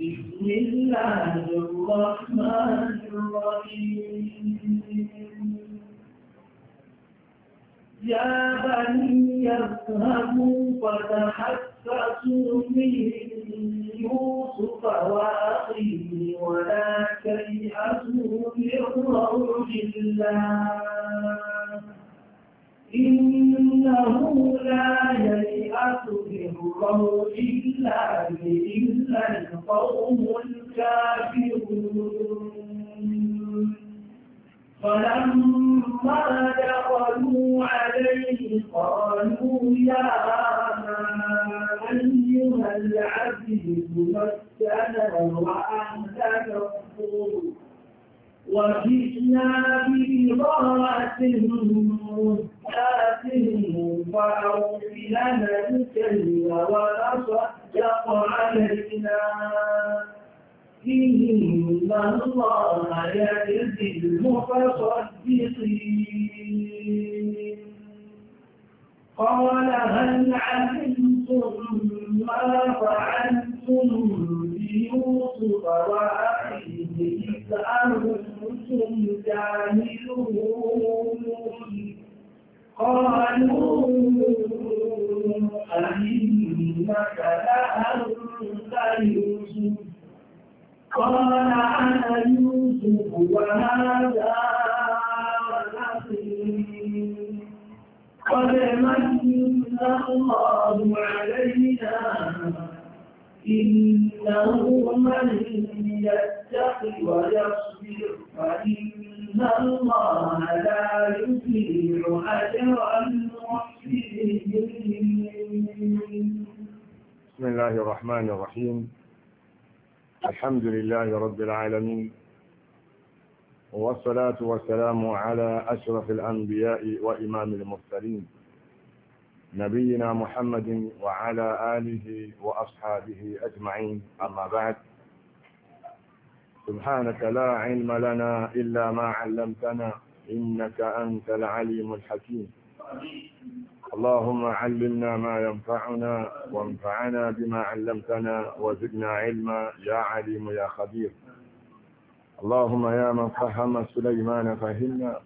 بسم الله الرحمن الرحيم يا بني اذهبوا فتحسسوا من يوسف واخيه ولا تيأسوا من روح الله إنه لا يلئة منهم إلا إلا القوم الكافرون فلما دخلوا عليه قالوا يا أيها العزيز مسنا وأنت مغفور وجئنا ببضاعة مزجاة فأوف لنا الكيل وتصدق علينا إن الله يجزي المتصدقين قال هل علمتم ما فعلتم يوسف وأخيه إسألهم جاهلون قالوا أئنك لأنت يوسف قال أنا يوسف وهذا نصير قد من الله علينا إنه من يتق ويصبر فإن الله لا يضيع أجر المحسنين بسم الله الرحمن الرحيم الحمد لله رب العالمين والصلاة والسلام على أشرف الأنبياء وإمام المرسلين نبينا محمد وعلى آله وأصحابه أجمعين أما بعد سبحانك لا علم لنا إلا ما علمتنا إنك أنت العليم الحكيم اللهم علمنا ما ينفعنا وانفعنا بما علمتنا وزدنا علما يا عليم يا خبير اللهم يا من فهم سليمان فهمنا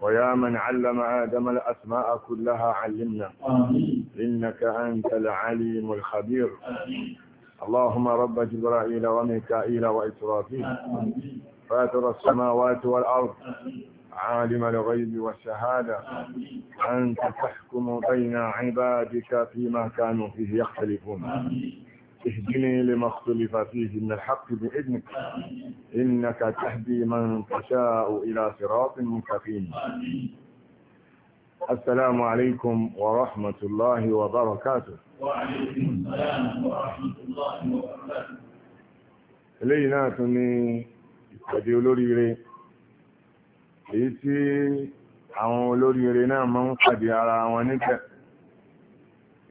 ويا من علم آدم الأسماء كلها علمنا آمين. إنك أنت العليم الخبير آمين. اللهم رب جبرائيل وميكائيل وإسرافيل فاتر السماوات والأرض عالم الغيب والشهادة أنت تحكم بين عبادك فيما كانوا فيه يختلفون آمين. اهدني لما اختلف فيه من الحق بإذنك إنك تهدي من تشاء إلى صراط مستقيم السلام عليكم ورحمة الله وبركاته وعليكم السلام ورحمة الله وبركاته إلينا تني ìpàdé olóríire èyí tí àwọn olóríire náà máa ń pàdé ara wọn níkẹ̀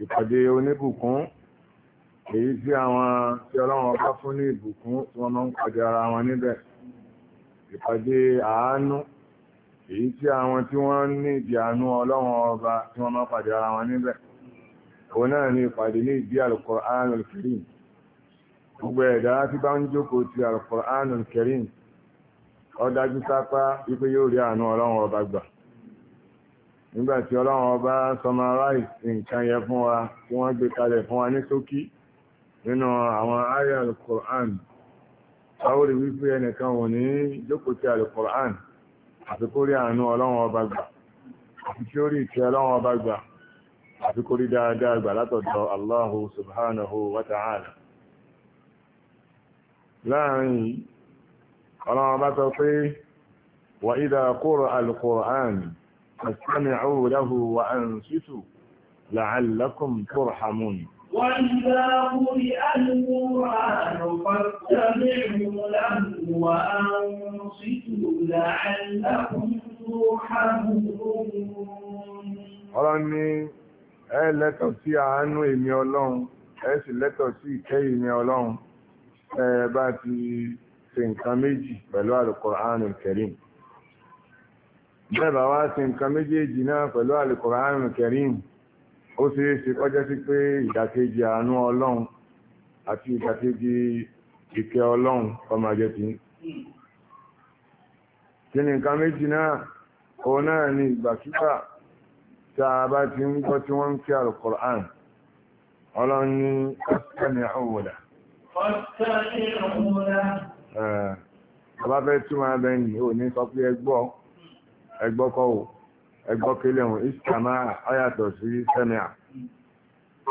ìpàdé oníbùkún èyí tí àwọn tí ọlọ́wọ́n bá fún ní ìbùkún tí wọ́n máa ń pàdé ara wọn níbẹ̀ ìpàdé àánú èyí tí àwọn tí wọ́n ní ìdí àánú ọlọ́wọ́n ọba tí wọ́n máa pàdé ara wọn níbẹ̀ òun náà ni ìpàdé ní ìdí Al-Qur'anul Karim gbogbo ẹ̀dá tí bá ń jókòó ti Al-Qur'anul Karim ó dájú sápá wípé yóò rí àánú ọlọ́wọ́n ọba gbà nígbà tí ọlọ́wọ́n ọba summarize nǹkan yẹn fún wa tí wọ́n gbé kalẹ̀ fún wa ní ṣókí nínú àwọn àyà al-Qur'an sáwórí wípé ẹnìkan wọ̀n ní jókòtí al-Qur'an àti kórí àánú ọlọ́run ọba gbà àti tí ó rí ìtẹ́ ọlọ́run ọba gbà àti kórí dáadáa gbà látọ̀dọ̀ Allahu subhanahu wa ta'ala láàrin ọlọ́run ọba sọ pé wa idha quri'a al-Qur'an fastami'u lahu wa وإذا قرئ القرآن فاتبعوا له وأنصتوا لعلكم ترحمون ọlọ́run ní ẹ lẹ́tọ̀ sí àánú èmi ọlọ́run ẹ sì lẹ́tọ̀ sí ìkẹ́ èmi ọlọ́run ẹ bá ti ṣe nǹkan méjì pẹ̀lú Al-Qur'anul Karim bẹ́ẹ̀ bá wá ṣe nǹkan méjèèjì náà pẹ̀lú Al-Qur'anul Karim ó ṣe é ṣe kọjá sí pé ìdàkejì àánú ọlọ́run àti ìdàkejì ìkẹ́ ọlọ́run ọmọ àjẹ́ ti kí ni nǹkan méjì náà òun náà ni ìgbàkígbà tá a bá ti ń gbọ́ tí wọ́n ń kí alukur'an ọlọ́run ní ọ́sítẹ́ni ọ̀wọ̀dà ọ̀bá fẹ́ túmọ̀ abẹ́ni ò ní sọ pé ẹgbọ́ ẹgbọ́kọ́ o ẹgbọ́ kílẹ̀ ọ̀hún ìsìkàmá ayàtọ̀ sí sẹ́mìà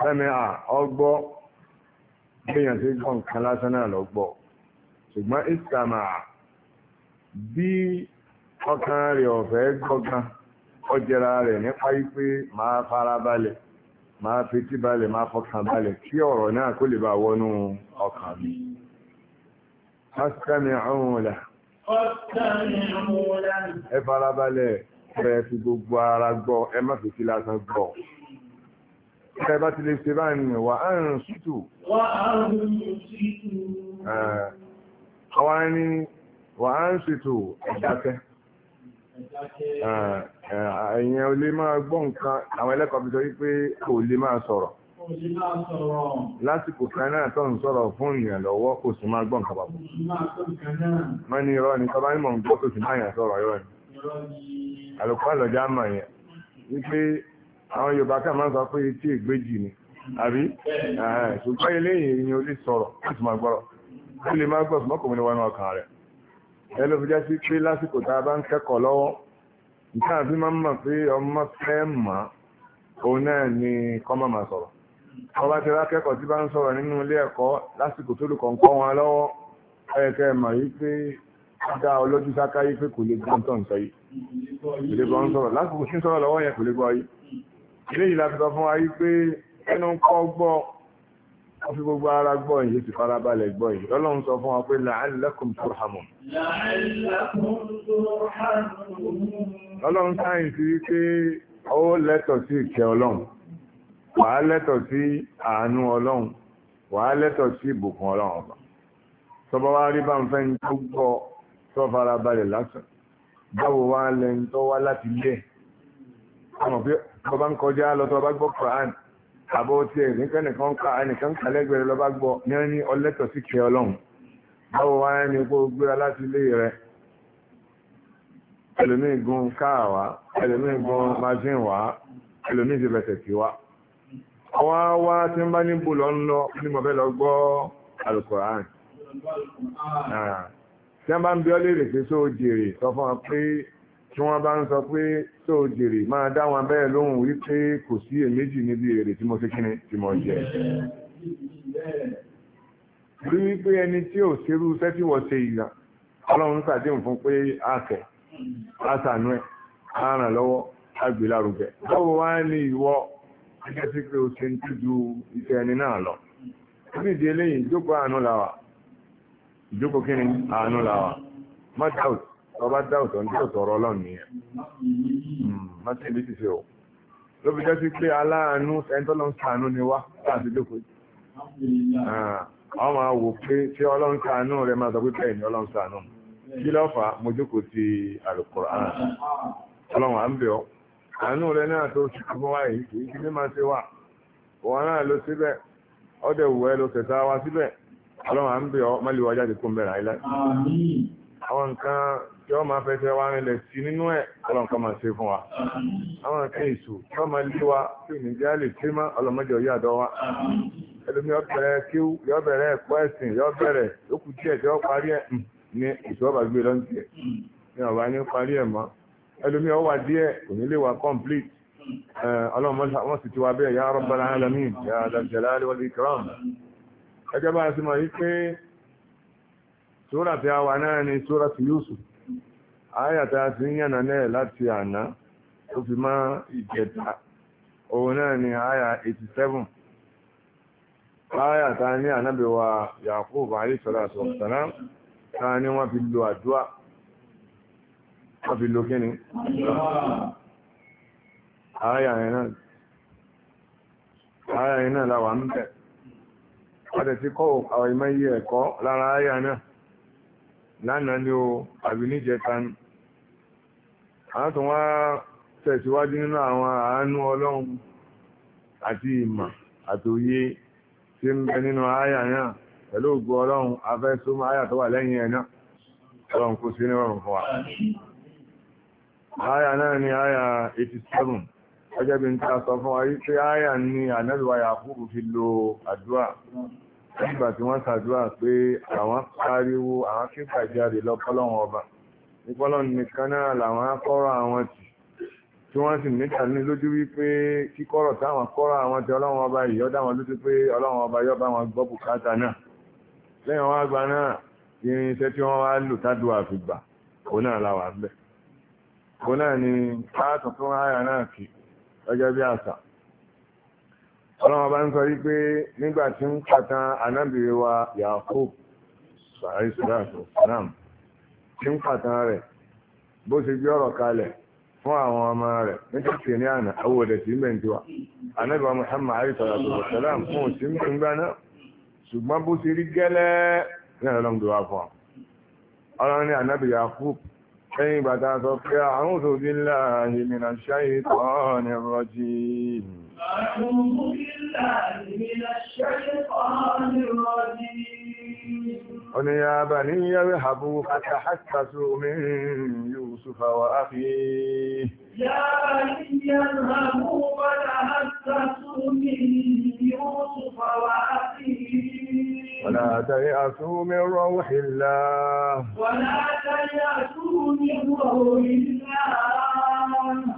sẹ́mìà ọgbọ́ gbìyàn sí gbọ́n kan lásán náà lọ gbọ́ ṣùgbọ́n ìsìkàmá bí ọkàn rẹ̀ ọ̀fẹ́ gbọ́gán ọjẹ́ra rẹ̀ nípa wípé máa fara balẹ̀ máa fetí balẹ̀ máa fọkàn balẹ̀ kí ọ̀rọ̀ náà kó lè bá wọnú ọkàn mi. Fásitẹ́mi ọ̀hún rẹ̀. Ẹ fara ẹ fi gbogbo ara gbọ́ ẹ má fi sí lásán gbọ́ ẹ bá ti lè ṣe báyìí nù wà á rìn sítù. wà á rìn sítù. àwa ni wà á rìn sítù ẹ̀dákẹ́. ẹ̀yin ò lè máa gbọ́ nǹkan àwọn ẹlẹ́kọ̀ọ́ fi sọ wípé kò lè máa sọ̀rọ̀. Lásìkò kan náà tó ń sọ̀rọ̀ fún ìyàn lọ́wọ́ kò sì máa gbọ́ nǹkan bàbá. Wọ́n ní irọ́ ni tọ́ba ní mọ̀ ń gbọ́ sì máa yàn sọ̀rọ̀ irọ́ ni àlùkò àlọ́jà mọ̀ yẹn wípé àwọn Yorùbá kan máa ń sọ pé etí ègbèjì ni àbí ṣùgbọ́n eléyìí ni olè sọ̀rọ̀ láti máa gbọ́rọ̀ ó lè máa gbọ́ ṣùgbọ́n kò mú ní wọnú ọkàn rẹ̀ ẹ ló fi já sí pé lásìkò tá a bá ń kẹ́kọ̀ọ́ lọ́wọ́ nǹkan àfi máa ń mọ̀ pé ọmọ fẹ́ mọ̀ òun náà ni kọ́ máa máa sọ̀rọ̀ ọba ti rákẹ́kọ̀ọ́ tí bá ń sọ̀rọ̀ nínú ilé ẹ̀kọ́ lásìkò tó lùkọ̀ ń wọn lọ́wọ́ ẹ̀kẹ́ mọ̀ yìí pé dá ọlọ́jú sákáyé pé kò lè gbọ́n tán sọ yìí kò lè gbọ́n sọ̀rọ̀ lásìkò sí sọ̀rọ̀ lọ́wọ́ yẹn kò lè gbọ́ yìí eléyìí la fi sọ fún wa pé ẹnu ń kọ́ gbọ́ ó fi gbogbo ara gbọ́ yìí sì fara balẹ̀ gbọ́ yìí lọ́lọ́run sọ fún wa pé la'allakum turhamun. lọ́lọ́run sáyẹ̀nsì wípé ó lẹ́tọ̀ sí ìkẹ́ ọlọ́run wàá lẹ́tọ̀ sí àánú ọlọ́run wàá lẹ́tọ̀ sí ìbùkún ọlọ́run ọba tọ́ba wa rí bá ń fẹ́ ń gbọ́ tó fara balẹ̀ lásán báwo wá lẹ́yìn tó wá láti lẹ̀ àmọ̀ pé tó bá ń kọjá lọ tó bá gbọ́ Quran àbọ̀ tí ẹ̀ nìkan nìkan ká ẹnìkan kà lẹ́gbẹ̀rẹ̀ lọ bá gbọ́ ní ẹni ọlẹ́tọ̀ sí kẹ ọlọ́run báwo wá ẹni kó gbéra láti ilé rẹ̀ ẹlòmíì gun káà wá ẹlòmíì gun mazin wá ẹlòmíì ti bẹ̀tẹ̀ sí wá àwọn wá tí ń bá níbo lọ ń lọ ní mo fẹ́ lọ gbọ́ al tí wọ́n bá ń bí ọ léèrè pé tó jèrè sọ fún wọn pé tí wọ́n bá ń sọ pé tó jèrè máa dá wọn bẹ́ẹ̀ lóhùn wípé kò sí èméjì níbi èrè tí mo ṣe kíni tí mo jẹ. rí wípé ẹni tí ò ṣerú iṣẹ́ wọ́n ṣe ìyà ọlọ́run ṣàdéhùn fún pé àkẹ́ àṣàánú ẹ̀ àràn lọ́wọ́ àgbélárugẹ. báwo wá ní ìwọ ẹgbẹ́ sí pé o ṣe ń tìjú iṣẹ́ ẹni náà lọ. ó sì di eléyìí jókòó àánú làwà. ìjókòó kí ni àánú làwà má dáùt ọba dáùt ọlọ́run nìyẹn hmm, má ti o ló fi jẹ́ sí pé aláàánú ẹ̀ńtọ́lọ́n sàánú ni wá láti jókòó ọmọ ah, àwò pé tí ọlọ́run sàánú rẹ máa sọ pé bẹ́ẹ̀ ni ọlọ́run sàánú kí ló fà mo jókòó ti ọlọ́run à ń bẹ̀ ọ́ àánú rẹ náà tó fún wa yìí kì í ní máa ṣe wà òun náà síbẹ̀ ọlọ́run à ń ọ ọ́ mọ́lẹ̀ wọ́n jáde kó ń bẹ̀rẹ̀ àìlẹ́ àwọn nǹkan tí wọ́n máa wá rinlẹ̀ sí nínú ẹ̀ ọlọ́run kan máa ṣe fún wa àwọn nǹkan èso tí wọ́n máa lé wa tí lè ọlọ́mọdé àdọ́ wa ẹlòmí kíw ẹ̀kọ́ ẹ̀sìn lókù díẹ̀ tí wọ́n parí ẹ̀ ní gbé lọ́ńtì ọlọ́run wa bẹ́ẹ̀ Jalali ẹjẹ́ bá ti mọ̀ yí pé sóra tí a wà náà ni sóra ti Yusuf ayàtà ti ń yànà náà láti àná tó fi má ìjẹta òun náà ni ayà 87 ayàtà ní ànábẹ̀wà Yakub àríṣọ́lá sọ̀tàná ta ni wọ́n fi lo àdúà wọ́n fi lo kíni ayà yẹn náà láwà ń bẹ̀rẹ̀ ọdẹ̀ ti kọ́ àwọn ìmọ̀ye ẹ̀kọ́ lára àyà náà lánàá ni ó àbí níjẹta ni àwọn tó wá tẹ̀síwájú nínú àwọn àánú ọlọ́run àti ìmọ̀ àtòyé tí ń bẹ nínú àyà náà pẹ̀lú ògbó ọlọ́run afẹ́ súnmọ́ àyà tó wà lẹ́yìn ẹ̀ náà ọlọ́run kó sí nírọ̀rùn fún wa àyà náà ni àyà 87 ọjọ́ bí n ta sọ fún wa yí pé àyà ni ànábìwá yàkúrú fi lo àdúrà nígbà tí wọ́n ṣàdúrà pé àwọn pariwo àwọn kíkàjáde lọ́pọ́lọ́wọ́n ọba nípọ́lọ́wọ́n nìkan náà làwọn kọ́rọ̀ àwọn tì tí wọ́n sì níta ní lójú wípé kíkọ́rọ̀ táwọn kọ́rọ̀ àwọn tì ọlọ́wọ́n ọba yìí ọdá wọn lójú pé ọlọ́wọ́n ọba yóò bá wọn gbọ́ bùkátà náà lẹ́yìn wọn àgbà náà irinṣẹ́ tí wọ́n wá lò tádùn àfìgbà òun náà làwà bẹ́ẹ̀ òun náà ni káàtọ̀ fún àyà náà kì gẹ́gẹ́ bí àṣà ọlọ́run bá ń sọ yí pé nígbà tí ń pàtàn anábìrì wa Yakub sàrẹ́sìdáàtò náà tí ń pàtàn rẹ̀ bó ṣe gbé ọ̀rọ̀ kalẹ̀ fún àwọn ọmọ rẹ̀ nígbà tí ní àná awòdẹ̀ tí ń bẹ̀ ń tiwa anábìrì wa Muhammad àríṣàlátò sàlám fún òsì ń bẹ̀ ń gbaná ṣùgbọ́n bó ṣe rí gẹ́lẹ́ ní ọlọ́run tó wá fún wa ọlọ́run ní anábìrì Yakub lẹ́yìn ìgbà tá a sọ pé a'udhu billahi minash أعوذ بالله من الشيطان الرجيم قل يا بني اذهبوا فتحسسوا من يوسف وأخيه يا بني اذهبوا فتحسسوا من يوسف وأخيه ولا تيأسوا من روح الله ولا تيأسوا من روح الله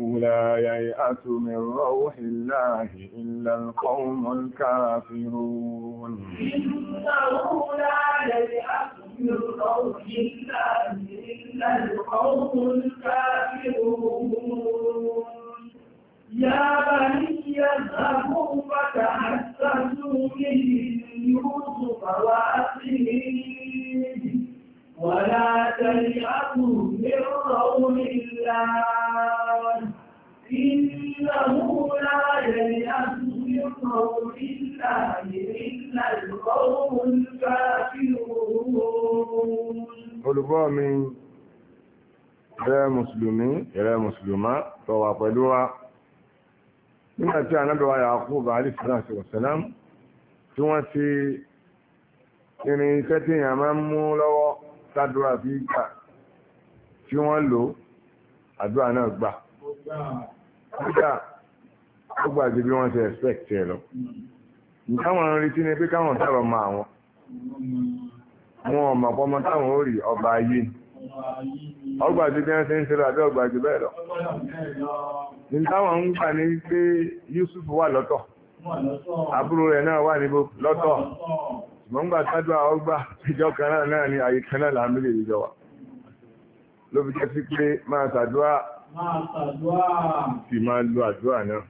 لا ييأس من روح الله إلا القوم الكافرون إنه لا ييأس من روح الله إلا القوم الكافرون يا بني اذهبوا فتحسسوا من يوسف وأخيه ولا تلعبوا من رؤون الله إنه لا يلعب من رؤون الله إلا القوم الكافرون Olùgbọ́ mi, ẹ̀rẹ́ Mùsùlùmí, ẹ̀rẹ́ Mùsùlùmá, tó wà pẹ̀lú wa. Nígbàtí ànábẹ̀wà Yàkúb Alif Sallallahu Alaihi Wasallam, tí wọ́n ti irin iṣẹ́ tí èèyàn mú lọ́wọ́ tàdúrà fi gbà tí wọ́n lò àdúrà náà gbà nígbà ó gbà ju bí wọ́n ṣe expect ẹ lọ táwọn ń retí ni pé káwọn sọ̀rọ̀ mọ àwọn wọn ọmọ ọmọ táwọn ó rí ọba ayé ọgbà ju bí wọ́n ṣe ń ṣe lọ àbí ọgbà ju bẹ́ẹ̀ lọ ní táwọn ń gbà ní pé Yusuf wà lọ́tọ̀ àbúrò rẹ̀ náà wà níbo lọ́tọ̀ ṣùgbọ́n gbà tájú àwọn gbà ìjọ kan náà náà ni àyè kan náà làmì lè jọ wa ló fi jẹ́ sí pé máa ṣàdúrà sì máa lo àdúrà náà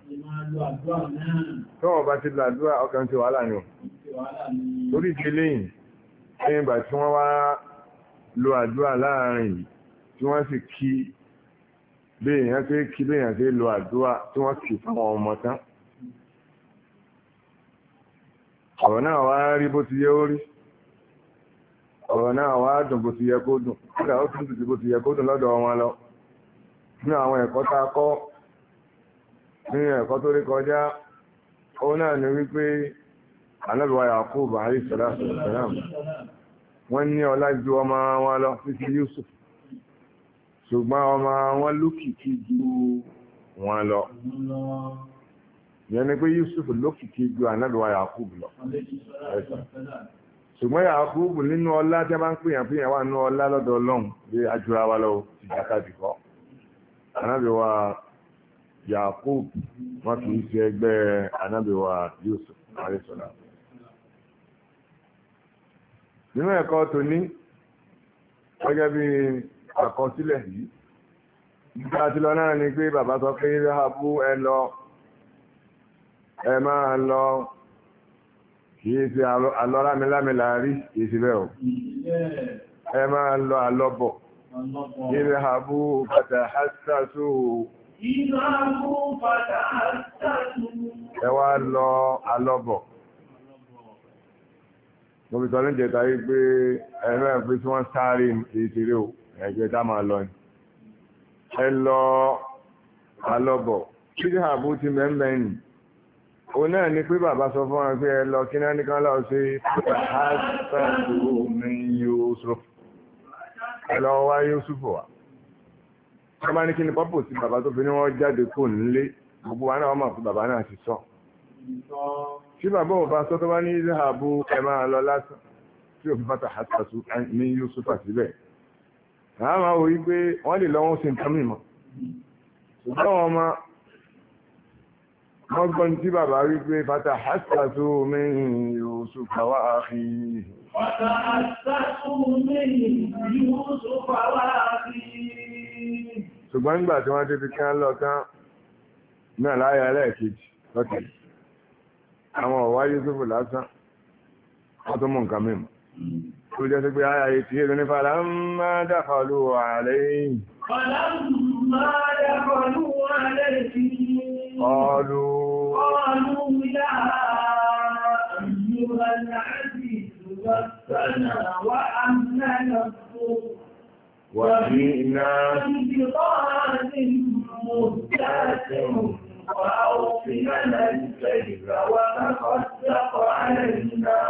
tó wọ́n bá ti lo àdúrà ọkàn ti wàhálà ni o torí ìdílé yìí lẹ́yìn ìgbà tí wọ́n wá lo àdúrà láàrin yìí tí wọ́n sì kí béèyàn ṣe kí béèyàn ṣe lo àdúrà tí wọ́n kì fáwọn ọmọ tán ọ̀rọ̀ náà wá rí bó ti yẹ ó rí ọ̀rọ̀ náà wá dùn bó ti yẹ kó dùn ó tún dùn ti yẹ kó dùn lọ́dọ̀ wọn lọ ní àwọn ẹ̀kọ́ ta a kọ́ ẹ̀kọ́ tó kọjá òun náà ni wípé anábìwá Yakub alayhi wọ́n ní ọlá ju ọmọ wọn lọ títí Yusuf ṣùgbọ́n ọmọ wọn lókìkí ju wọn lọ yẹn ni pé Yusuf lókìkí ju ànádùn Yakubu lọ ṣùgbọ́n Yakubu nínú ọlá tí a bá ń pè yàn pé yàn wà nínú ọlá lọ́dọ̀ Ọlọ́run bí ajura wa lọ ti jàkà jùkọ́ ànábì wa Yakubu wọn kì í ṣe ẹgbẹ́ ànábì Yusuf àrísọ̀lá nínú ẹ̀kọ́ tòní gẹ́gẹ́ bí àkọsílẹ̀ yìí nígbà tí lọ náà ni pé bàbá sọ pé rahabu ẹ lọ ẹ máa lọ kì í ṣe àlọ́ lámilámi láàrí kì í ṣe bẹ́ẹ̀ o ẹ máa lọ àlọ́bọ̀ kí ni àbú bàtà hásásù ẹ wá lọ àlọ́bọ̀ mo fi sọ ní ìjẹta yìí pé ẹ̀rọ ẹ̀fẹ́ tí wọ́n sáré kì í ṣe rí o ẹ̀jẹ̀ dá máa lọ ni ẹ lọ àlọ́bọ̀ kí ni àbú ti mẹ́mẹ́ nìí òun náà ni pé bàbá sọ fún wọn pé ẹ lọ kí náà nìkan lọ sí pàtàkì ní Yusuf ẹ lọ wá Yusuf wa wọ́n bá ní kí ni pọ́pù sí bàbá tó fi ní wọ́n jáde kò nílé gbogbo wa náà wọ́n mọ̀ fún bàbá náà ti sọ tí bàbá ò bá sọ tó bá ní ìhàbù ẹ máa lọ lásán tí òfin pàtàkì ní Yusuf àti àwọn àwọn wòye pé wọ́n lè lọ́wọ́ sí nǹkan mìíràn ṣùgbọ́n wọn máa wọ́n gbọ́n tí bàbá wí pé fata hassasu min yusufa wa akhihi fata hassasu min yusufa wa akhihi ṣùgbọ́n nígbà tí wọ́n débi kí wọ́n lọ tán náà láyé ẹlẹ́ẹ̀kejì lọ́tẹ̀lẹ̀ àwọn ọ̀wá yusufu lásán wọ́n tó mú nǹkan mímọ́ tó jẹ́ ní fara أيها العزيز مسنا وأهلنا الضر وجئنا بقرار مهتاج وأوفنا الكيل وتصدق علينا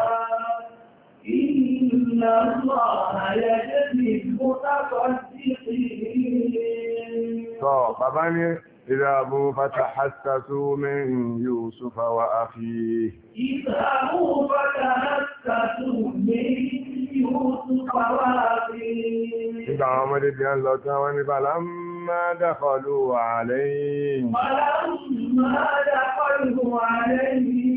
إن الله يجزي المتصدقين. اذهبوا فتحسسوا من يوسف وأخيه اذهبوا فتحسسوا من يوسف وأخيه إذا عمد بن الله تعالى فلما دخلوا عليه فلما دخلوا عليه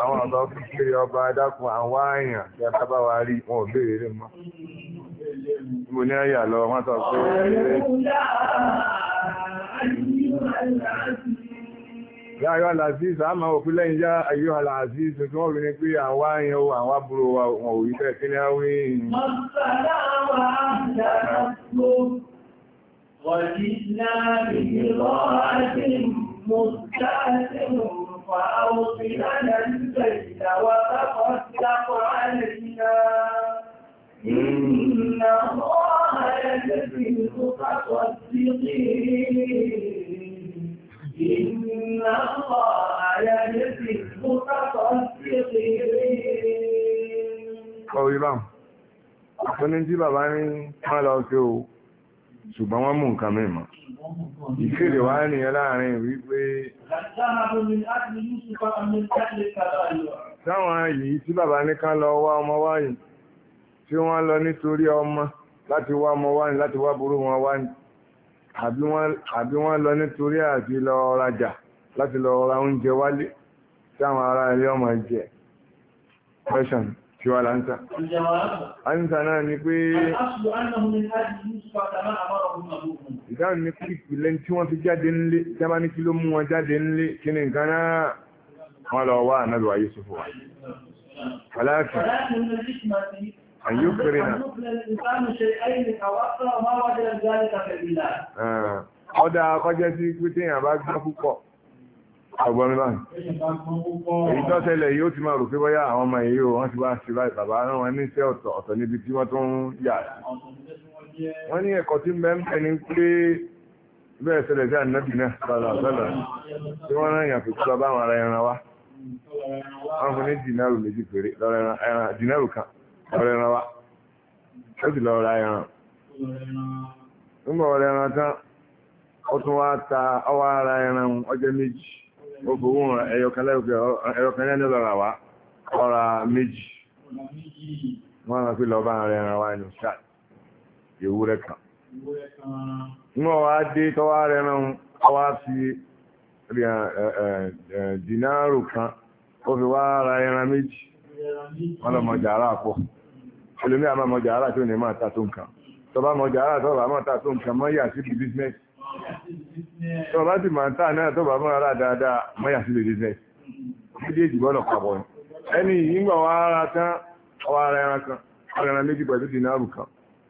àwọn ọ̀dọ́ fi kiri ọba adákun àwọn àyàn tí a bá wà rí wọn ò béèrè rẹ̀ mọ́. mo ní àyà lọ wọ́n sọ pé Ya ayọ́ alàzíz, a máa òfin lẹ́yìn já ayọ́ alàzíz tí wọ́n rí ní pé àwọn ààyàn o, àwọn àbúrò wa wọn ò rí bẹ́ẹ̀ kí ní àwọn èèyàn. Mọ́sàlá wà dára tó, wọ̀n ní náà rí lọ́wọ́ àti mọ̀ فأوف لنا البيت وتقد علينا إن الله لفي المتصدقين إن tí bàbá ní máa lọ sí o, ṣùgbọ́n wọ́n mú nǹkan mìíràn. Ìkéde wá nìyẹn láàrin wípé táwọn yìí tí bàbá ní ká lọ wá ọmọ wáyìí tí wọ́n lọ nítorí ọmọ láti wá mọ wá ní láti wá burú wọn wá ní àbí wọ́n lọ nítorí àti lọ rajà láti lọ ra oúnjẹ wálé tí àwọn ará ilé ọmọ jẹ question tí wà láńtà àńtà náà ni pé ìdáhùn ní pípìlẹ̀ tí wọ́n fi jáde nílé tí a bá ní kí ló mú wọn jáde nílé kí ni nǹkan náà wọ́n lọ wá ànábìwá Yúsúfù wa. أن يكرنا أن يكرنا الإنسان شيئين أو أكثر ما وجد ذلك في البلاد ọdá akọ́jẹ́ sí pété èèyàn bá gbọ́ púpọ̀ àgbọ̀nmi báyìí èyí tó ṣẹlẹ̀ yóò ti máa rò pé bóyá àwọn ọmọ èyí o wọ́n ti wá sí báyìí bàbá náà wọ́n ní iṣẹ́ ọ̀tọ̀ ọ̀tọ̀ níbi tí wọ́n tó ń yà wọ́n ní ẹ̀kọ́ tí mẹ́ ń pẹ́ ni pé bẹ́ẹ̀ ṣẹlẹ̀ sí ànábì ọ̀rẹ́ ẹran wa ó lọ ra ẹran nígbà ọ̀rẹ́ tán ó tún wá ta ọwọ́ ara ẹran ọjọ́ méjì ó fowó méjì lọ bá wa ṣáà ewúrẹ́ kan nígbà wá dé tọ́wọ́ ara fi kan ó fi wá ara méjì lọ mọ̀ jàrá pọ̀. ẹlòmí àmà mọ̀jà ara tó ní máa ta tó nǹkan tọba mọ̀jà ara tọba máa ta tó nǹkan mọ́yà síbi business tọba sì máa ta náà tọba mọ́ ara dáadáa mọ́yà síbi business méjèèjì gbọ́dọ̀ papọ̀ ni ẹni yìí ń gbà wá ara tán ọwọ́ ara ẹran kan ọ̀rọ̀ ẹran méjì pẹ̀lú ti náàrù kan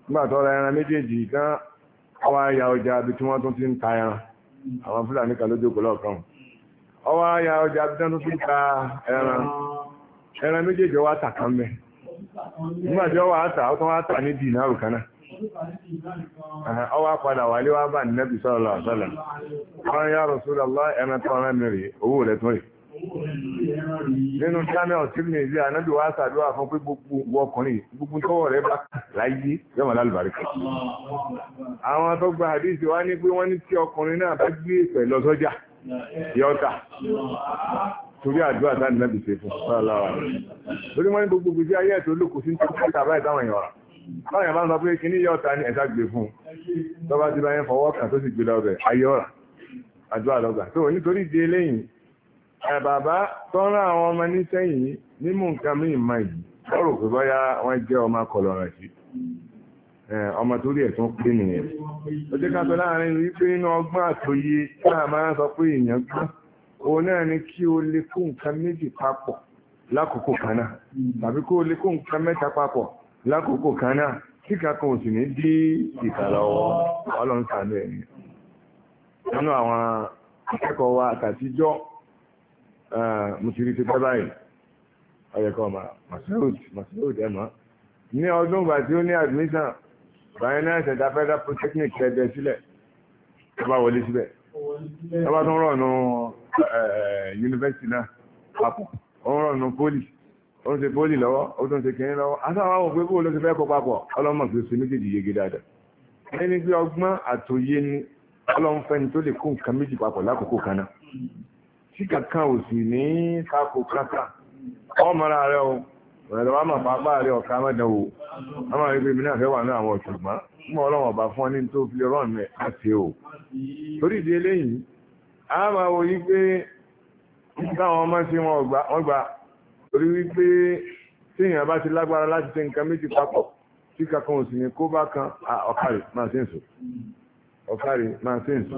nígbà tó ọ̀rọ̀ ẹran méjèèjì kan ọwọ́ aya ọjà bí tí wọ́n tún ti ń ta ẹran àwọn fúlàní kan ló jókòó lọ́ọ̀kan ọwọ́ aya ọjà bí tí wọ́n tún ti ń ta ẹran ẹran méjèèjì ọwọ́ àtàkàn mẹ́rin nígbàtí ọwọ́ àtà ta tán ní dìnàrù kaná ọwọ́ padà wà lé wá bá ní nẹ́bí sọ́lọ̀ wọ́n yá Rasulullah ẹmẹ́tọ́ ọ̀rẹ́ owó rẹ̀ tó rẹ̀ nínú ilé anábì sàdúrà fún gbogbo ọkùnrin gbogbo tọwọ́ rẹ̀ bá láyé yọmọ lálùbáríkà àwọn tó gba àdéhìí wá ní pé wọ́n ní tí ọkùnrin náà bá gbé yọta torí àdúrà tá ní mẹ́bí ṣe fún ọlọ́wà lórí wọ́n ní gbogbo gbèsè ayé ẹ̀tọ́ olóko sí ní ọjà báyìí táwọn èèyàn rà táwọn èèyàn bá ń sọ pé kíní yọ ọ̀tá ní ẹ̀ta gbé fún tọ́ba ti bá yẹn fọwọ́ kàn tó sì gbé lọ́bẹ̀ ayé ọ̀rà àdúrà lọ́gbà tó nítorí di eléyìí bàbá tọ́ra àwọn ọmọ ní sẹ́yìn nímú nǹkan mí ìmọ̀ yìí lọ́rọ̀ pé bọ́yá wọ́n jẹ́ ọmọ kọlọ̀rọ̀ sí ọmọ torí ẹ̀ tún pé nìyẹn ó jẹ́ ká sọ láàrin wípé inú ọgbọ́n àtòyé tá a máa sọ pé èèyàn gbọ́n òun náà ni kí o lè kó nǹkan méjì papọ̀ lákòókò kan náà tàbí kó o lè kó nǹkan mẹ́ta papọ̀ lákòókò kan náà tí kankan ò sì ní dí ìtàlọ́wọ́ ọlọ́run ẹ̀ ni nínú àwọn akẹ́kọ̀ọ́ wa àtàtijọ́ mo ti rí ti pẹ́ báyìí ọ̀yẹ̀kọ́ masoud masoud ẹ̀mọ́ ní ọdún ìgbà tí ó ní admission báyìí náà federal polytechnic ẹ̀dẹ̀ sílẹ̀ tó bá wọlé síbẹ̀ tọ́bá tó ń rọ̀ nù eh, yunifásitì náà papọ̀ ó ń rọ̀ nù pólì ó ń ṣe pólì lọ́wọ́ ó tún ṣe kìnní lọ́wọ́ àtàwọn àwọn òpin bóòlù ti fẹ́ kó papọ̀ ọlọ́mọ tó ṣe méjèèjì yege dáadáa ẹni pé ọgbọ́n àtòyé ni ọlọ́run fẹ́ni tó lè kó nǹkan méjì papọ̀ lákòókò kan náà tí kankan ò sì ní kakò kankan ọmọra rẹ o ọ̀rẹ́dọ̀wà máa pàápàá rẹ ọ̀ká mẹ́dẹ̀wò ọmọ rẹ pé mi náà fẹ́ wà ní àwọn ọ̀ṣùgbọ́n mọ́ ọlọ́wọ̀n bá fún ní tó fi ọlọ́run rẹ̀ àti ò torí ìdí eléyìí a máa wo wípé táwọn ọmọ sí wọn gbà torí wípé tí èèyàn bá ti lágbára láti ṣe nǹkan méjì papọ̀ tí kankan ò sì ní kó bá kan ọ̀kàrì máa ṣe ń sọ ọ̀kàrì máa ṣe ń sọ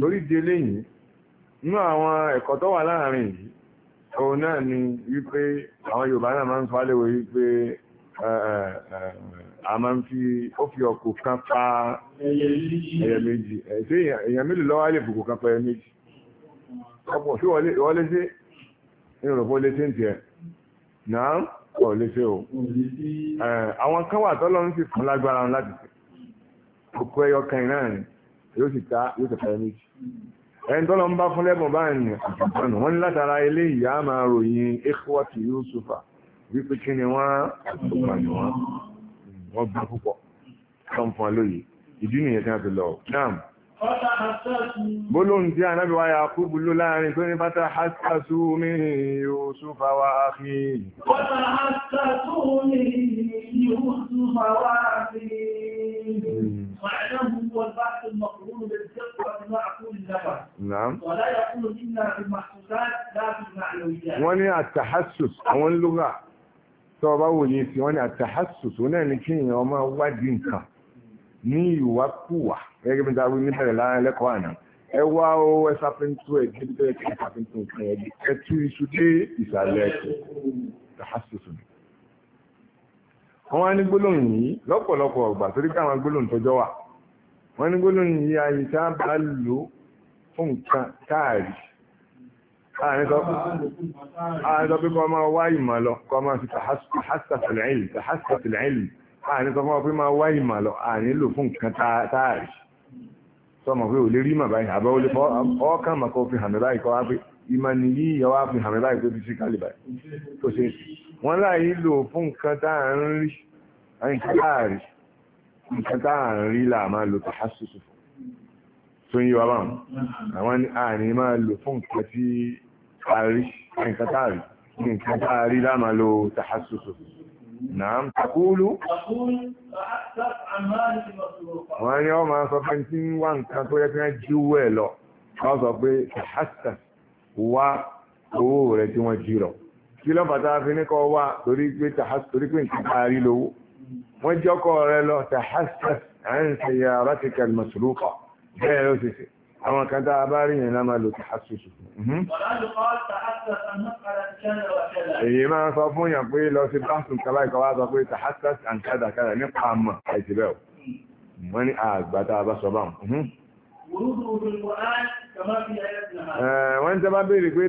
torí ìdí eléyìí nínú àwọn ẹ̀kọ́ tó wà láàárín yìí òun náà ni wípé àwọn Yorùbá náà máa ń falẹ̀ wọ wípé a máa ń fi ó fi ọkọ̀ kan pa ẹyẹ méjì ẹ̀sẹ̀ èèyàn mélòó lọ́wọ́ lè fòkò kan pa ẹyẹ méjì ọ̀pọ̀ sí wọlé sí ní òròpó lé sí tiẹ̀ náà ọ̀ lé sí o àwọn kan wà tọ́lọ́ ń sì fún lágbára wọn láti sè kókó ẹyọ kan náà ni yóò sì ta yóò sì pa ẹyẹ méjì ẹni tọ́lọ́ ń bá fún lẹ́bùn báyìí àtàkùn wọn ní látara eléyìí á máa ròyìn ikhwati Yusufa wípé kí ni wọ́n àtùpà ni wọ́n wọ́n gbọ́n púpọ̀ tán fún alóyè ìdí nìyẹn tí wọ́n fi lọ náà bólóhùn tí anábì wa yà kú bulú láàrin tó ní fata hasasu mi yusufa wa akhi fata hasasu mi هو البحث المقرون بالثقة بما أقول لك ولا يقول إلا في لا في المعنويات وني أو اللغة tó bá wòye sí wọ́n ní àtàhásùsù náà ní kí èèyàn ọmọ wádìí nǹkan ní ìwákùwà gẹ́gẹ́ bí lẹ́kọ̀ọ́ àná ẹ wá ó ẹ ẹ kí ẹ nǹkan ẹ ẹ tú iṣu dé ìsàlẹ̀ ẹ̀kọ́ wọ́n wá ní gbólóhùn yìí lọ́pọ̀lọpọ̀ ọ̀gbà torí gbólóhùn àárín sọ pé kọ́ máa wá ìmọ̀ lọ kọ́ máa fi tàhásàtìlẹ̀ ìlú àárín sọ fún ọ pé máa wá ìmọ̀ lọ àárín lò fún nǹkan táàrí sọmọ pé ò lè rí màbá yìí àbẹ́ olè ọkàn màkọ́ fi hàmì báyìí kọ́ wá pé ìmọ̀ ni yìí yọ wá fi hàmì báyìí pé fi sí kálí báyìí tó ṣe wọ́n láyé lò fún nǹkan táàrin rí nǹkan táàrí nǹkan táàrin là máa lò tàhásùsù tó ń yí wa báwọn àwọn àárín máa lò fún nǹkan tí àrí nǹkan táàrí nǹkan táàrí láàmà lo tàhásùsù náà takúlù wọ́n ni ọ máa sọ pé tí ń wá nǹkan tó yẹ kí wọ́n jí owó ẹ̀ lọ wọ́n sọ pé tàhásà wá owó rẹ̀ tí wọ́n jí lọ kí lọ́pàá tá fi ní kọ́ wá torí pé nǹkan táàrí lówó wọ́n jọ́kọ̀ rẹ̀ lọ tàhásà à yàrá ti kẹlmọ̀sùlùkọ̀ bẹ́ẹ̀ ló ṣe ṣe àwọn kan tá a bá rí yẹn náà máa lò tí a ṣùṣù. èyí máa sọ fún yàn pé lọ sí báńkì kaba ìkọwà sọ pé tahassas and kada kada nípa àmà àìsí bẹ́ẹ̀ wọ́n ní àgbà tá a bá sọ báwọn. Mhm. Eh, wọ́n ń tẹ́bá béèrè pé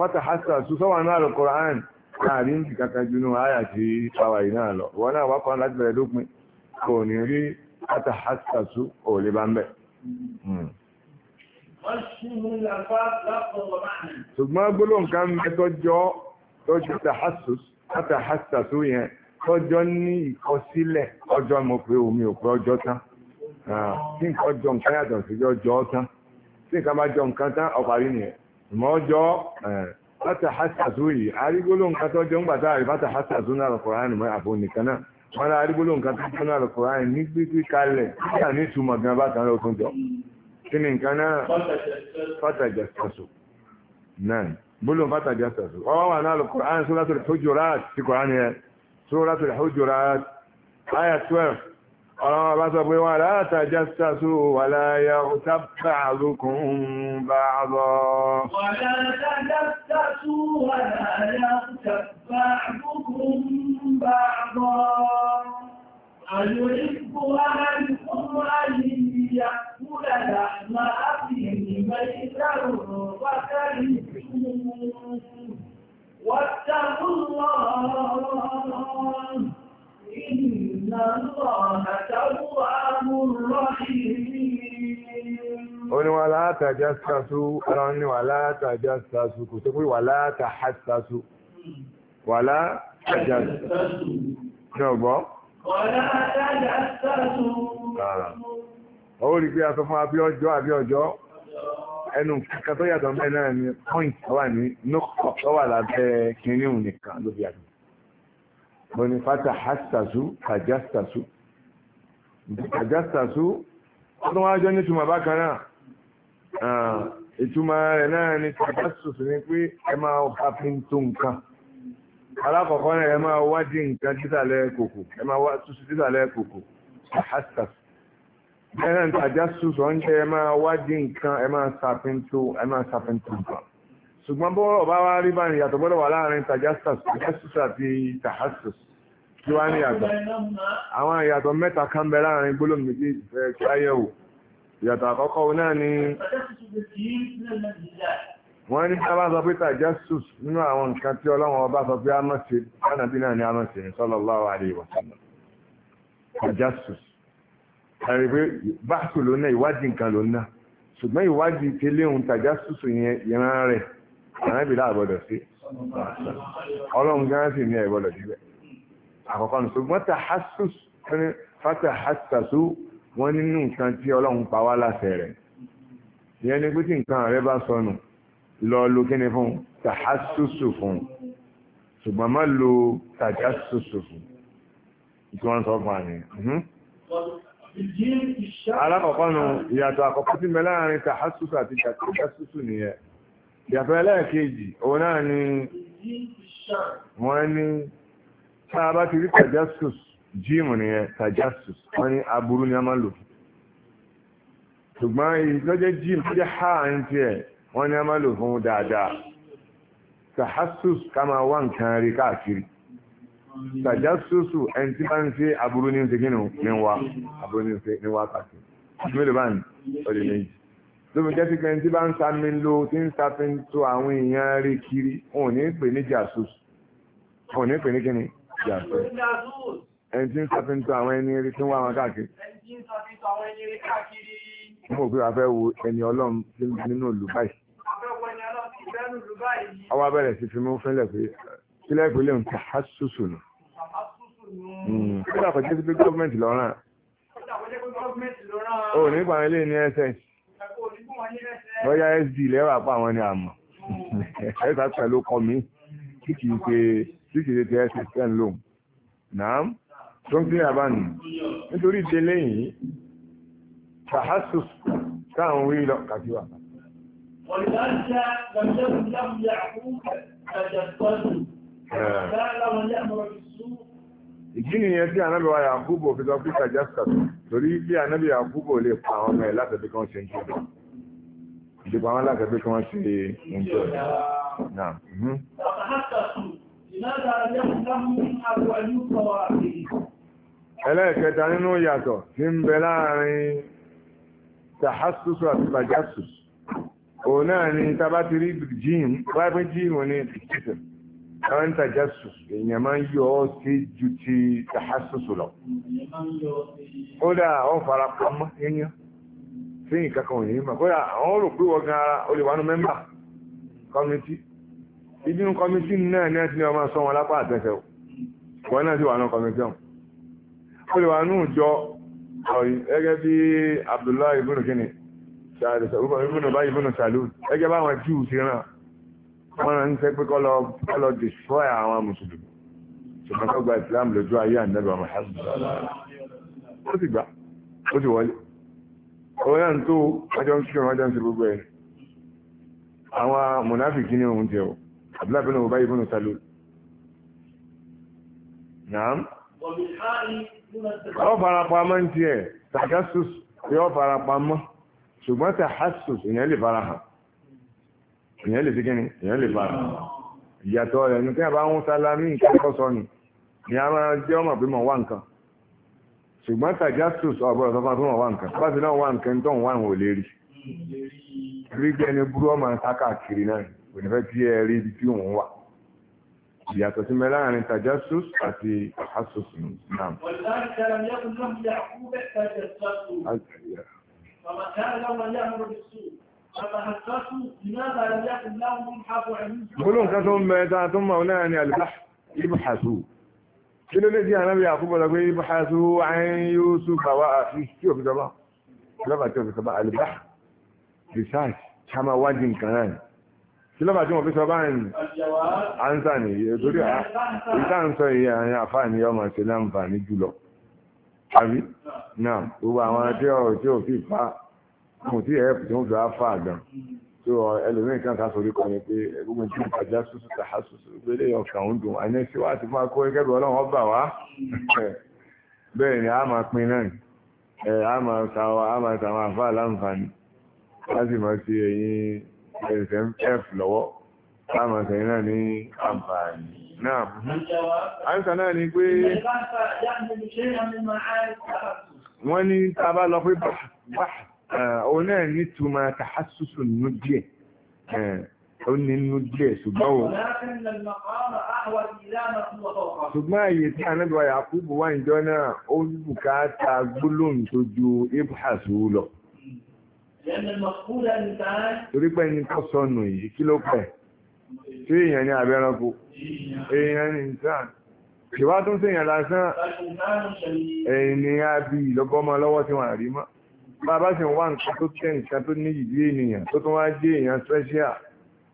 fatahassas sọ́wọ́n náà lọ Kùránì láàrin ti kankan junú àyà láti bẹ̀rẹ̀ ṣùgbọ́n gbólóhùn kan ń bẹ tọ́jọ́ tọ́jọ́ tàhásàsó yẹn tọ́jọ́ ní ìkọsílẹ̀ ọjọ́ mo pé omi ò pé ọjọ́ tán tí nǹkan jọ nǹkan yàtọ̀ sí ọjọ́ tán tí nǹkan bá jọ nǹkan tán ọ̀parí nìyẹn ìmọ̀ ọjọ́ látàhásàsó yìí arígbólóhùn kan tọ́jọ́ ń gbàtà àrí látàhásàsó náà lọ́kọ̀ọ́rán mọ́ àbò nìkan náà wọ́n lá arígbólóhùn kan tọ́jọ́ náà lọ́kọ̀ọ́rán ní gbígbí kalẹ̀ kí ni nǹkan náà fàtàjà sàṣù náà bólú fàtàjà sàṣù ọwọ́ wà náà lọ́kùnrin suratul hujurat ti kùránì ẹ̀ suratul hujurat aya 12 ọ̀rọ̀ bá sọ pé wà látàjá sàṣù wà láyá òtàbà àlùkùn bá àbọ̀ wà látàjá wà láyá òtàbà àlùkùn bá àbọ̀ tajassasu ara wọn ni wala tajassasu kò tó pé wala tahassasu wala tajassasu ní ọgbọ́ ó rí pé a sọ fún abíọ́jọ́ abíọ́jọ́ ẹnu kankan tó yàtọ̀ mẹ́rin náà ni point wà ní nọ́kọ̀ tó wà lábẹ́ kìnìún nìkan ló fi yàtọ̀ mo ní fata hasasu kajasasu kajasasu ọdún wájọ́ nítumọ̀ bákan náà Ah, ìtumọ̀ rẹ̀ náà ni tàbásùsù ni pé ẹ máa wá fi ń tó nǹkan alákọ̀ọ́kọ́ náà ẹ máa wádìí nǹkan títàlẹ̀ kòkò ẹ máa wá túnṣe títàlẹ̀ kòkò hasaf ẹ̀rẹ́ ń tàjásùsù ọ̀njẹ́ ẹ máa wádìí nǹkan ẹ máa sàfintó ẹ máa sàfintó nǹkan ṣùgbọ́n bọ́ọ̀rọ̀ bá wá rí báyìí yàtọ̀ gbọ́dọ̀ wà láàrin tàjásùsù àti tàhásùsù kí wá ní yàtọ̀ àwọn ìyàtọ̀ mẹ́ta kan bẹ láàrin gbólóhùn méjì fẹ́ kí á yẹ̀wò ìyàtọ̀ àkọ́kọ́ náà ni wọ́n ní sábà sọ pé tajasus nínú àwọn nǹkan tí ọlọ́run ọba sọ pé amọ̀ṣe kánàbí náà ni amọ̀ṣe ní sallallahu alaihi wasallam tajasus àrí pé báṣù ló ná ìwádìí nǹkan ló ná ṣùgbọ́n ìwádìí ti léhun tajasus yẹn ìran rẹ̀ ànábì láàbọ̀dọ̀ sí ọlọ́run gán sì ní ẹ̀bọ̀dọ̀ wọ́n nínú nǹkan tí ọlọ́run pa wá láṣẹ rẹ̀ ìyẹn ni pé tí nǹkan rẹ bá sọnù lọ lo kíni fún tàhásùsù fún ṣùgbọ́n má lo tàjásùsù fún ìtí wọ́n sọ fún àní. alákọ̀ọ́kọ́ nu ìyàtọ̀ àkọ́kọ́ tí mẹ́ láàrin tàhásùsù àti tàjásùsù nìyẹn ìyàtọ̀ ẹlẹ́ẹ̀kejì òun náà ni wọ́n ní tá a bá ti rí tàjásùsù jíìmù nìyẹn tajasus wọ́n ní aburú ni a máa lò ṣùgbọ́n èyí tó jẹ́ jíìmù tó jẹ́ ha ń tiẹ̀ wọ́n ní a máa lò fún dáadáa tahasus ká máa wá nǹkan rí káàkiri tajasusu ẹni tí bá ṣe aburú ní ṣe kí ni wá aburú ní ṣe ní wá káàkiri mélòó bá ní ọdẹ méjì lóbi jẹ́ síkẹ́ ní tí bá ń sami lo tí ń sami tó àwọn èèyàn rí kiri òun ní pè ní jasus òun ní pè ní kí ni ẹni tí ń sàfihàn àwọn ẹni rí tí ń wá wọn káàkiri. ẹni tí ń sàfihàn àwọn ẹni rí káàkiri. mo gbé wa fẹ́ wo ẹni ọlọ́run nínú ìlú báyìí. àwa bẹ̀rẹ̀ sí fi mú fínlẹ̀ pé kílẹ̀ ìpínlẹ̀ ń ta hasusu nù. kódà hmm. kò jẹ́ sí pé gọ́ọ̀mẹ̀ntì lọ́ràn. o nípa àwọn eléyìí ní ẹsẹ̀. bóyá sd lẹ́wà pa àwọn ni àmọ́. ẹ̀ka pẹ̀lú kọ́ mi kí kì í ṣe kí kì í ṣe ti ẹsẹ̀ ten loan. naam tó ń pè àbánu nítorí ìdè lẹ́yìn tahasus táwọn wí lọ kàfi wà. Ìdí nìyẹn tí ànábì wa Yakubu fi sọ pé Kajaskat torí bí ànábì Yakubu lè pa àwọn ọmọ ẹ̀ láti bí kan ṣe ń jẹ́ bẹ́ẹ̀ ìdìbò àwọn alágbẹ̀bí kí wọ́n ṣe oúnjẹ náà. Ọ̀pọ̀ ẹlẹ́ẹ̀kẹta nínú yàtọ̀ tí ń bẹ láàrin tahassus àti tajassus òun náà ni tàbá ti rí jíìm wáyé jíìmù ní ìtìtìm àwọn tajassus èèyàn máa ń yọ ọ́ sí ju ti tahassus lọ kódà ó fara pamọ́ yẹnyẹn sí nǹkan kan òyìn mà kódà àwọn rò pé wọ́n gan ara olùwánu mẹ́mbà kọ́mítì ibi ń kọ́mítì náà ní ẹ ti ní ọmọ sọ wọn lápá àtẹ̀fẹ̀ wọn náà sì wà ní kọ́mítì ọ̀hún ó lè wà ní ìjọ ẹgẹ́ bí Abdullahi ibùnú kíni ibùnú báyìí ibùnú sàlù ẹgẹ́ báwọn Júù ti ràn wọ́n rán ṣẹ́ pé kọ́lọ kọ́lọ destroy àwọn mùsùlùmí ṣùgbọ́n kọ́ gba Islam lójú ayé ànábì Muhammad ó ti gbà ó ti wọlé òun náà tó ọjọ́ ń kíkọ́ ọjọ́ ń ṣe gbogbo ẹ̀ àwọn mùnáfìkì ní òun jẹ́ o Abdullahi ibùnú báyìí ibùnú sàlù nàám ọ farapamọ́ ń tiẹ̀ takasus yọ farapamọ́ ṣùgbọ́n tahasus ìyẹn lè farahàn ìyẹn lè síkíní ìyẹn lè farahàn ìyàtọ̀ rẹ̀ ní kí a bá ń sálámí nǹkan kọ́sọ́ ni ni a máa jẹ́ ọmọ pé mọ̀ wá nǹkan ṣùgbọ́n tajasus ọ̀bọ̀rọ̀ sọ fún ọmọ wá nǹkan bá ti náà wá nǹkan tó ń wá nǹkan ò lè rí rí gbẹ́ni búrọ́ máa ń sá káàkiri náà kò ní fẹ́ tí ẹ rí ibi tí òun wà يا يعتزمل عن التجسس أتي تحسس نعم والآن لم يكن لهم يعقوب تجسس فما كان لما يعملوا بالسوء لماذا لم يكن لهم من حافظ عنه؟ ثم هنا يعني البحث يبحثوا شنو الذي يا نبي يعقوب يقول يبحثوا عن يوسف واخيه شوف دابا دابا شوف البحث رساله كما واجب كمان kí tí wọ́n fi sọ báyìí ansa ni torí ìta ń sọ yìí àwọn àfáàní ọmọ ṣe láǹfààní jùlọ àbí náà gbogbo àwọn tí ò tí ò fi fa mo ti ẹ̀ẹ́pù tí wọ́n fi fa àgbọn tí ọ ẹlòmíín kan kan sórí kan ni pé gbogbo tí wọ́n kàjá sùsù tàhá sùsù gbélé ọkàn ń dùn àní sí wàá ti máa kó ẹgẹ́rù ọlọ́run ọba wa bẹ́ẹ̀ ni a máa pin náà ẹ̀ a máa ta àwọn àfáà láǹfààní láti máa ṣe ẹ̀yìn ẹ̀sẹ̀ ń f lọ́wọ́ láàmà sẹ́yìn náà ní àǹfààní náà àǹsà náà ni pé wọ́n ní tàbá lọ pé òun náà ní túmọ̀ tàhásùsù nínú díẹ̀ ó ní inú díẹ̀ ṣùgbọ́n o ṣùgbọ́n àyè tí anábìwá Yakubu wà níjọ́ náà ó bùkátà gbólóhùn tó ju ibhasu lọ torí pé ẹni tó sọnù yìí kí ló pẹ̀ tí èèyàn ní abẹ́ranko èèyàn ní ìtàn ìwá tó ń sèèyàn lásán ènìyàn bí ìlọ́gọ́mọ lọ́wọ́ tí wọ́n rí mọ́ bàbá sì ń wá nǹkan tó tẹ́ nǹkan tó ní ìdí ènìyàn tó tún wá jẹ́ èèyàn special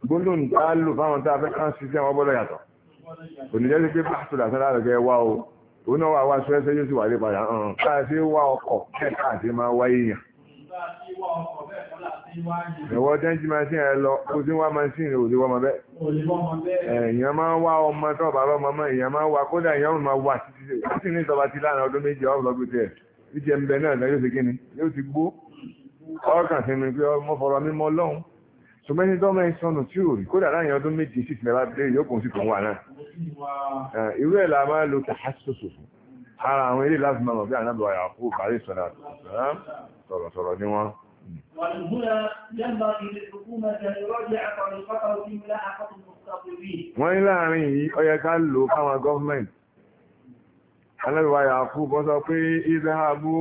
gbólóhùn tá a lò fáwọn tá a fẹ́ kán sí sí àwọn bọ́lọ̀ yàtọ̀ kò ní jẹ́ pé pásítọ̀ lásán lárugẹ wá o òun náà wà wá sẹ́sẹ́ yóò sì wà lè padà hàn káà sí wá ọkọ̀ kẹ́ẹ̀ká àti máa wáyé yàn Ẹ̀wọ́ tẹ́ńtì machine ẹ lọ, kó sí wá machine rẹ̀ òdíwọ́ ọmọ bẹ́ẹ̀. Èèyàn máa ń wá ọmọ tó bá lọ́mọ mọ́, èèyàn máa ń wá kódà èèyàn máa wà títí ṣe. Ó ní ìjọba ti láàrin ọdún méjì ọ̀rọ̀ lọ́gbẹ̀ tiẹ̀. Ìjẹ́ ń bẹ náà lẹ́yìn òsèké ni, yóò ti gbó. Ọkàn sí mi pé ọmọ fọ̀rọ̀ mi mọ́ lọ́hùn. Sọmẹ́ni tọ́mọ ẹ sọnù tí ò rí kódà láàrin ọdún méjì sì ti lẹ́ ara àwọn ilé láti máa mọ̀ bí ànábọ̀ àyàkó kàrí sọ̀rọ̀ sọ̀rọ̀ sọ̀rọ̀ ní wọn wọ́n ní láàrin yìí ó yẹ ká lò káwọn gọ́ọ̀mẹ̀ntì anábíwá yàkú bọ́ sọ pé ìzẹ́hábú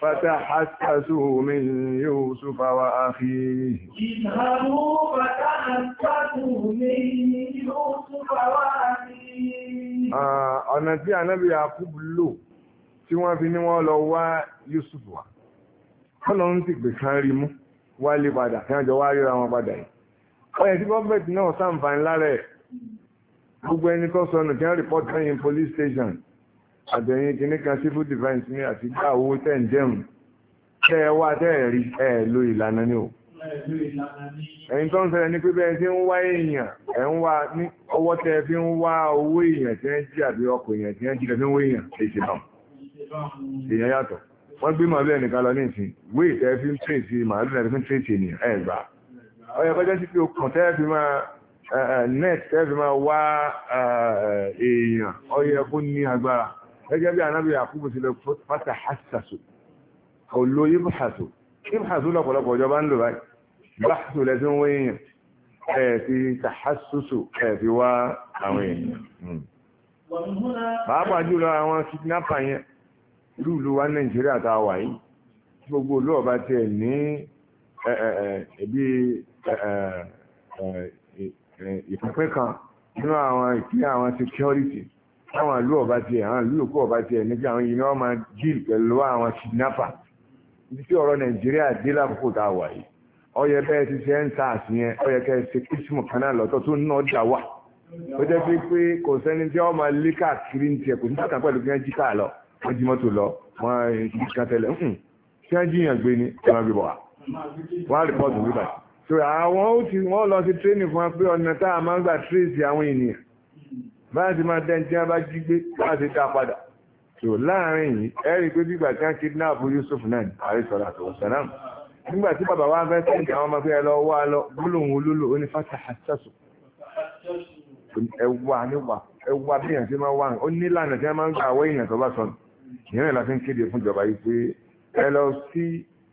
fata hasasu min Yusufa wa akhihi ìzẹ́hábú fata hasasu wa akhihi Ah, ọ̀nà tí ànábì Yakub lò tí wọ́n fi ní wọ́n lọ wá Yusuf wá ọlọ́run ti pè kan rí mú wálé padà kí wọ́n jọ wá ríra wọn padà yìí ọ̀yẹ̀ tí gọ́ọ̀mẹ̀ntì náà sàǹfààní lára ẹ̀ gbogbo ẹni tó sọnù kí wọ́n rìpọ́t lẹ́yìn police station àtẹ̀yìn kìíní kan civil defence ní àti gbà owó tẹ̀ ń jẹun tẹ́ ẹ wá tẹ́ ẹ rí ẹ lo ìlànà ni o ẹ̀yìn tó ń ṣẹlẹ̀ ní pé tí ń wá èèyàn ẹ̀ ń wá ní ọwọ́ tẹ́ fi ń wá owó èèyàn tí ń jí àbí ọkọ̀ èèyàn tí ń jí tẹ́fí wé èèyàn èsì náà èèyàn yàtọ̀ wọ́n gbé màálù ẹnìkan lọ ní ìsìn wé ìtẹ́ ń tírèsì màálù náà ń tírèsì ènìyàn ẹ̀ gbà ọ kọjá sí pé okùn tẹ́ máa net tẹ́ máa wá èèyàn ọ kó ní agbára gẹ́gẹ́ bí anábì àkúbù lọ́pọ̀lọpọ̀ ìjọba ń lò báyìí báṣù lẹ́sìn wọ́n èèyàn ẹ̀ ti tàhásùsù ẹ̀ fi wá àwọn èèyàn hmm. pàápàá jùlọ àwọn kidnapper yẹn lúùlú wa nàìjíríà tá a wà yìí gbogbo olú ọba tiẹ̀ ní ẹbí ìpínpín kan nínú àwọn ìpínlẹ̀ àwọn security àwọn ìlú ọba tiẹ̀ àwọn ìlú òkú ọba tiẹ̀ níbi àwọn yìí ni wọ́n máa deal pẹ̀lú àwọn kidnapper ibi tí ọ̀rọ̀ nàìjíríà dé lákòókò tá wà yìí ọyẹ bẹ́ẹ̀ ti ṣe ń ta àṣìyẹn ọyẹ kẹ́ ṣe kírísìmù kan náà lọ́tọ̀ tó ná ọjà wà ó jẹ́ pé pé kò sẹ́ni tí wọ́n máa lé káàkiri ń tiẹ̀ kò ní kàkà pẹ̀lú kí wọ́n jí káà lọ wọ́n jí mọ́tò lọ wọ́n jí kan tẹ́lẹ̀ kí wọ́n jiyàn gbé ni kí wọ́n gbé bọ̀ wá wọ́n á rìpọ́ọ̀tù wíwá so àwọn ó ti wọ́n lọ sí tírénì fún wa pé ọ̀nà tá a máa ń gbà tírèsì àwọn ènìyàn báyìí ti máa dẹ́ni tí wọ́n bá jí gbé báyìí ti dá padà so láàárín yìí ẹ̀rí pé bí ìgbà kidnap Yusuf náà àrísọ̀rọ̀ àtọ̀wọ̀sẹ̀ náà nígbà tí bàbá wa fẹ́ tẹ́lẹ̀ àwọn ọmọ pé ẹ lọ wá lọ gbólóhùn olólò ó ní fata hasasu ẹwà níwà ẹwà bí èèyàn ti máa wà ó ní ìlànà tí wọ́n máa ń gba àwọn èèyàn tó bá sọnù ìyẹn náà la fi ń kéde fún ìjọba yìí pé ẹ lọ sí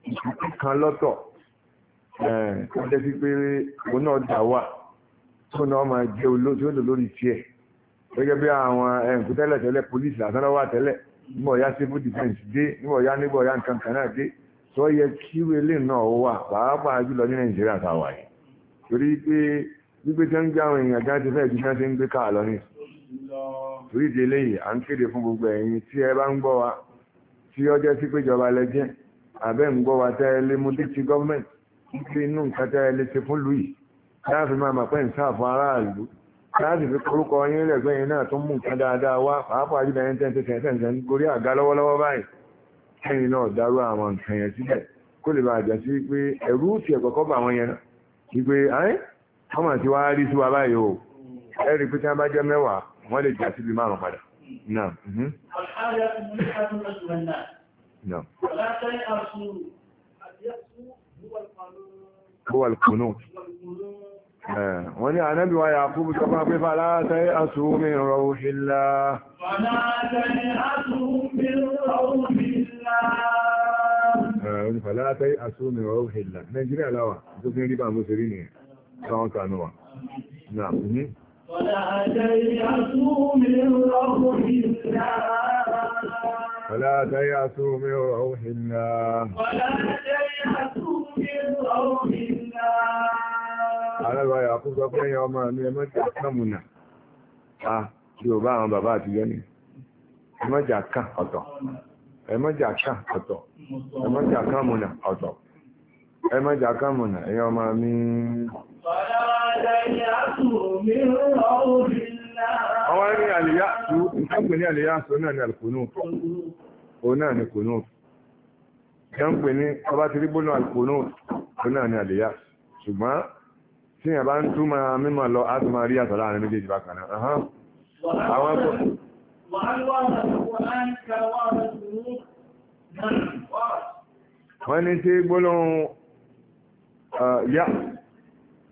ìdíkú kan lọ́tọ̀ ó jẹ́ sí pé òun náà dà wà tó náà máa jẹ́ olóòtú lórí tiẹ̀ gẹ́gẹ́ bí àwọn ẹ̀ǹkú tẹ́lẹ̀ tẹ́lẹ̀ pólísì àtàlọ́wà tẹ́lẹ̀ nígbà ọ̀yá civil defence dé nígbà ọ̀yá nígbà ọ̀yá nǹkan kan náà dé tó yẹ kí wele náà wà pàápàá jùlọ ní nàìjíríà táwa yìí torí pé gbígbé tó ń gbé àwọn èèyàn jáde ti fẹ́ẹ̀ ju ń gbé káà lọ ní torí ìdí eléyìí à ń kéde fún gbogbo ẹ̀yin tí ẹ bá ń gbọ́ wa tí ó jẹ́ sí péjọba lẹ́jẹ́ àbẹ́ ń gbọ́ wa tẹ́ ẹ mú dé ti gọ́ọ̀mẹ̀ntì tí inú nǹkan tẹ́ ẹ ṣe fún lùyìí láàfi máa mà pẹ́ ń sáàfù aráàlú láti fi korúkọ yín lẹ́gbẹ̀ẹ́ náà tó mú nǹkan dáadáa wá pàápàá jùlọ kẹ́yìn náà dárú àwọn nǹkan yẹn sílẹ̀ kó lè bá àjà sí ẹ̀rú ti ẹ̀kọ́kọ́ bá àwọn yẹn wípé ayé ọmọ àti wá rí sí wa báyìí o ẹ̀rí pé tí wọ́n bá jẹ́ mẹ́wàá wọ́n lè jà síbi márùn padà. Mhm. wọ́n ní ànábì wa Yàkúbù tó bá pípa látàrí àṣùwò mi rọ̀ òṣìlá. Fọ́nà àjẹ́ ni àṣùwò mi rọ̀ òṣìlá. Àwọn ìfàlátẹ́ àsúnmì ọ̀rọ̀ ìlà. Nàìjíríà láwà tó fi ń rí bá mú sí rí nìyẹn. Káwọn kanú wa. Náà, ní. فلا تيأسوا من روح الله ولا تيأسوا من روح الله على الرأي أقول لك يا أمام يا من تأمنا آه شو بقى بابا تجاني ما جاك أطلع ẹmọ́jà kan ọ̀tọ̀ ẹmọ́jà kan múnà ọ̀tọ̀ ẹmọ́jà kan múnà ẹ̀yọ́ ọmọ mi. ọwọ́ ní àlìyá tó ìtàgbé ní àlìyá náà ní àlùkùnú òun náà ní kùnú ní ọba ti rí gbóná àlùkùnú ṣùgbọ́n tí ìyàbá ń túmọ̀ mímọ̀ lọ á tún máa rí àtọ̀ wọ́n ní tí gbólóhùn yá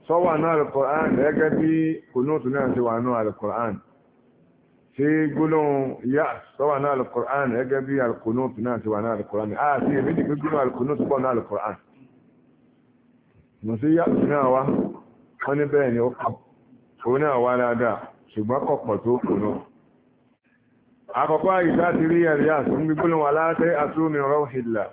sọ́wà náà alìkọ̀án gẹ́gẹ́ bí kùnútù náà ti wà náà alìkọ̀án tí gbólóhùn yá sọ́wà náà alìkọ̀án gẹ́gẹ́ bí alìkùnútù náà ti wà náà alìkọ̀án àti èmi jì pé gbólóhùn alìkùnútù pọ̀ náà alìkọ̀án mọ̀ sí yá náà wá wọ́n ní bẹ́ẹ̀ ni ó kọ̀ òun náà wá dáadáa ṣùgbọ́n kọ̀pọ̀ tó kùnútù àkọ́kọ́ àìsá ti rí ẹ̀rí àsún gbígbónà wà látẹ́ àsúnmi rọ́hìlá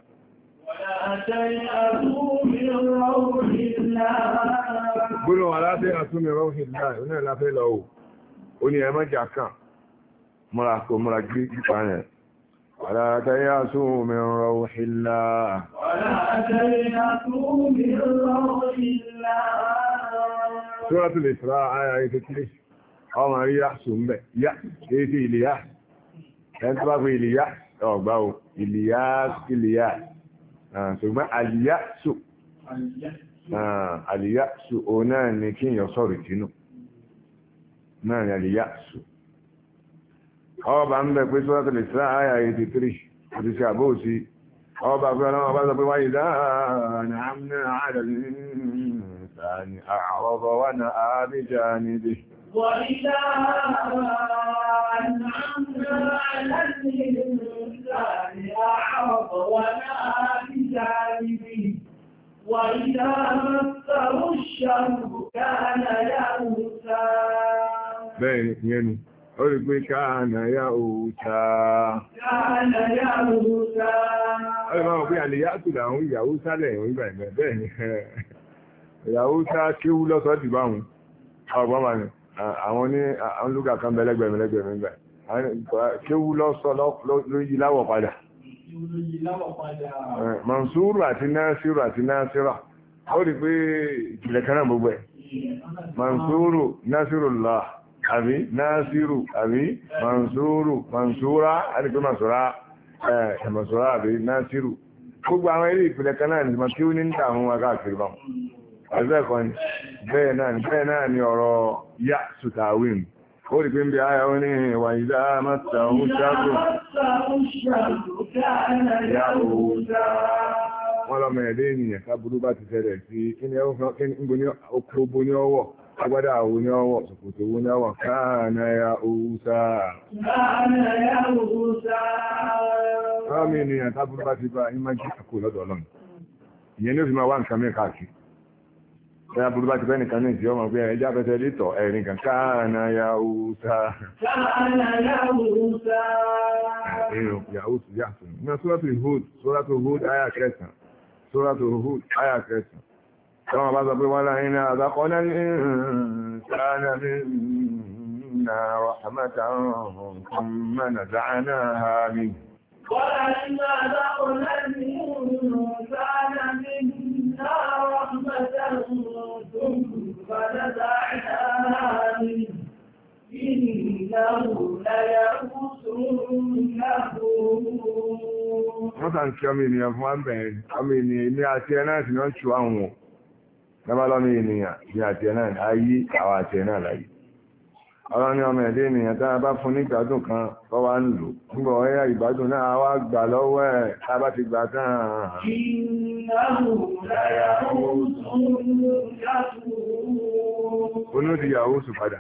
gbónà wà látẹ́ àsúnmi rọ́hìlá ìrìnà láfẹ́ lọ́wọ́ ó ní ẹmọ́jà kan mọ́ra kò mọ́ra gbí pípa rẹ̀ wà látẹ́ àsúnmi rọ́hìlá Suratul Isra àyà ìfẹ́kiri, ọmọ rí yá sùn bẹ̀, yá, èdè ilẹ̀ yá ẹni tó bá fi ìlìyá ọ̀gbá o ìlìyá ìlìyá ṣùgbọ́n àlìyá sù àlìyá sù o náà ni kí èèyàn sọ̀rọ̀ ìtinú náà ni àlìyá sù ọba ń bẹ pé sọ́dọ̀ tẹ̀lé sí àyà 83 àti sí àbóòsí ọba pé ọlọ́wọ́ bá sọ pé wáyé dáhàánà àmì àdàlì ìrìnsà ni àwọ̀ أنعمنا على الإنسان أعرض ونأى بجانبه وإذا مسه الشر كان يئوسا بين اثنين Orígbé káànà yá òòta. Káànà yá òòta. Ọ̀rẹ́ máa wọ̀ pé àlè yá tùlà àwọn ìyàwó sálẹ̀ ìwọ̀n ìgbà ìgbà bẹ́ẹ̀ ni. Ìyàwó sá kéwú lọ́sọ̀ọ́ dìbà wọn. Àwọn máa nì àwọn ní àwọn lúgà kan bẹ lẹ́gbẹ̀mí lẹ́gbẹ̀mí gbà kéwú lọ́sọ ló yí láwọ̀ padà Mansur àti Nasiru àti Nasira ó rí pé ìpìlẹ̀ kanáà gbogbo ẹ̀ Mansur Nasirullah àbí Nasiru àbí Mansur Mansura àti pé Mansura ẹ̀ Mansura àbí Nasiru gbogbo àwọn ilé ìpìlẹ̀ kanáà ní ma kí ó ní ń tà àwọn àbẹ́ẹ̀kọ́ ni náà ni náà ni ọ̀rọ̀ yá sùtàwìn ó rí pé bí ayá ó ní ìwà ìdá mọ́ta ohun ṣáàkù wọ́n lọ́mọ ènìyàn sábúrú bá ti sí agbádá ní ṣòkòtò owó ní káàna ya oúsá rọ́mí ènìyàn sábúrú bá ti bá ìmájí àkó lọ́dọ̀ ọlọ́run ìyẹn ni ó fi máa wá nǹkan Bẹ́ẹ̀ burú bá ti fẹ́ nìkan ní ìdí ọmọ pé ẹja fẹsẹ̀ lítọ̀ ẹ̀rìn kan káàna ya òòta. Káàna ya òòta. Èrò ìyàwó ti yà sùn. Ní Sóràtò Hood, Sóràtò Hood Aya kẹsàn-án, Sóràtò Hood Aya kẹsàn-án. Tọ́wọ́n bá sọ pé wọ́n láyé náà àdákọ́ náà ní sáánà ní nà ràhámàtà ọ̀hún nàzàánà ha mi. Wọ́n láyé náà àdákọ́ náà ní sáánà ní منا رحمة ثم نزعناها منه Wọ́n tàn kí ọmọ ènìyàn fún àbẹ̀rẹ̀, ọmọ ènìyàn ilé àti ẹ̀nà ìsìn ṣù àwọn lọ́bálọ́mọ ènìyàn ilé àti ẹ̀nà ayé àwọn àti ẹ̀nà láyé ọlọ́ni ọmọ ẹ̀dẹ́ ènìyàn tá a bá fún ní ìgbádùn kan tó wá ń lò nígbà ọ̀yá ìgbádùn náà wá gbà lọ́wọ́ ẹ̀ tá a bá ti gbà tán Onú ti yàwó sù padà,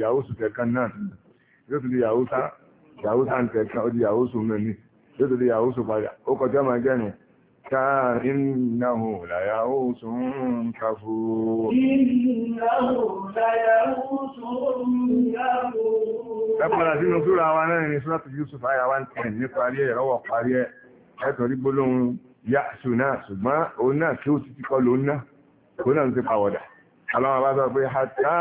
yàwó sù tẹ̀kan náà, yóò ti di yàwó sá, ń tẹ̀kan, حتى إنه ليئوس كفور إنه ليئوس كفور لقد سنة سورة وانا سورة يوسف آية 110 nípa rí ẹ̀rọ wọ̀ parí ẹ̀ ẹ̀tọ̀ rí gbólóhùn yá ṣùnà ṣùgbọ́n òun náà kí ó ti ti náà òun náà ti pàwọ̀dà Àwọn bá sọ pé hàtà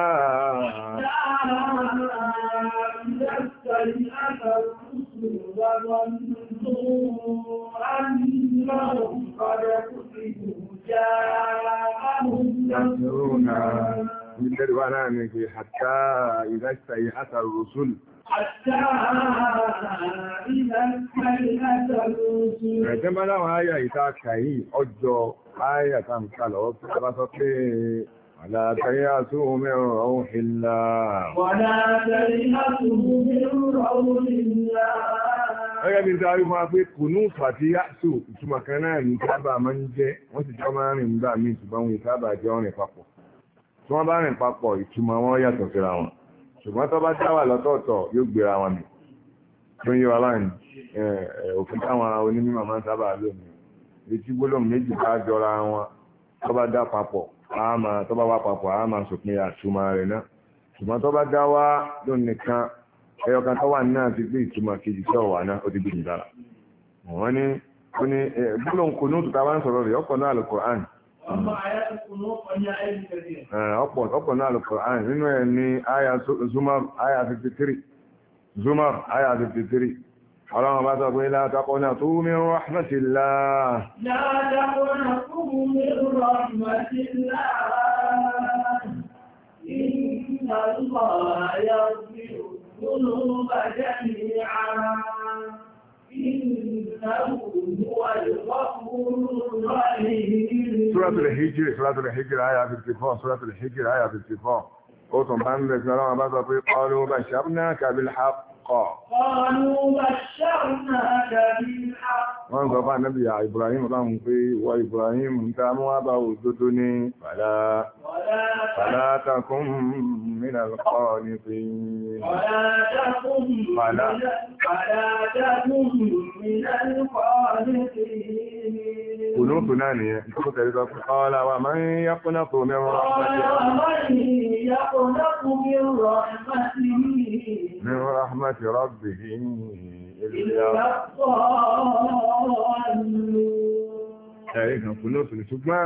Ìjẹ́rì wá náà ni pé hàtà ìrẹ́sà ìhàtà rùsùlù. Hàtà ìrẹ́sà ìhàtà rùsùlù. Ẹ̀jẹ́ bá láwọn áyà ìta ولا تيأسوا من روح الله ولا تيأسوا من روح الله Ẹgbẹ́ bí dárí máa pé kùnú fàtí yáṣù ìtumọ̀ kan náà ní sábà máa ń jẹ́, wọ́n sì jọ máa rìn nígbà míì ṣùgbọ́n wọn sábà jẹ́ ọ̀rìn papọ̀. Tí wọ́n bá rìn papọ̀ ìtumọ̀ wọn yàtọ̀ síra wọn. Ṣùgbọ́n tó bá dáwà lọ́tọ̀ọ̀tọ̀ yóò gbéra wọn mi. Tó ń yọ aláìní, òfin táwọn onímọ̀ máa ń sábà lónìí. Etí gbólóhùn méjì bá jọra wọn, tó bá dá papọ̀, àmà tó bá wà papọ̀ àmà sòpin àtúmọ̀ rẹ̀ náà ṣùgbọ́n tó bá dá wá lónìí nìkan ẹyọkan tó wà náà ti gbé ìtumọ̀ kejì tí ọ̀wà náà ó ti gbìyànjú lára wọ́n ní ó ní gbólóhùn kò sọ̀rọ̀ rẹ̀ náà ọ̀pọ̀ náà حرام بعد أقول لا تقنطوا من رحمة الله لا تقنطوا من رحمة الله إن الله يغفر الذنوب جميعا إنه هو الغفور الرحيم سورة الهجر سورة الهجر آية 54 سورة الهجر آية 54 قلتم بأن الزرام بذل قالوا بشرناك بالحق Wọ́n sọ fún ànábì Ibrahim láwọn pé wọ Ibrahim ń ta mú àbá òdodo ní fàlá takún mìíràn lọ́kọ́ ní pé fàlá takún mìíràn lọ́kọ́ ní pé olóòtú náà nìyẹn tó tẹ̀lé sọ fún ọlá wa máa ń yákúnná tó mẹ́rọ rahmati rabbi ẹ̀rí kan kú lóòtú ṣùgbọ́n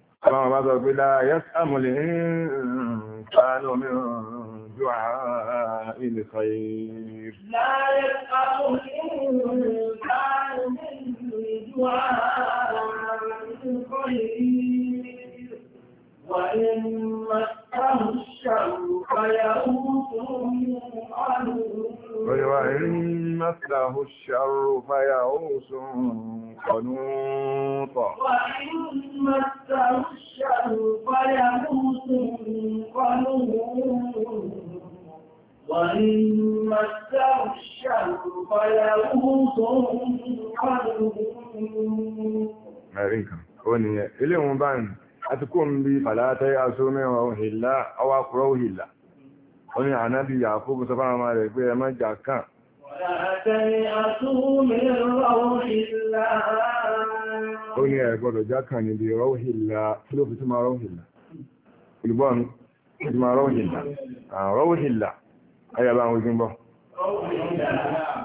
Àwọn ọba sọ pé láyé sàmùlé ń sánú mi jù àá ilẹ̀ kọ̀yẹ̀. Láyé sàmùlé ń sánú mi jù àá ilẹ̀ kọ̀yẹ̀. مسه الشر فيئوس قنوط وإن مسه الشر فيئوس قنوط وإن مسه الشر فيئوس قنوط Ẹ̀ríkà, ó nìyẹn, ilé wọn bá ń àti kó ń bí fàlátẹ́ asómẹ́wà ó ní ẹ̀gbọ́dọ̀ jákàn níbi rọ́wọ́hìlá tí ló fi tí máa rọ́wọ́hìlá olùgbọ́n tí máa rọ́wọ́hìlá rọ́wọ́hìlá ayàbá àwọn ojúmbọ́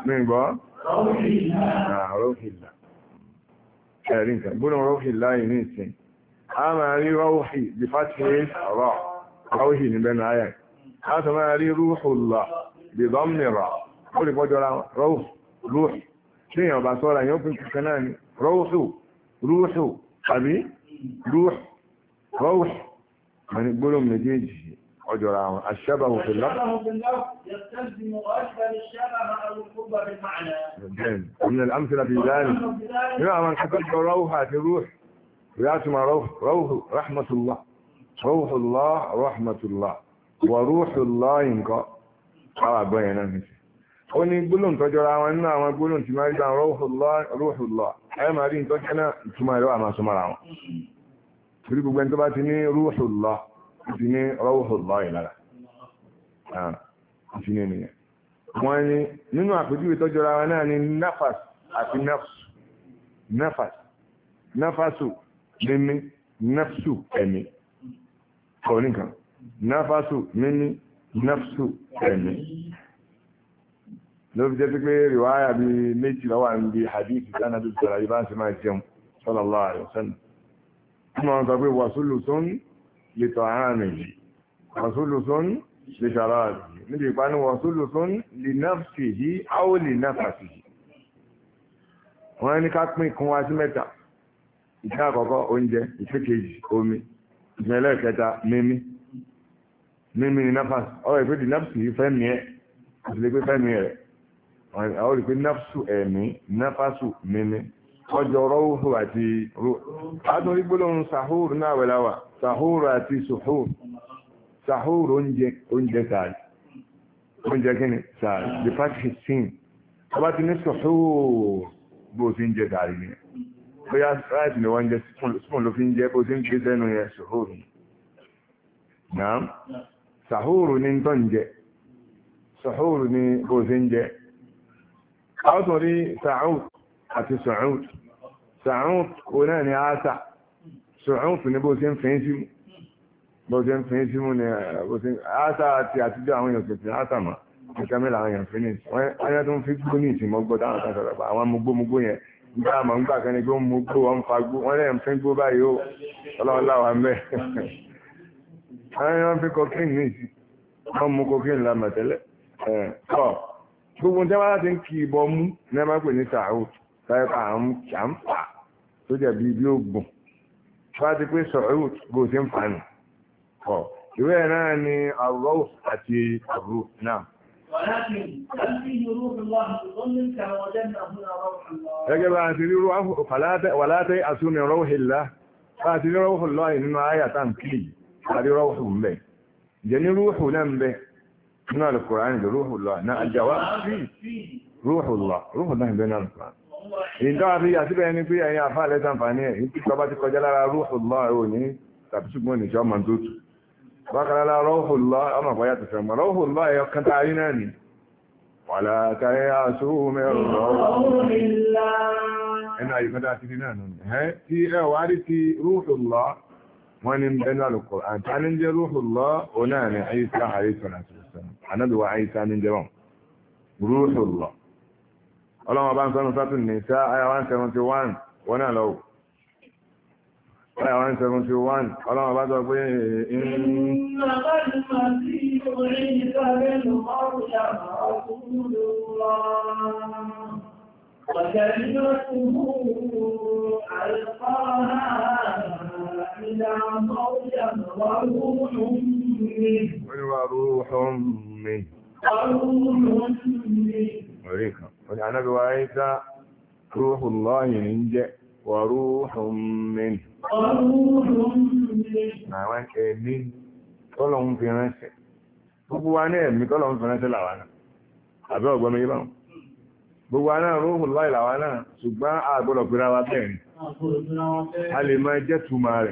mìírànbọ́ rọ́wọ́hìlá ẹ̀rí nǹkan gbọ́nà rọ́wọ́hìlá yìí ní ìsìn a máa rí rọ́wọ́hì bí fásitì rọ́wọ́hì níbẹ̀ náà yẹn a sọ máa rí rúhùlá bí dọ́mìnira ó lè bọ́jọ́ ra rọ́ọ̀fù rúùsù tí èèyàn bá sọ́ra èèyàn pín kankan náà ni rọ́ọ̀fù rúùsù àbí rúùsù rọ́ọ̀fù mani ni gbólóhùn jeji ọjọ́ ra wọn aṣẹ́bà òfin lọ́pù من الأمثلة في ذلك يا من حقق روحة روح وياتم روح روح رحمة الله روح الله رحمة الله وروح الله ينقى على بينا ó ní gbólóhùn tó jọra wọn nínú àwọn gbólóhùn tí máa rí bá rúhùlọ́ ayé máa rí nǹkan kẹ́nà ìtumọ̀ ẹ̀rọ àmà súnmọ́ra wọn torí gbogbo ẹni tó bá ti ní rúhùlọ́ ti ní rúhùlọ́ ìlara àti ní ènìyàn wọ́n ní nínú àpèjúwe tó jọra wọn náà ní nafas àti nafsu nafas nafasu mímí nafsu ẹ̀mí kọ̀ọ̀nìkan nafasu mímí nafsu ẹ̀mí ló fi jẹ́ pé rìwáyà bí méjì lọ́wà ń bí hadith tánàbí sọ̀rọ̀ ibá sí máa jẹun sallallahu alaihi wasallam mọ́ sọ pé wàsúlùsún lè tọ̀ àárín yìí wàsúlùsún lè ṣàrá àti níbi ìpanu wàsúlùsún lè náfsì yìí áó lè náfàsì yìí wọ́n ní ká pín kún wá sí mẹ́ta ìṣe àkọ́kọ́ yìí fẹ́mi lè pé fẹ́mi rẹ̀ àwọn olùpé nafsu ẹ̀mí nafasu mímí ọjọ́ rọ́wùhù àti rúù látọ̀rí gbólóhùn sahur náà wẹ̀láwà sahur àti suhur sahur oúnjẹ sáàdì oúnjẹ kíni sáàdì the fact is sin ọba ti ní suhur bó ti ń jẹ sáàdì ni bóyá ráìtì ni wọ́n jẹ spoon àwọn tó rí sa'ud àti sa'ud sa'ud kò náà ni àṣà sa'ud ní bó ṣe ń fẹ́ sí mú bó ṣe ń fẹ́ sí mú ni àṣà eh, àti àtijọ́ àwọn èèyàn tètè àṣà mọ́ nǹkan mẹ́la àwọn èèyàn finish wọ́n yẹ́ tó ń fi gbó ní ìsìn mọ́gbọ́ táwọn kan sọ̀rọ̀ pa àwọn amúgbómúgbó yẹn nígbà àmọ́ ń gbà kan ní pé ó gbogbo ní wọ́n ti ń kí ìbọn mú ní ẹ̀ma pè ní sàáwò táyọ̀ pa àwọn ṣàǹfà tó jẹ̀bi ibi ògùn wọ́n ti pé sọ̀rọ̀ bó ti ń fa nù. ìwé ẹ̀ náà ni àrùrọ̀ àti àrùrọ̀ náà. Gẹ́gẹ́ bá ti rí wàlátẹ́ àtúnni rọ́wọ̀hìlá, bá ti rí rọ́wọ̀hìlá nínú ayàtà ń kìí, àrí rọ́wọ̀hùn bẹ̀. Jẹ́ ní rúhù náà bẹ̀, هنا القرآن ده روح الله نا الجواب فيه روح الله روح الله بين القرآن إن دعا في يعتبر أن في أي أفعال تنفعني إن تكبات قجل روح الله وني تبسك من شاء من دوت وقال لا روح الله أما فيات فما روح الله يكن تعيناني ولا تيأسوا من روح الله إن أي فتاة تنانون هي تي أوارتي روح الله وأن بين القرآن تعلن روح الله ونانا عيسى عليه الصلاة والسلام anábìwá àyíká ní jẹ́ wọn rúhùlọ ọlọ́wọ́n bá ń sọ́nù sátún ní sá àyà 171 wọ́n náà lọ́wọ́ àyà 171 ọlọ́wọ́n bá sọ pé وكلمته Olúwa rúhùn mi. Orí kan. Orí anábi wa rí sá rúhùn lọ́yìn ní jẹ́ wà rúhùn mi. Àwọn ẹ̀mí tọ́lọ̀ ń fi ránṣẹ́. Gbogbo wa ní ẹ̀mí tọ́lọ̀ ń fi ránṣẹ́ làwa náà. Àbẹ́ ọ̀gbọ́n mi yí Gbogbo wa náà rúhùn lọ́yìn làwa náà ṣùgbọ́n àgbọ́dọ̀ pèrà wa bẹ́ẹ̀ A lè máa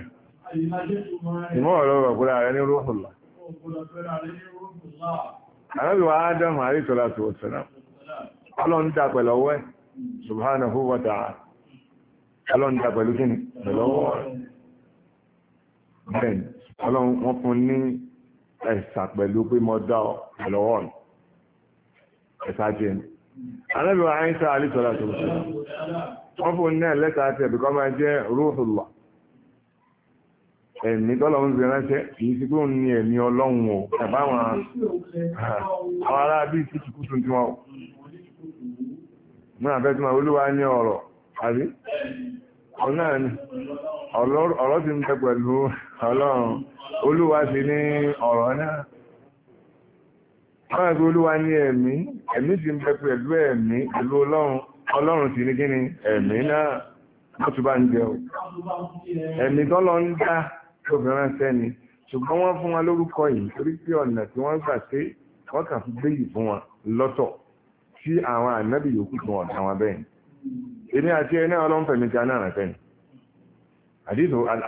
Àrábìwà Ádámù àríṣọ́lá tó tẹ̀lá. Ọlọ́run dá pẹ̀lú ọwọ́ ẹ̀, Subhanahu wa ta'ala. Ọlọ́run dá pẹ̀lú kí ni? Pẹ̀lú ọwọ́ ẹ̀. Bẹ́ẹ̀ni, ọlọ́run wọ́n fún ní ẹ̀sà pẹ̀lú pé mo dá ọ pẹ̀lú ọwọ́ mi. Ẹ̀sà jẹ́ ẹ̀mí tọ́lọ́run ti ránṣẹ́ kì í sí pé òun ni ẹ̀mí ọlọ́run o ẹ̀bá wọn àwọn ará bí i ti kútu tí wọn o mú àfẹ́ tí wọn olúwa ní ọ̀rọ̀ àbí ọ̀nà ni ọ̀rọ̀ ti ń bẹ pẹ̀lú ọlọ́run olúwa sì ní ọ̀rọ̀ náà wọ́n àti olúwa ní ẹ̀mí ẹ̀mí ti ń bẹ pẹ̀lú ẹ̀mí pẹ̀lú ọlọ́run ọlọ́run sì ní kíni ẹ̀mí náà wọ́n tún bá ń jẹ o ẹ̀mí tọ́lọ́ ń dá tó fi ránṣẹ́ ni ṣùgbọ́n wọ́n fún wa lórúkọ yìí torí pé ọ̀nà tí wọ́n gbà pé wọ́n kàn fi gbé yìí fún wa lọ́tọ̀ tí àwọn ànábì yòókù fún ọ̀dà wọn bẹ́ẹ̀ ni èmi àti ẹni ọlọ́nfẹ̀mí ti aná àràfẹ́ ni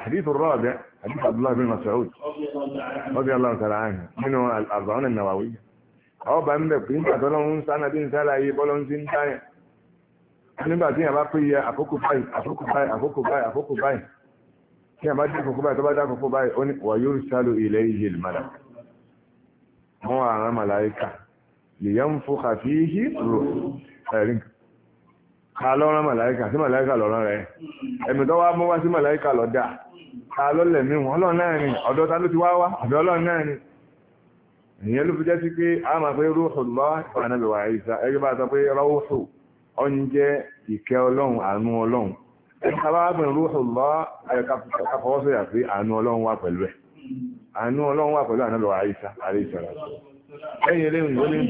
àdìsù rọ́ọ̀bẹ àdìsù abdullahi bin masoud ọdí ọlọ́run sara àyàn nínú àbáwọn nàwáwí ọba ń bẹ̀ pé nígbà tó lọ́run sáná bí ń sálàyé bọ́lọ́run ti ń dáyà nígbà tí yàrá pé yẹ àkókò báyìí àkókò báyìí àkókò báyìí àkókò báyìí kí a bá dé kòkó báyìí tó bá dá kòkó báyìí ó ní wà yóò sálò ilẹ̀ iye ìmàlà wọ́n wà rán màláíkà lè yá ń fò kàfí yí rò ẹ̀rìn ká lọ rán màláíkà sí màláíkà lọ rán rẹ̀ ẹ̀mí tó wá mú wá sí màláíkà lọ dà ká lọ lẹ̀mí wọn ọlọ́run náà ni ọ̀dọ́ ta ló ti wá wá ọ̀dọ́ ọlọ́run náà ni ìyẹn ló fi jẹ́ sí pé a máa pé rúhù lọ ànábẹ̀wà ìsà ẹgbẹ́ bá sọ pé rọ́wùsù ọ́n ẹ̀kàbábìn rúhùlọ́ àfọwọ́sọ̀yà pé àánú ọlọ́run wà pẹ̀lú ẹ̀ àánú ọlọ́run wà pẹ̀lú àánú lọ́wọ́ àìsà àríṣẹ́ra ẹ̀yìn ilé ìwé ní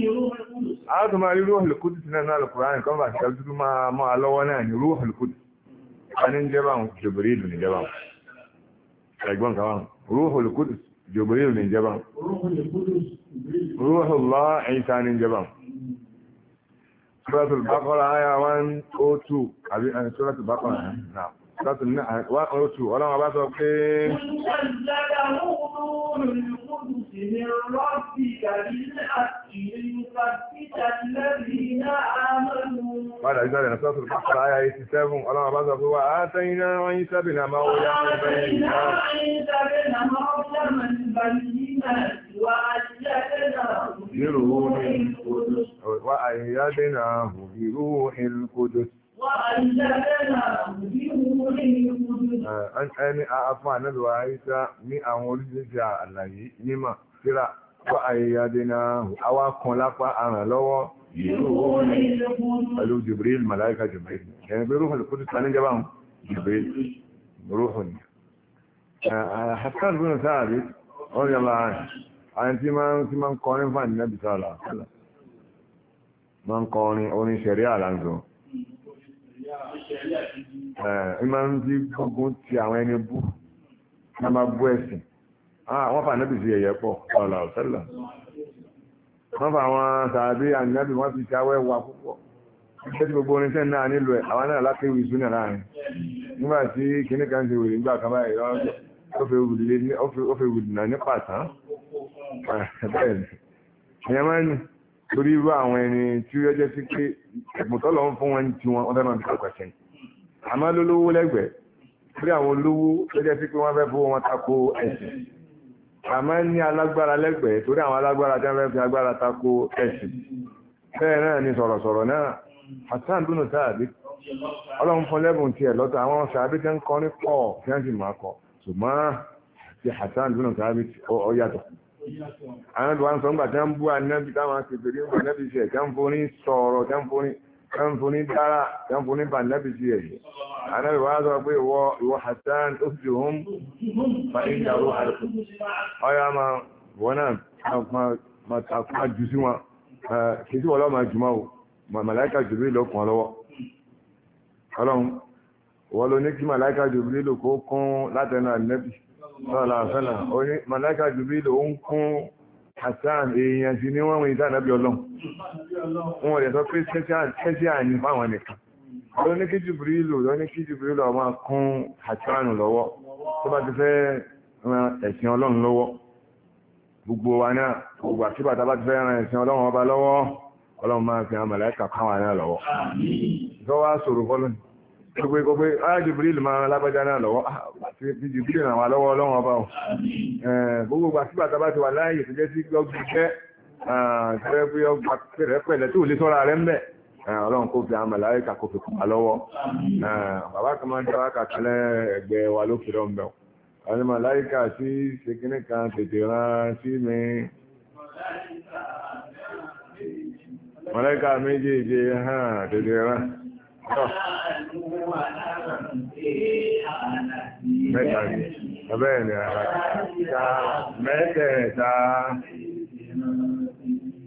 àátọ́ máa rí rúhùlùkúdì sí náà lọ́kùnrin kan bá ti ká dúdú máa mọ́ alọ́wọ́ náà ní rúhùlùkúdì a ní jẹba jòbìrìlù ní jẹba ẹgbọ́n kan wọn rúhùlùkúdì jòbìrìlù ní jẹba rúhùlọ́ Suratul Baqarah àyà 102 àbí eh, Suratul Baqarah eh? náà sọ́tún náà wá oṣù ọlọ́run bá sọ pé Padà ìsàlẹ̀ náà sọ́tún pàtàkì àyà 87 ọlọ́run bá sọ pé wà á tẹ́yìn náà wọ́n yí sábì náà máa wọ́n yá fún ẹ̀yìn náà. Wa ayyadina ẹni afọ́ ànẹ́lùwà àìsá ní àwọn oríṣiríṣi àlàyé mímọ̀ síra fọ́ àyíyáde náà awá kan lápá àràn lọ́wọ́ pẹ̀lú Jibril màláíkà Jibril ẹni pé rúhùn kúrò sani jẹba Jibril rúhùn Hassan bin Sáàrí ọ̀rọ̀ yàlá àyìn tí máa ń kọrin fún ànínábì sáàlá máa ń kọrin orin ṣẹ̀rí àlàǹzọ́ ìmọ̀ ń di gbogbo ti àwọn ẹni bú ká máa bú ẹ̀sìn ah, wọ́n fà náà bìí ẹ̀yẹ pọ̀ ọ̀là ọ̀sẹ́là wọ́n fà àwọn sàbí ànábì wọ́n fi ṣàwẹ́ wa púpọ̀ ṣé ti gbogbo oníṣẹ́ náà nílò ẹ̀ àwọn náà lákéwì ìṣú náà láàrin nígbà tí kìíní kan ti wèrè nígbà kan báyìí ó fẹ́ wùdì náà ní pàtàkì bẹ́ẹ̀ ni ìyẹn máa ń ní torí irú àwọn ẹni tí ó jẹ́ sí pé ẹ̀gbùntọ́lọ̀ ń fún wọn tí wọ́n fẹ́ràn bí ọkọ̀ṣẹ́ àmọ́ lólówó lẹ́gbẹ̀ẹ́ torí àwọn olówó tó jẹ́ sí pé wọ́n fẹ́ fowó wọn tako ẹ̀sìn àmọ́ ní alágbára lẹ́gbẹ̀ẹ́ torí àwọn alágbára tí wọ́n fẹ́ fi agbára tako ẹ̀sìn bẹ́ẹ̀ náà ni sọ̀rọ̀sọ̀rọ̀ náà Hassan dúnú sáàbí ọlọ́run fún lẹ́bùn tiẹ̀ lọ́tọ̀ àwọn sàábí tẹ́ ń kọ́ ní pọ̀ kí wọ́n sì máa kọ ṣùgbọ́n ti Hassan dúnú sáàbí ó àwọn ìlú wa ń sọ ńgbà tí wọ́n ń bú anábì táwọn akẹ́kẹ̀ẹ́ ń bú anábì sí ẹ̀ tí wọ́n ń forí sọ̀rọ̀ tí wọ́n ń forí tí wọ́n ń forí dára tí wọ́n ń forí bà anábì sí ẹ̀ anábì wa sọ pé ìwọ ìwọ hasan ó sì hùm fa ìjà ro àlùkò ọyọ àmà wọn náà máa takùn àjù sí wọn kì í sí wọn lọ́ọ́ máa o màláìka jùlọ lọ́kùn lọ́wọ́ ọlọ́run wọ́n lo ní kí màláìka jùlọ kó kún látẹnu ànábì sọ́làfẹ́là orí màláìkà jùbílò ó ń kún hassan èèyàn sí ní wọ́n wọ́n ìdá nàbí ọlọ́run wọ́n rẹ̀ sọ pé ṣẹ́ṣẹ́ àní fáwọn nìkan ló ní kí jùbílò ló ní kí jùbílò ọmọ kún hassan lọ́wọ́ tó bá ti fẹ́ ran ẹ̀sìn ọlọ́run lọ́wọ́ gbogbo wa náà gbogbo àkíbà tá bá ti fẹ́ ran ẹ̀sìn ọlọ́run ọba lọ́wọ́ ọlọ́run máa fi àwọn màláìkà káwọn náà lọ́wọ́ ìfọwọ́ sọ̀rọ̀ fọ́lọ́ni gbogbo gbogbo ayé ah, jibril máa lágbájá náà lọ́wọ́ ah, àti jibril ràn wá lọ́wọ́ ọlọ́run ọba ọ̀ eh, gbogbo gbà sígbà tá a bá ti wà láàyè tó jẹ́ sí gbọ́gbù ah, jẹ́ tẹ́lẹ̀ pé ọgbà pẹ̀lẹ́pẹ̀lẹ́ tó lè sọ́ra rẹ̀ ń bẹ̀ eh, ọlọ́run kò fi àwọn màláíkà kò fi kùn wá lọ́wọ́ eh, bàbá kan máa ń dáwà kàkálẹ̀ ẹgbẹ́ wa ló fi rọ̀ ń bẹ̀ àwọn màláíkà sí ṣèkínní kan tètè rán sí mi màláíkà méjèèjì hàn tètè rán mẹ́ta rí ọbẹ̀ ẹ̀rẹ̀ ara mẹ́tẹ̀ẹ̀ta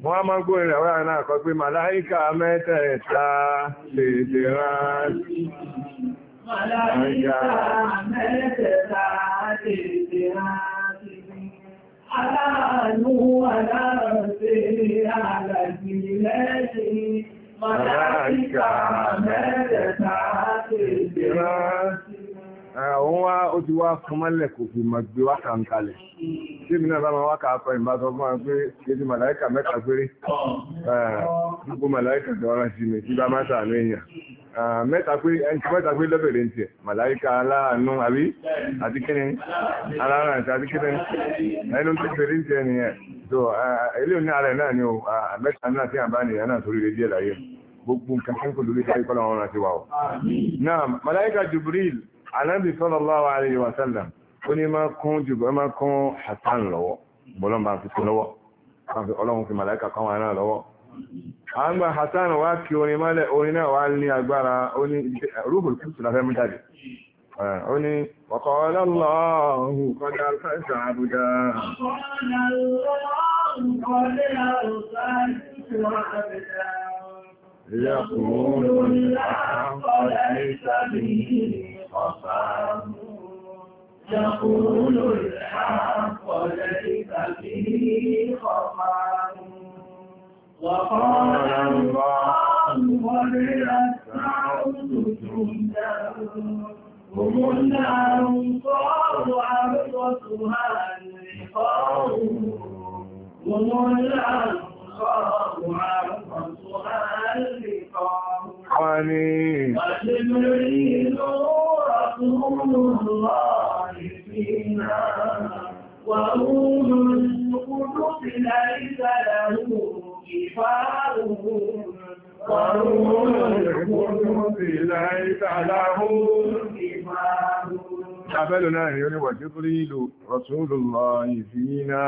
wọ́n a máa gbóyìn àwọn àrẹ náà pé màláíkà mẹ́tẹ̀ẹ̀ta lè lè rán Màláíkà mẹ́tẹ̀ẹ̀ta lè lè rán Aláàánú Màláìkà mẹ́tẹ̀ẹ̀ta ti dìrọ́ sí òun wá ó ti wá fọmọ́lẹ̀ kò fi mọ̀ gbé wákà ń kalẹ̀ tí mi náà bá máa wákà akọ ìbá sọ fún wa pé kéde màláìkà mẹ́ta péré gbogbo màláìkà dọ́ra sí mi tí bá má sàánú èèyàn mẹ́ta pé ẹni mẹ́ta pé lọ́bẹ̀rẹ̀ ń tiẹ̀ màláìka aláàánú àbí àti kíni aláàánú àti kíni ẹnu tó fèrè ń tiẹ̀ nìyẹn so eléyìí ní alẹ́ náà ni o mẹ́ta náà tí a bá nìyẹn náà sórí rẹ̀ díẹ̀ láyé gbogbo nǹkan kí n kò lórí sáré kọ́lọ́ wọn àti wà o. náà màláìka Jibril anábì sallallahu alayhi wa sallam ó ní máa kún jù bọ́ máa kún hasan lọ́wọ́ bọ́lọ́n bá fi sí lọ́wọ́ ọlọ́run fi màláìka kan wà náà lọ́wọ́ àwọn gba wá kí orin mọ́lẹ̀ orin náà wá ní agbára ó ní rúhùl kùsù ليس به يقول الحق ليس فيه خطأ وقال الله ولأسمعت جندا هم الأنصار عرضتها النفاق هم الأنصار عرضتها النفاق إيه؟ وجبريل رسول الله فينا وأولو القدس ليس له كفار وأولو القدس ليس له كفار Abẹ́lùná rí ìlú Rasulùlọ ìfìnà.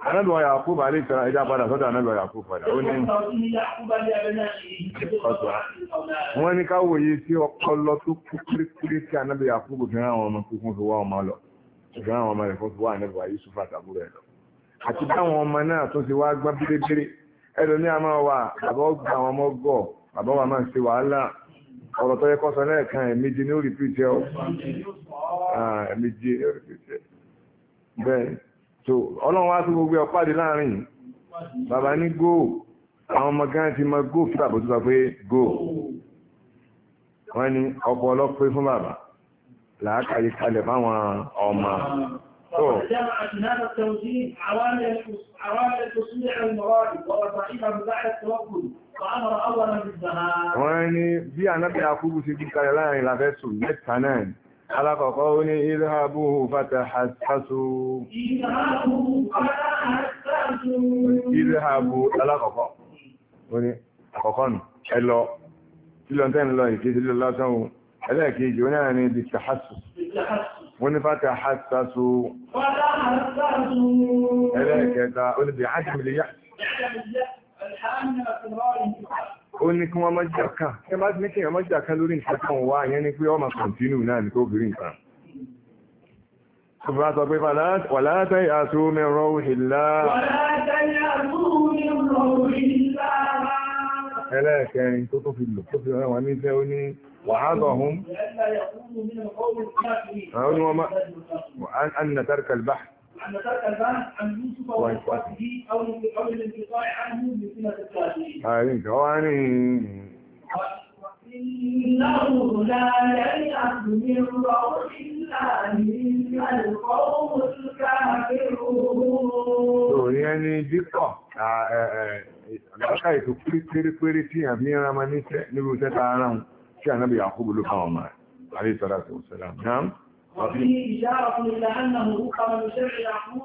Anábìwọ̀ Yàkó bá lè tẹ́ra ìdá padà sọ́dọ̀ anábìwọ̀ Yàkó padà. Ó ní wọ́n ní káwò yìí tí ọpọlọ tó kú kíríkírí tí anábìwọ̀ Yàkó kò fẹ́ràn àwọn ọmọ kíkún fi wá ọmọ lọ. Ìfẹ́ràn àwọn ọmọ rẹ̀ fún fi wá anábìwọ̀ Yusufa tàbú rẹ̀ lọ. Àti báwọn ọmọ náà tó ti wá gbá bírégbére. Ẹ̀dọ̀ ní a máa wà bàbá ó gba àwọn ọmọ gọ̀ bàbá wa máa ń ṣe wàhálà. Ọ̀rọ̀ tó yẹ kọ́ sọ náà kan ẹ̀mejì ní ó rìpítẹ́ ọ. Ah, ẹ̀mejì ní ó rìpítẹ́. Bẹ́ẹ̀ni so ọlọ́run wá sí gbogbo ọpáde láàrin bàbá ní go àwọn ọmọ gan ti mọ go kí bàbá tó sọ pé go wọ́n ní ọkọ̀ ọlọ́pẹ́ fún bàbá làákàyè kalẹ̀ fáwọn ọmọ so wọ́n ní bí anábẹ́ akúrú ti gbé kalẹ̀ láàrin làfẹ́ sùn mẹ́ta náà alákọ̀ọ́kọ́ ó ní ìrìnàbù fàtàhàtàṣù ìrìnàbù alákọ̀ọ́kọ́ ó ní àkọ́kọ́ nù ẹlọ sílọ̀ntẹ́n lọ ìkéjì lọ lásán ohun ẹlẹ́ẹ̀kejì ó náà ní di tàhàtù wọ́n ní fàtàhàtàṣù ẹlẹ́ẹ̀kẹta ó ní di ó ní kí wọ́n mọ́jà kan ẹ bá ní kí wọ́n mọ́jà kan lórí nǹkan kan wá yẹn ni pé ọmọ kọ̀ntínú náà ní tó bìrì nǹkan ṣùgbọ́n sọ pé wàlátẹ́ àtú mẹ́rọ òhìlá ẹlẹ́ẹ̀kẹrin tó tó fi lò tó fi rẹwà ní tẹ́ ó ní wàhálọ̀ hún àwọn ni wọ́n má annà tarkal bá wọ́n ìpàtí àárín nǹkan wá ní Òní ẹni díkọ̀ àgbàkà ètò pérépéré tí àbí ẹran ma níṣẹ́ níbi iṣẹ́ ta sí òṣèlú. Wọ́n fi ìyá ọkùnrin lánàá mú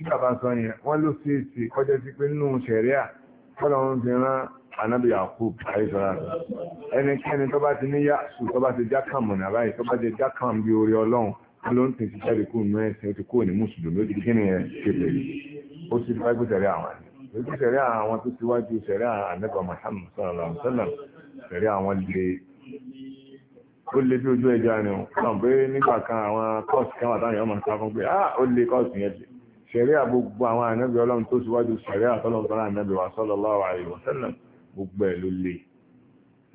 tí bàbá sọ yẹn wọ́n ló sí èsì kọjá sí pé nínú ṣẹ̀ríà kọ́lọ̀ ń fi rán anábì Yakub àìsọ̀rọ̀ ẹnikẹ́ni tó bá ti ní yáṣù tó bá ti jákàn mọ̀nà báyìí tó bá ti jákàn bí orí ọlọ́run wọ́n ló ń tẹ̀sí jáde kúrò ní ẹsẹ̀ ó ti kúrò ní mùsùlùmí ó ti kí ni ẹ̀ ṣe ó sì Muhammad sallallahu alaihi wasallam ṣẹ̀ríà àwọn lè ó lè bí ojú ẹja ni ó kàn pé nígbà kan àwọn kọ́ọ̀sì kan wà táwọn èèyàn máa ń sá fún pé ah ó lè kọ́ọ̀sì yẹn ṣẹ̀ríà gbogbo àwọn ànábì ọlọ́run tó síwájú ṣẹ̀ríà àtọ́lọ́run tó rán ànábì wa sallallahu alaihi wasallam gbogbo ẹ̀ ló le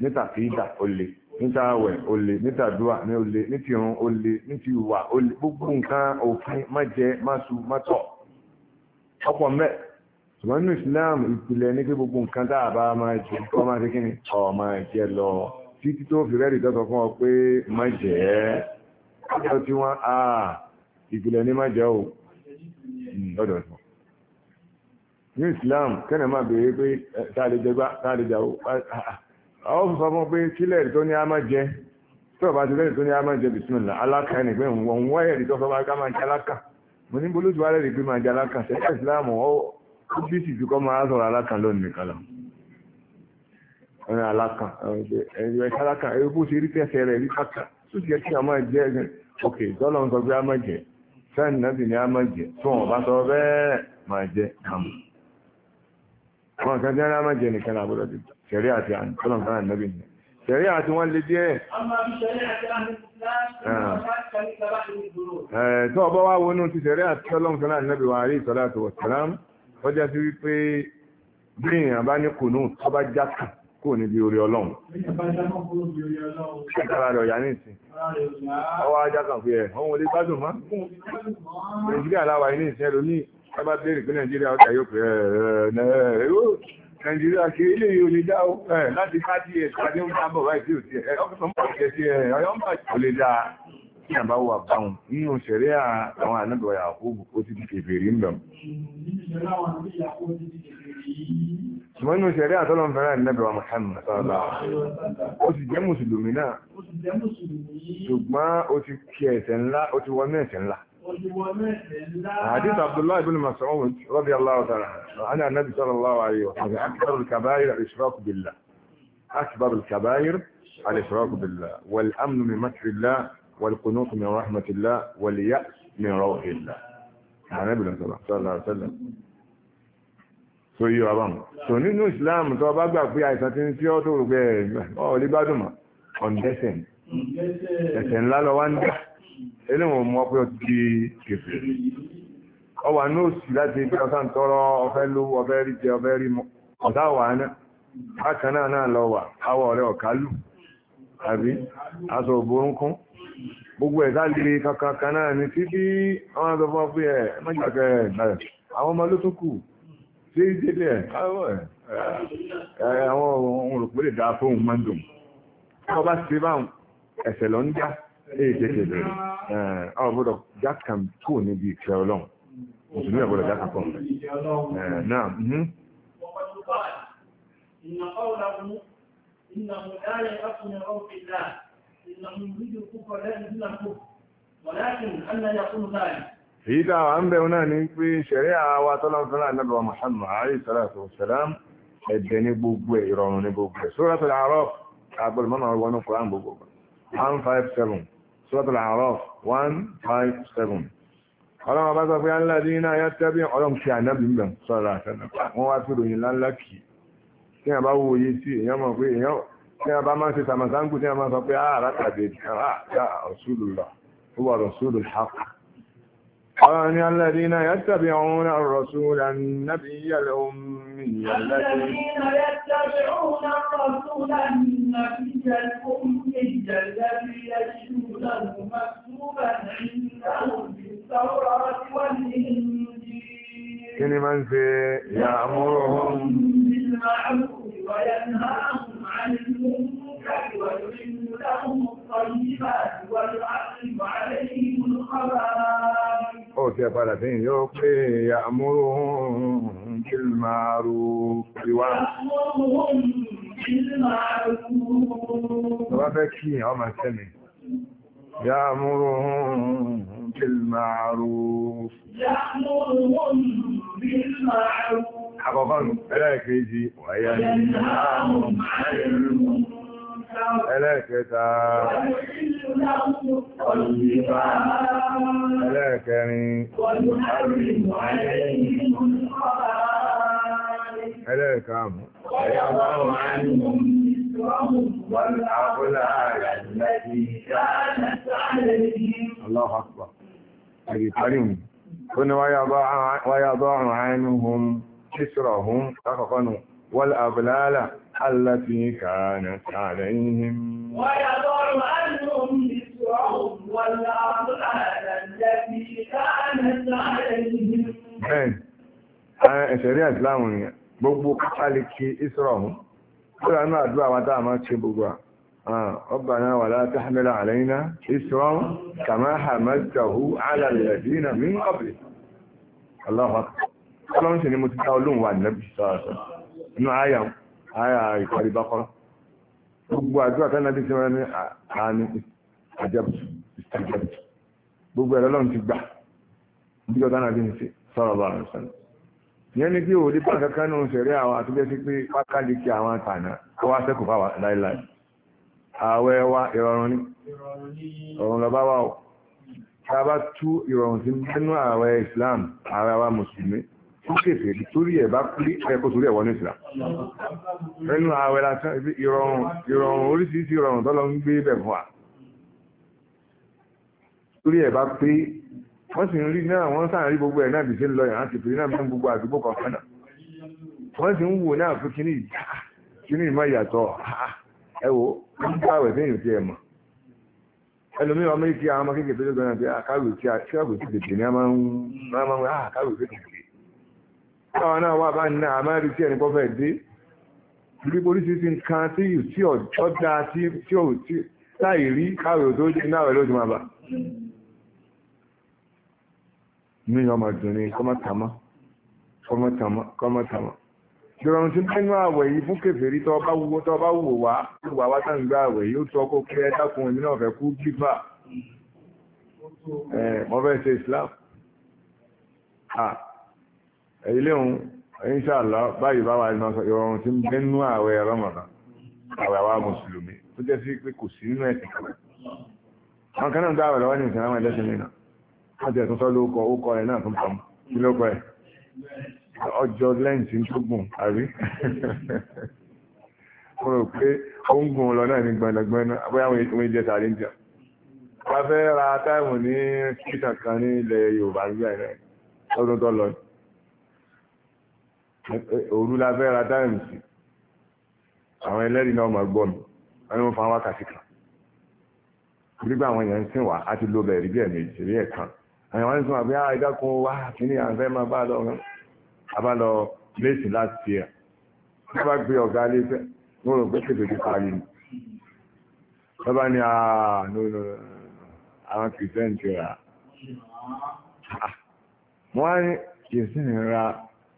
níta fìdà ó le níta àwẹ̀ ó le níta dúà ní ó le ní ti irun ó le ní ti ìwà ó le gbogbo nǹkan òfin má jẹ má su má tọ̀ ọ̀pọ̀ mẹ́ ṣùgbọ́n nínú Islam ìpìlẹ̀ ní pé gbogbo nǹkan tá a bá máa jẹ kọ́ máa ṣe kíni ọ̀ máa jẹ lọ títí tó fi rẹ́ẹ̀dì tọ́sọ fún ọ pé má jẹ́ ẹ́ ọjọ́ tí wọ́n á ìpìlẹ̀ ní má jẹ́ o Mm. lọ́dọ̀ sọ ní Islam kẹ́nà máa bèèrè pé táàlè jẹgbá táàlè jàwó àwọn fífọ́ fún pé kílẹ̀ tó ní a máa jẹ tó bá ti lẹ́yìn tó ní a máa jẹ bisimilá aláka ẹni pé wọ́n wọ́n ẹ̀rí tó sọ bá ká máa jẹ aláka mo ní bolójú wa lẹ́rìí pé máa jẹ aláka sẹ́yìn Islam ó bí sì ti kọ́ máa sọ̀rọ̀ aláka lónìí kálá ọ̀rẹ́ aláka ẹ̀rẹ́ aláka ẹ̀rẹ́ bó ṣe rí tẹ́sẹ̀ rẹ̀ rí káka tó ti yẹ kí a máa jẹ ọkẹ̀ dọ́là ń sọ pé a máa jẹ sẹ́ni náà sì ní a máa tó wọn bá sọ bẹ́ẹ̀ máa jẹ àmù wọn kan jẹ́ máa jẹ nìkan àbúrò ti ṣẹ̀rí àti àǹtọ́nà kan ànábì ni ṣẹ̀rí àti wọ́n lè díẹ̀ tó ọba wá wọnú ti ṣẹ̀rí àti ọlọ́run kan ànábì wa àrí ìtọ́lá àti wọ̀sálám ó sí wípé bí èèyàn bá ní kùnú tó bá kò níbi orí ọlọ́run. Ṣẹ́kàrà rẹ̀ ọ̀yà ní ìsìn. Ọwọ́ ajá kan fi ẹ̀, ọmọ olè gbádùn máa. Nàìjíríà láwà ní ìsìn ẹ̀rọ ní ẹbá bèèrè pé Nàìjíríà ọjà yóò pè Nàìjíríà kì í yóò lè dá láti ká tí ẹ̀ tí a bá wà báhùn nínú ṣẹ̀rẹ́ àwọn ànábọ̀ Yakubu ó ti di kèfèrí ń bẹ̀rù. ṣùgbọ́n nínú ṣẹ̀rẹ́ àtọ́lọ́n fẹ́rẹ́ ànábọ̀ Muhammad sọ́lá ó ti jẹ́ mùsùlùmí náà ṣùgbọ́n ó ti kí ẹ̀ṣẹ̀ ńlá ó ti wọ́n mẹ́ẹ̀ṣẹ̀ ńlá. حديث عبد الله بن مسعود رضي الله تعالى عن النبي صلى الله والقنوط من رحمة الله واليأس من روح الله àwọn ẹbìlọ sọ̀rọ̀ sọ́lá sọ́lá so yíò àbámu so nínú Islam tó bá gbà pé àìsàn tí ń tí ó tó rò pé ọ̀ lè gbádùn mà ọ̀ndẹ́sẹ̀ ẹ̀sẹ̀ ńlá lọ wá ń dá eléwọ̀n mọ́ pé ó ti kèfè ọ wà ní òsì láti pé ọ̀sá ń tọrọ ọ̀fẹ́ ló ọ̀fẹ́ rí jẹ ọ̀fẹ́ rí mọ́ ọ̀tá wà ná bákan náà náà lọ wà àwọ̀ ọ̀rẹ́ ọ̀kálù àbí aṣọ òbórúnkún gbogbo ẹ̀dá lè kankan kan náà ní títí àwọn àgbàfọ́ pé ẹ̀ mọ́jàkẹ́ ẹ̀ àwọn ọmọ ló tún kù sí ìdílé ẹ̀ káwọ̀ ẹ̀ àwọn ohun rò pé lè dáa fóun máa ń dùn ọ bá ṣe báwọn ẹ̀sẹ̀ lọ ń já èdèkèdè rẹ̀ ọ gbọ́dọ̀ já kan kò níbi ìfẹ́ ọlọ́run mùsùlùmí ẹ̀ gbọ́dọ̀ já kan kan náà. Ìnà ọ̀la mú, ìnà mú dáre ọkùnrin ọ̀gbìn náà èyí tá àwọn ń bẹ̀rún náà ní pé ṣẹ̀rẹ́ àwa tọ́lọ́fẹ́lá náà Muhammad alayhi salatu wassalam ẹ̀dẹ̀ ní gbogbo ẹ̀ ìrọ̀rùn ní gbogbo ẹ̀ Suratul A'raf agbọ́lù mọ́mọ́ wọnú Qur'an gbogbo 157 Suratul A'raf 157 ọlọ́wọ́ bá sọ pé alladhina yattabi'una ọlọ́m kí ànábì mbẹ̀ sọ́rọ̀ àtẹ́lẹ̀ wọ́n wá sí ìròyìn láńlá يا بابا ما قلت يا ما اه ركبي رسول الله هو رسول الحق أن الذين يتبعون الرسول النبي الأمي الذي يتبعون الرسول النبي الأمي الذي يجدونه مكتوبا عندهم بالتوراة والإنجيل كلمة يأمرهم بالمعروف وينهاهم عن المنكر ويحل لهم الطيبات ويعلم عليهم الخبائث أوتي فلسين يوقي يأمرهم بالمعروف يأمرهم بالمعروف. Tó bá fẹ́ kí ọmọ sẹ́mi. يأمرهم بالمعروف يأمرهم بالمعروف àkọ́kọ́ nù ẹlẹ́ẹ̀kejì wáyé ní ẹlẹ́ẹ̀kẹta ẹlẹ́ẹ̀kẹrin ẹlẹ́ẹ̀kàmù ẹ̀yà wọ́n wọ́n التي كانت عليهم الله أكبر أجي كريم كنا ويضاع, ويضاع عنهم كسرهم تخفنوا والأبلال التي كانت عليهم ويضاع عنهم كسرهم والأبلال التي كانت عليهم بين آه، شريعة الإسلام gbogbo kátàlìkì إسرهم kúrò náà àdúrà wọn táà máa ṣe gbogbo ربنا ولا تحمل علينا إسرا كما حملته على الذين من قبل الله أكبر ọlọ́run sì ni mo ti ká olóhùn wà nẹ́bí sọ́ọ̀sọ́ inú àyà àyà ìparí bákọ́rọ́ gbogbo àdúrà tánà bí sẹ́wọ́n ní àánú àjẹbùtù ìsìtàjẹbùtù gbogbo ẹ̀rọ ọlọ́run ti gbà bí ọ̀tánà bí ń sọ́rọ̀ bá rẹ̀ sọ́nà yẹn ni kí o lè pàǹkà kánú ṣẹ̀rẹ́ àwọn àtúgbẹ́ sí pé pákàlì kí àwọn àtànà kó wá sẹ́kù fáwà láìláì ààwẹ̀ wa ìrọ̀rùn ní ọ̀run lọ bá wà ó ta bá tú ìrọ̀rùn sí nínú ààwẹ̀ Islam ara wa mùsùlùmí tó kèfè torí ẹ̀ bá pé ẹ̀kọ́ torí ẹ̀ wọ́n ní Islam nínú ààwẹ̀ lásán ìrọ̀rùn ìrọ̀rùn oríṣiríṣi ìrọ̀rùn tọ́lọ ń gbé bẹ̀ fún wa torí ẹ̀ bá pé wọ́n sì ń rí náà wọ́n sáà rí gbogbo ẹ̀ náà bìí sí lọ yàn án náà mẹ́rin gbogbo àdúgbò kọ̀ọ̀kan náà wọ́n sì ń wò náà fún kíní ìjà ah, kíní ìmọ̀ ìyàtọ̀ ah, ẹ wo ń bá àwẹ̀ fẹ́yìn tí ẹ mọ̀ ẹlòmíràn ọmọ ìkí àwọn ọmọ kékeré tó lé gan-an pé ah, tí àkàwé tí tètè ní a máa ń máa máa tí tètè ní ní ọmọ dùn ní kọ́mọ́tàmọ́ kọ́mọ́tàmọ́ kọ́mọ́tàmọ́ ìrọ̀rùn tí nínú àwẹ̀ yìí fún kèfèrí tó bá wúwo tó bá wò wá wà wá tán gbá àwẹ̀ yóò tó ọkọ̀ kí ẹ dákun èmi náà fẹ́ kú gífà mo fẹ́ ṣe Islam èyí léhun inṣàlá báyìí bá wà nínú ìrọ̀rùn tí nínú àwẹ̀ rọmọdà àwẹ̀ àwa mùsùlùmí tó jẹ́ sí pé kò sí nínú ẹ̀sìn kan wọn kan náà gbá àwẹ̀ lọ́wọ́ àti ẹ̀tún sọ lóókọ ókọ ẹ̀ náà tún kàn kí lóókọ ẹ̀ ọjọ́ lẹ́ǹtì tó gùn àrí mo rò pé ó ń gùn lọ náà ní gbọ̀nàgbọ̀nà bóyá àwọn ìjẹ tààrí ń jà wọ́n fẹ́ ra táìmù ní títà kan ní ilẹ̀ Yorùbá nígbà náà lọ́dún tó lọ òru la fẹ́ ra táìmù sí àwọn ẹlẹ́rìí náà máa gbọ́ mi wọ́n ní wọ́n fa wákàtí kan nígbà àwọn èèyàn ń sìn wá á ti lo bẹ̀rẹ̀ bí ẹ̀mí ìṣẹ̀lẹ̀ ẹ̀kan ẹ̀yàn wọ́n ń sọ ah, àbí àìdákun wá kíní àfẹ́ máa bá lọ rán abálọ léèsì láti ẹ̀ tó bá gbé ọ̀gá lé fẹ́ mo rò pé kèfè ti parí ni tó bá ní ah, àwọn kìrìsìtẹ́nì rà ah, wọ́n ní kìrìsìtẹ́nì ra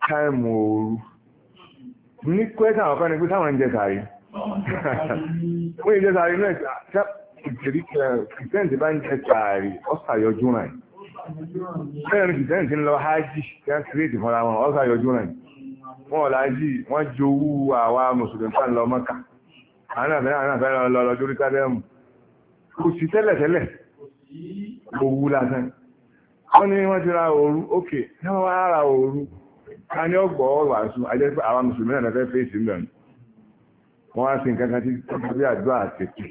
táìmù ooru ní kwẹ́tà àwọn kan ní pé táwọn ń jẹ sàárì wọ́n ń jẹ sàárì náà kìrìsìtẹ́nì ti bá ń jẹ sàárì ọ̀sà yọjú náà Bẹ́ẹ̀ni kìtẹ́ǹtì ń lọ hájì kí á kìrìtì fúnra wọn, ọ́sà yọjú rẹ̀. Wọ́n ọ̀la jì, wọ́n jowú àwa Mùsùlùmí tá ń lọ Mọ́kà. Àwọn àfẹ́ àwọn àfẹ́ lọ lọ lórí Tádẹ́mù. Kò sí tẹ́lẹ̀ tẹ́lẹ̀. Owú lásán. Wọ́n ní wọ́n ti ra òru, ókè, ní wọ́n wá ra òru. A ní ọgbọ̀ wàásù, a jẹ́ pé àwa Mùsùlùmí náà fẹ́ fèsì mẹ́rin. Wọ́n wá sí nǹkan kan tí ó bí àdúrà àtẹ̀kù.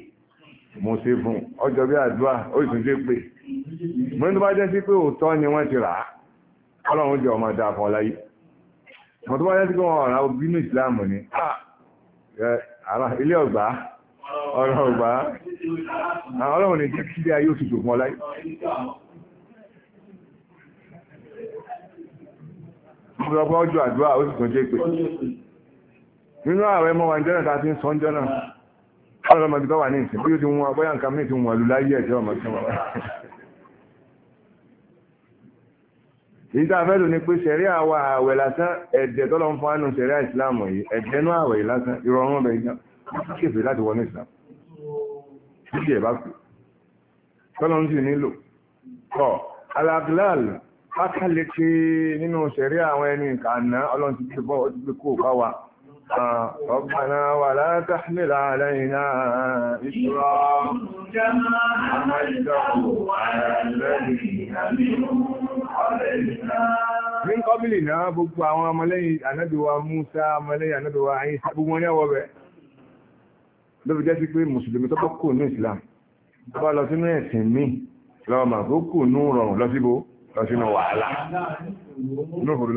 Mo ṣe fún ọjọ́ bí àdúrà, ó ìtúnṣe pé mo ní tó bá jẹ́ sí pé òótọ́ ni wọ́n ti rà á ọlọ́run jẹ́ ọmọ dáa fún ọláyé mo tó bá jẹ́ sí pé wọ́n rà bínú ìsìláàmù ni ilé ọ̀gbá ọ̀rọ̀ ọ̀gbá ọlọ́run ní jẹ́ kí ilé ayé òtútù fún ọláyé ọgbọ́n ọjọ́ àdúrà ó sì tún jẹ́ pé nínú ààrẹ mọ́ wa ń jẹ́rẹ̀ tàbí sọ́njọ́ náà ọlọ́mọdé bá wà ní ìsìn bí ó ti wọn abọ́yá nǹkan mí ti wọn lù láyé ẹ̀jẹ̀ ọmọ tí wọn wá èyí tá a fẹ́ lò ní pé ṣẹ̀rí àwa àwẹ̀ lásán ẹ̀jẹ̀ tọ́lọ́ ń fún àánú ṣẹ̀rí ìsìláàmù yìí ẹ̀jẹ̀ inú àwẹ̀ lásán ìrọ̀rùn ọ̀bẹ̀ ìjà kèfè láti wọ ní ìsìláàmù títí ẹ̀ bá kú tọ́lọ́ ń sì nílò tọ́ alagilal pákàlẹ́kẹ́ nínú ṣẹ̀rí àwọn ẹni ìkànnà ọlọ́run ti gbé bọ́ ọdún kó bá wa ربنا ولا تحمل علينا إسرا كما حملته على الذين من Ní kọ́bílì náà gbogbo àwọn ọmọlẹ́yìn ànábíwa Musa ọmọlẹ́yìn ànábíwa ayé gbogbo wọn ní ọwọ́ bẹ̀. Ló jẹ́ sí pé Mùsùlùmí tọ́pọ̀ kò ní Ìsìlám. bá lọ sínú ẹ̀sìn tó ní rọrùn lọ lọ sínú wàhálà. lọ́lọ́.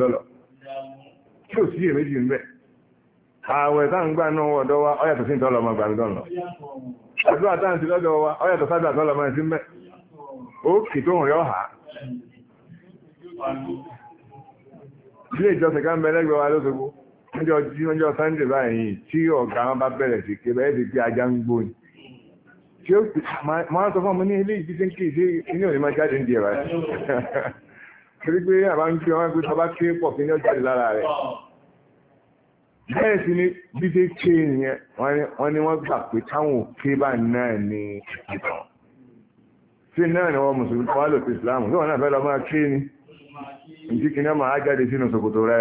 wa, sí ọmọ gbàmí dọ́nà. Àdúrà ń lọ́dọ̀ wa, sábà ọmọ ẹ̀sìn mẹ́. ilé ìjọsìn ká ń bẹ lẹ́gbẹ̀ẹ́ wa lóṣogbo níjọ́ tí wọ́n jọ sunday báyìí tí ọ̀gá wọn bá bẹ̀rẹ̀ sí kébẹ̀ ẹ̀ sì pé ajá ń gbó ni tí ó máa sọ fún ọmọ ní ilé ìbí tí ń kí ìdí inú òní máa jáde ń di ẹ̀rọ torí pé àbá ń gbé wọn pé tọba ké pọ̀ fún ní ọjáde lára rẹ̀ bẹ́ẹ̀ sì ni bí ṣe ké yẹn wọ́n ní wọ́n gbà pé táwọn òkè bá náà ní ìtàn sí náà ni wọ́n mùsùlùmí kan ìjí kí náà máa jáde sínú ṣòkòtò rẹ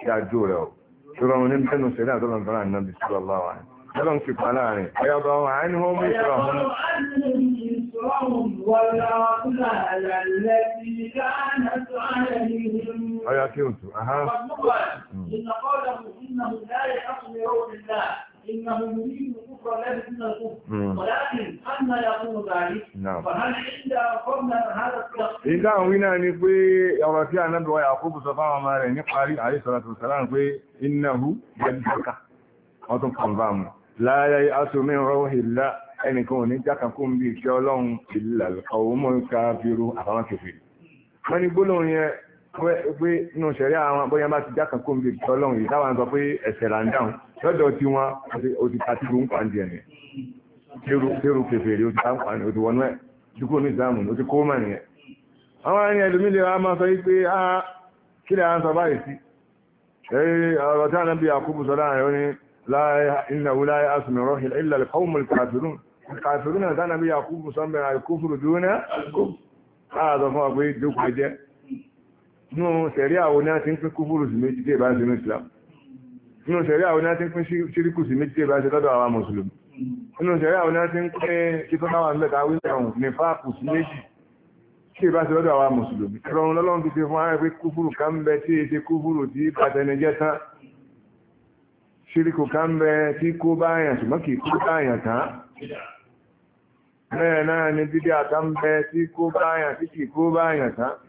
kí a jó rẹ ọ tó rọrùn ní bẹ́nu ṣẹlẹ̀ àtọ́lọ̀ nǹkan àná bí sọ́lọ́ bá wà ní ọlọ́run ti pa láàrin ọyọ́ bá wà ní wọ́n mú ìṣòro ọ̀hún. kí o tù. إنهم دين الكفر لا دين الكفر ولكن أن يكون ذلك فهل عند قبل هذا التخفيف إذا هنا نقول أوراتي أن ندعو يعقوب صفا وماري نقاري عليه الصلاة والسلام نقول إنه ينفق أتم قنبام لا ييأس من روح الله ẹnìkan ò ní jákàkún bí ìṣẹ́ ọlọ́run ìlàlọ́ ọ̀hún àwọn kẹfẹ́ wọ́n ni gbólóhùn yẹn pé inú ṣẹ̀rí àwọn bóyá bá ti jákàn kó ń bí ìtọ́ ọlọ́run yìí táwọn sọ pé ẹ̀sẹ̀ là ń dáhùn lọ́dọ̀ tí wọ́n òtí àti ìlú ń pa ní ẹ̀nì kéru kèfèrè òtí àǹpa ní òtí wọnú ẹ̀ dúkú ní ìsìlámù ní òtí kó mà nìyẹn. àwọn ẹni ẹlòmí lè wá máa sọ yìí pé á kí lè à ń sọ báyìí sí. ọ̀rọ̀ tí àná bí àkóbù sọ láàrin ó ní ìnáwó láyé asùnmọ̀rọ̀ ìlàlẹ̀ kọ́wọ́mù kàfírún kàfírún náà nínú sẹ̀rí àwọn náà ti ń pín kúfúrú sí méjì tí ìbá ń sinú Islam nínú sẹ̀rí àwọn náà ti ń pín síríkù sí méjì tí ìbá ń sin lọ́dọ̀ àwọn mùsùlùmí nínú sẹ̀rí àwọn náà ti ń pín kíkọ́láwà mẹ́ta wíwọ̀n ní fáàkù sí méjì tí ìbá sí lọ́dọ̀ àwọn mùsùlùmí ẹ̀rọ̀run lọ́lọ́run ti fi fún ara pé kúfúrú ká ń bẹ tí èsè kúfúrú tí bàtẹnijẹ́ tán ṣíríkù ká ń bẹ tí kó bá àyàn ṣùgbọ́n kì kó bá àyàn tán bẹ́ẹ̀ náà ni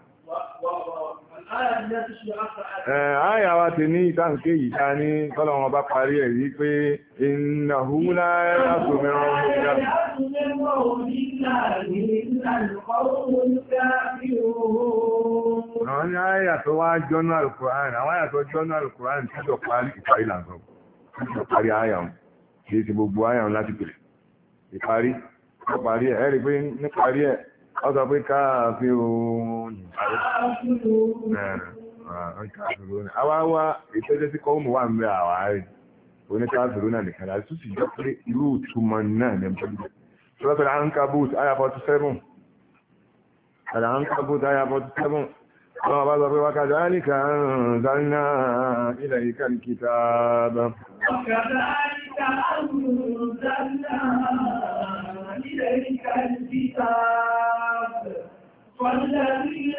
Àyà wa ti ní ìtànké yìí ta ní tọ́lọ̀wọ̀n bá parí ẹ̀ yí pé iná húlá látò mẹ́rọ òmìnira. Àwọn ní àyà tó wá jọ́nà alùkùránì, àwọn àyà tó jọ́nà alùkùránì tí ó parí ìparí làǹkan. Ó parí àyà wọn, kìí ti gbogbo àyà wọn láti pèlè. Ìparí, ó parí ẹ̀, ẹ́ rí pé níparí ẹ̀ ọ̀sọ̀ pé káàfirun àwáwá ìtọ́jẹ́ sí kọ́ọ̀mù wà ń bẹ àwárí oníkáàfirun náà nìkan láti sì jẹ́ pé irú ìtumọ̀ náà ní ẹgbẹ́ sọ́tọ̀ Ankabut aya 47 Ankabut aya 47 Àwọn ọba sọ pé wákàtí á nìkà ń zanná ilẹ̀ ìkà ní kìtà bá. ń والذين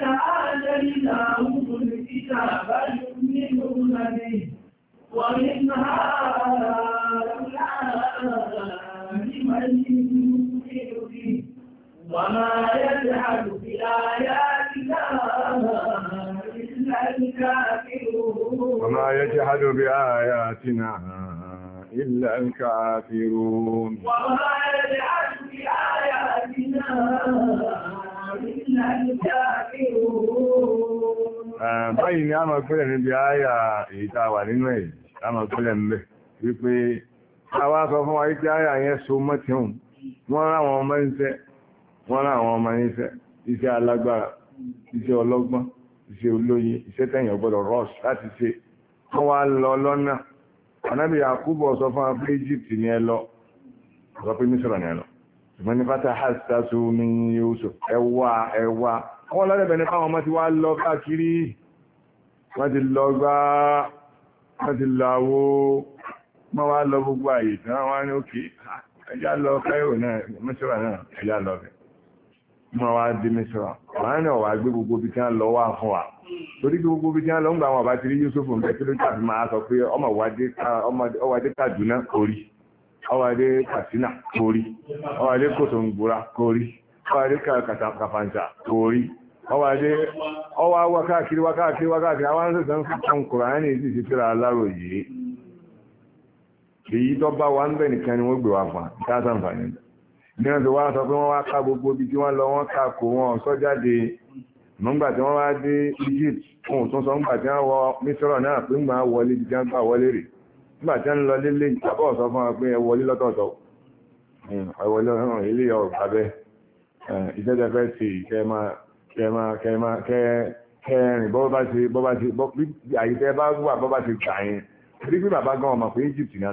آتيناهم الكتاب يؤمنون به ومن هؤلاء من يؤمن به وما يجعل بآياتنا إلا الكافرون وما يجحد بآياتنا إلا الكافرون وما يجحد بآياتنا Báyìí ni a máa pẹ́lẹ̀ níbi ayà èyí tá a wà nínú ẹ̀, a máa pẹ́lẹ̀ mẹ́ wípé àwa sọ fún wa wípé ayà yẹn so mọ́tíhùn, wọ́n ráwọn ọmọ iṣẹ́, wọ́n ráwọn ọmọ iṣẹ́, iṣẹ́ alágbára, iṣẹ́ ọlọ́gbọ́n, iṣẹ́ olóye, iṣẹ́ tẹ̀yìn ọgbọ́dọ̀ rush láti ṣe, wọ́n wá lọ lọ́nà. ni ẹ lọ, sọ pé Mísírà ṣùgbọ́n ní fata hasasu Yusuf ẹwà ẹwà kọ́ lọ́dẹ̀bẹ̀ nípa àwọn ọmọ ti wá lọ káàkiri wọ́n ti lọ gbá wọ́n ti lọ àwọ mọ́ wá lọ gbogbo àyè tí wọ́n wá ní òkè ẹjá lọ káyọ̀ náà mẹ́sọ̀rọ̀ náà ẹjá lọ bẹ̀ mọ́ wá dé mẹ́sọ̀rọ̀ wọ́n ní ọ̀wà gbé gbogbo ọwàdé katsina kórí ọwàdé kòtòǹgbòrá kórí ọwàdé kàfàǹtà kórí ọwàdé ọwà wákàkiri wákàkiri wákàkiri àwọn àṣẹsàn fún kùránì sí ti tíra aláró yìí èyí tó bá wà ń bẹ̀ nìkan ni wọ́n gbé wá fún àtàtàǹfààní ní ọ̀sẹ̀ wá sọ pé wọ́n wá ká gbogbo ibi tí wọ́n lọ wọ́n ká kó wọn sọ jáde nígbà tí wọ́n wá dé Egypt fún òtúnṣọ́ nígbà tí wọ́n wọ mísírọ̀ náà pé ń gbà wọlé ibi tí wọ́n gbà wọlé rèé nígbà ń lọ lílé ìtàbọ̀ sọ fún ọ pé ẹ wọlé lọ́tọ̀ọ̀tọ̀ ilé ọ̀rọ̀ abẹ́ ìjẹ́jẹ́fẹ́ sí kẹrin bọ́bá ti bọ́bá ti bí bá wà bọ́bá ti gbà yẹn rí pé bàbá gan ọmọ pé Egypt náà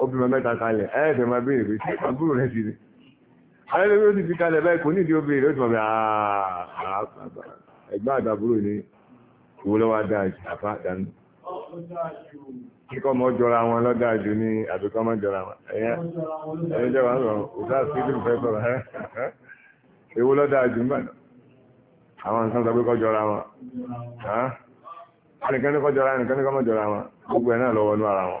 obìnrin ah, mẹ́ta kalẹ̀ ẹ̀ẹ́fẹ̀ máa béèrè pé ṣé àbúrò rẹ̀ ti rí ayẹlẹ́wé ó ti fi kalẹ̀ báyìí kò nídìí ó béèrè ó ti mọ̀ bí ah, ah, ẹgbẹ́ àdàbúrò ni ìwò lọ́wọ́ dáa kíkọ́ mọ́ jọra wọn lọ́dáa ní àbíkọ́ mọ́ jọra wọn ẹ̀yẹ́ ẹ̀yẹ́ jọra wọn lọ́wọ́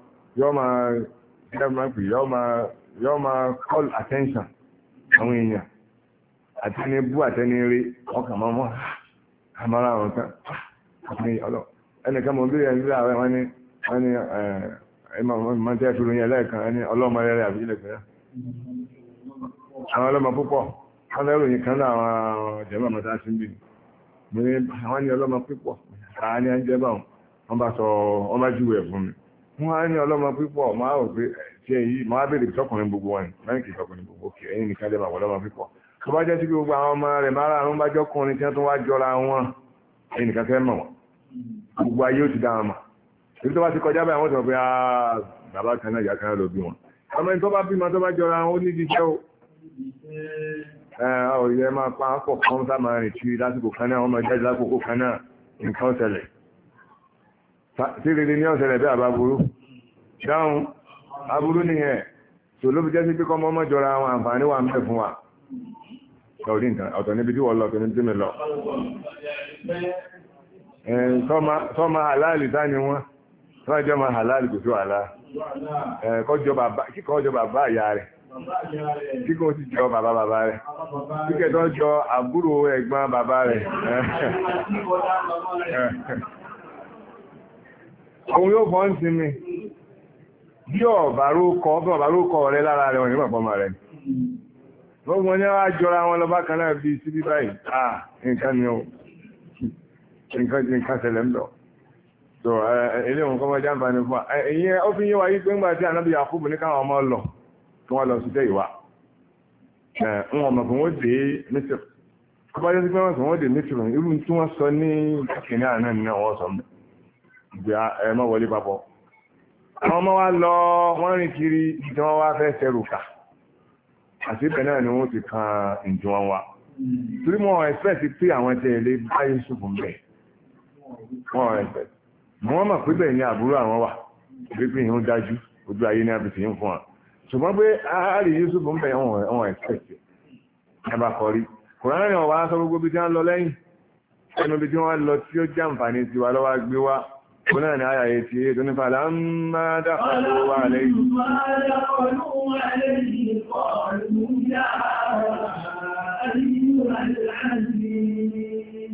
yọ́ máa gẹ́gbẹ́ pè yọ́ máa call attention àwọn èèyàn àti bú àtẹni rí ọkà máa mọ́ ah, àmàrà àwọn tán ah, àti ọlọ ẹnìkan mọ̀ ẹni bí àwọn ẹni ẹni eh, ẹmọ tẹ́ fi ròyìn ẹni ọlọ́mọ rẹ̀ àbí ilẹ̀ pẹ̀lú àwọn ọlọ́mọ púpọ̀ lẹ́rù yìí kan láwọn mọ́ta sí bí àwọn ọlọ́mọ púpọ̀ bá wọn bá sọ ọmọ wọ́n á ní ọlọ́mọ pípọ̀ máa ò pé tí eh, èyí máa bèèrè tọkùnrin gbogbo wọn lẹ́yìn kì í tọkùnrin gbogbo kì ẹ̀yìn nìkan lè máa wọ ọlọ́mọ pípọ̀ tó bá jẹ́ sí gbogbo àwọn ọmọ rẹ̀ máa ráàrún bá jọkùnrin tí wọ́n tún wá jọra wọn ẹ̀yìn nìkan fẹ́ mọ̀ ah, wọn bímọ tó bá jọra ó ní ti jẹ́ o ọ̀rẹ́ máa pa á pọ̀ kán rìn kiri lásìkò kan náà wọ́n máa jáde lásìkò kan náà nǹkan ṣẹlẹ̀ tí rere ní ọ̀sẹ̀ rẹ̀ bí àbá burú dáhùn aburú nìyẹn tó ló fi jẹ́ sí píkọ́ mọ́mọ́ jọra àwọn àǹfààní wà ń bẹ fún wa ọ̀rí nǹkan ọ̀tọ̀ níbi tí wọ́n lọ tẹ̀lé tí mi lọ sọ́mà àláàlì sáni wọn sọ́mà jọ́mà àláàlì kò sí wàhálà kíkọ́ jọ bàbá àyà rẹ̀ kíkọ́ sì jọ bàbá bàbá rẹ̀ kíkẹ́ tó jọ àbúrò ẹ̀gbọ́n bàbá rẹ̀ òun yóò bọ́ ń sinmi bí ọ̀bàrú kọ bí ọ̀bàrú kọ rẹ lára rẹ òyìnbọn pọ̀mọ̀ rẹ gbogbo ní wá jọra wọn lọ bákan náà bí síbí báyìí ah nǹkan ni ó nǹkan ti nǹkan ṣẹlẹ̀ ń bọ̀ so ilé òun kọ́mọ jáǹfà ní fún wa ìyẹn ó fi yé wa yí pé ńgbà tí ànábì Yakubu ní káwọn ọmọ lọ kí wọ́n lọ sí tẹ́ ìwà wọn ọmọ kò wọ́n dé mísìlì kọ́bájọ́ sí pé wọ́n sọ wọ́n dé mísìlì irú tí wọ́n sọ ní kàkínní àná ni wọ́n sọ mẹ́ ìgbà ẹmọ wọlé papọ̀ àwọn ọmọ wa lọ wọ́n rìn kiri tí wọ́n wá fẹ́ sẹ́rùkà àti ibẹ̀ náà ni wọ́n ti kan ìjọ wọn wa torí mọ́ ẹ̀fẹ́ ti pé àwọn tẹ́ ilé báyé ṣùgbọ́n bẹ̀ mọ́ ẹ̀fẹ́ wọ́n mọ̀ pé bẹ́ẹ̀ ni àbúrò àwọn wà pé pé ìhun dájú ojú ayé ní abìtì yìí fún wa ṣùgbọ́n pé àárí yìí ṣùgbọ́n bẹ̀ wọ́n ẹ̀fẹ́ ti ẹ bá kọ rí kùránì ọ̀wá sọ gbogbo bí tí wọ́n lọ lẹ́yìn ẹnu bí tí wọ́n lọ tí ó jàǹfààní tiwa lọ́wọ́ gbé wá هنا الآية يتيه دون فلما دخلوا عليه فلما دخلوا عليه قالوا يا أيها العزيز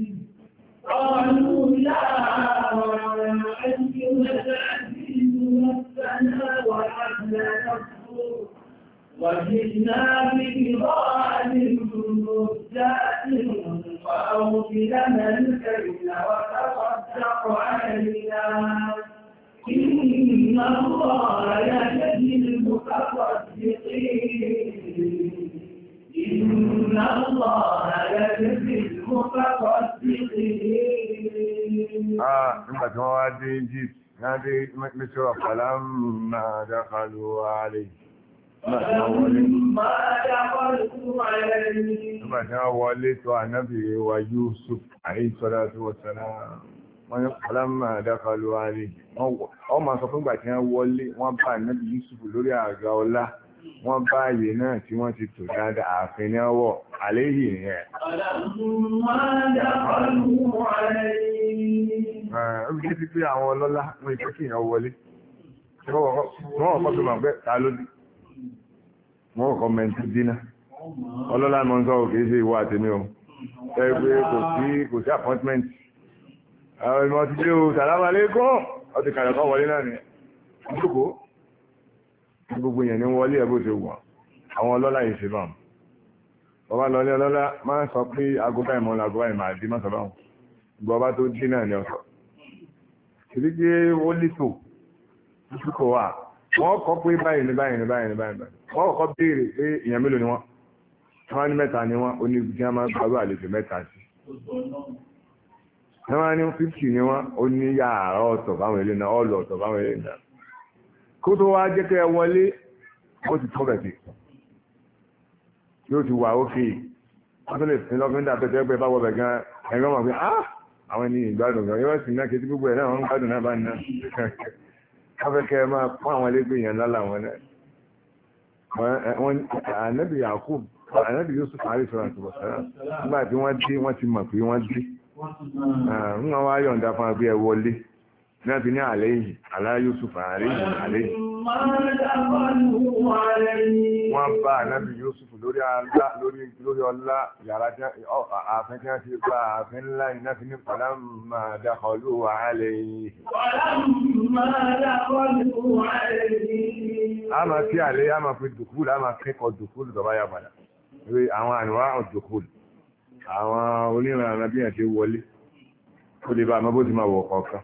قالوا يا أيها العزيز نفسنا وحدنا نفسنا وجئنا بإيمان المرسلين وأوفي لنا الكيل وتصدق علينا إن الله يجزي المتصدقين إن الله يجزي المتصدقين آه ثم توادي جيت هذه مثل فلما دخلوا عليه Nígbà tí wọ́n wọlé tó ànábì wa Yusuf alayhi salatu wa salam. Wọ́n ní Ọlámà dákàlù àrí. Wọ́n máa sọ fúngbà tí wọ́n wọlé, wọ́n bá ànábì Yusuf lórí àga ọlá. Wọ́n bá ààyè náà tí wọ́n ti tò dáadáa ààfin ní ọwọ́. Àléyìí nìyẹn. Ọlámà dákàlù àrí. Ó fi kí àwọn ọlọ́lá wọn ìfẹ́ kí ìyàn wọlé. Wọ́n wọ́n kọ́ wọ́n kọ́ mẹ́ntì dínà ọlọ́lá mọ́ sọ kìí ṣe ìwọ àtẹ̀mí o ẹgbẹ́ kò sí kò sí appointment àwọn ìmọ̀ ti dé o sàlámà lẹ́kọ́ ọtí kàlẹ̀ kọ́ wọlé náà nìyẹn ìjókòó gbogbo èèyàn ní wọlé ẹ̀ bó ṣe wọ̀ àwọn ọlọ́lá yìí ṣe báwọn ọba lọlé ọlọ́lá máa ń sọ pé agogá ìmọ̀ làgogá ìmọ̀ àdí má sọ báwọn gbọ́ ọba tó dín náà ní ọ̀sọ̀ wọ́n kọ́ pé báyìí ní báyìí ní báyìí ní báyìí wọ́n kọ́ béèrè pé èèyàn mélòó ni wọ́n wọ́n ní mẹ́ta ni wọ́n oníbi kí wọ́n máa gbàgbé àlejò mẹ́ta sí wọ́n ní fífì ni wọ́n ó ní yàrá ọ̀tọ̀ báwọn ilé náà ọ̀lọ̀ ọ̀tọ̀ báwọn ilé náà kó tó wá jẹ́ kẹ́ wọlé ó ti tọ́ bẹ̀tẹ̀ yóò ti wà ókè wọ́n tó lè fi lọ́fíńdà pẹ̀tẹ́ pé bá wọbẹ̀ gan ẹ̀rọ mọ̀ pé ah àwọn ènìyàn ìgbádùn gan yóò sì ná kété gbogbo ẹ̀ ná káfẹ́kẹ́ máa pọ́n àwọn ẹlẹ́gbẹ́ èèyàn lálà wọn náà wọ́n ànábì Yakub ànábì Yusuf àríṣọ́ra ti bọ̀ sára nígbà tí wọ́n dé wọ́n ti mọ̀ pé wọ́n dé nígbà wọ́n á yọ̀ǹda fún abẹ́ wọlé ní àti ní àlẹ́yìn aláyọ́sùfà àlẹ́yìn àlẹ́yìn wọ́n bá ànábì Yúsùfù lórí ọlá yàrá ààfin tí wọ́n ti bá ààfin ńlá iná fi ní pọ̀lá máa dákọlù àlẹ́yìn a máa tí àlẹ́yìn a máa fi dùkúlù a máa kẹ́kọ̀ọ́ dùkúlù tọ́bá yà padà àwọn àníwá dùkúlù àwọn onírànà bí àti wọlé ó lè bá àmọ́ bó ti máa wọ̀ kọ̀ọ̀kan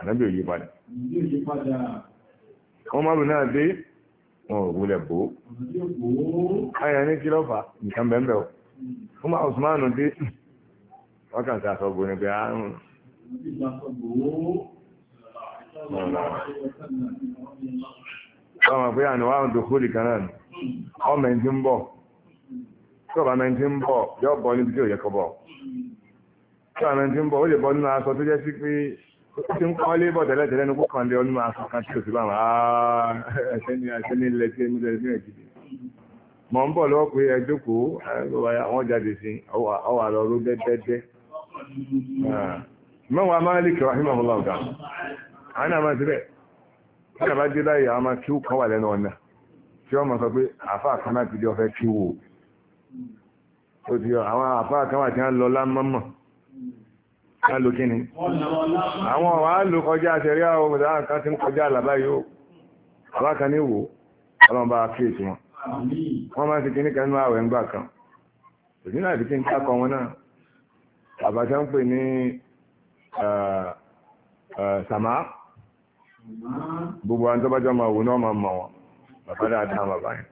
ànábì ò padà wọ́n márùn náà dé wọn ò wulẹ̀ bò ó ayà ní kílọ́fà nǹkan bẹ́ẹ̀ o fún hmm. máa Usmanu dé wọ́n kàn sá sọ́gbó ní pé ah, hmm. àrùn ọmọ pé àná wà ń dòkó nìkan náà hmm. ọmọ ẹni tí ń bọ̀ tí ọba ẹni ń bọ̀ yọ bọ̀ níbi tí ò yẹ kọ bọ̀ tí ọba ẹni ń bọ̀ ó lè bọ̀ nínú aṣọ tó jẹ́ sí pé ó ti ń kọ́ lé bọ̀ tẹ́lẹ̀ tẹ́lẹ̀ ní lé máa tí o sì bá wọn ah, ẹsẹ̀ ẹsẹ̀ ilẹ̀ tí mọ̀ ń bọ̀ lọ́wọ́ pé ẹjọ́ kó àwọn jáde sí dẹ́dẹ́dẹ́ ah, mẹ́wàá ọ̀gá àwọn àmà síbẹ̀ tí a bá dé láyé àwọn máa kí ó kọ́ wà lẹ́nu ọ̀nà tí wọ́n sọ pé àfáà lálò kí ni àwọn wà á lò kọjá àṣẹrí àwọn ọmọdé àkà tí ń kọjá àlàbá yóò alákan ní wò ọlọ́mbà kíyèsí wọn wọ́n máa ti kíní kanú àwẹ̀ ńgbà kan òjú náà ti kí ń kákọ wọn náà àbájá ń pè ní sàmá gbogbo àwọn tó bá jọ máa wò náà máa mọ̀ wọn bàbá dáadáa bàbá yẹn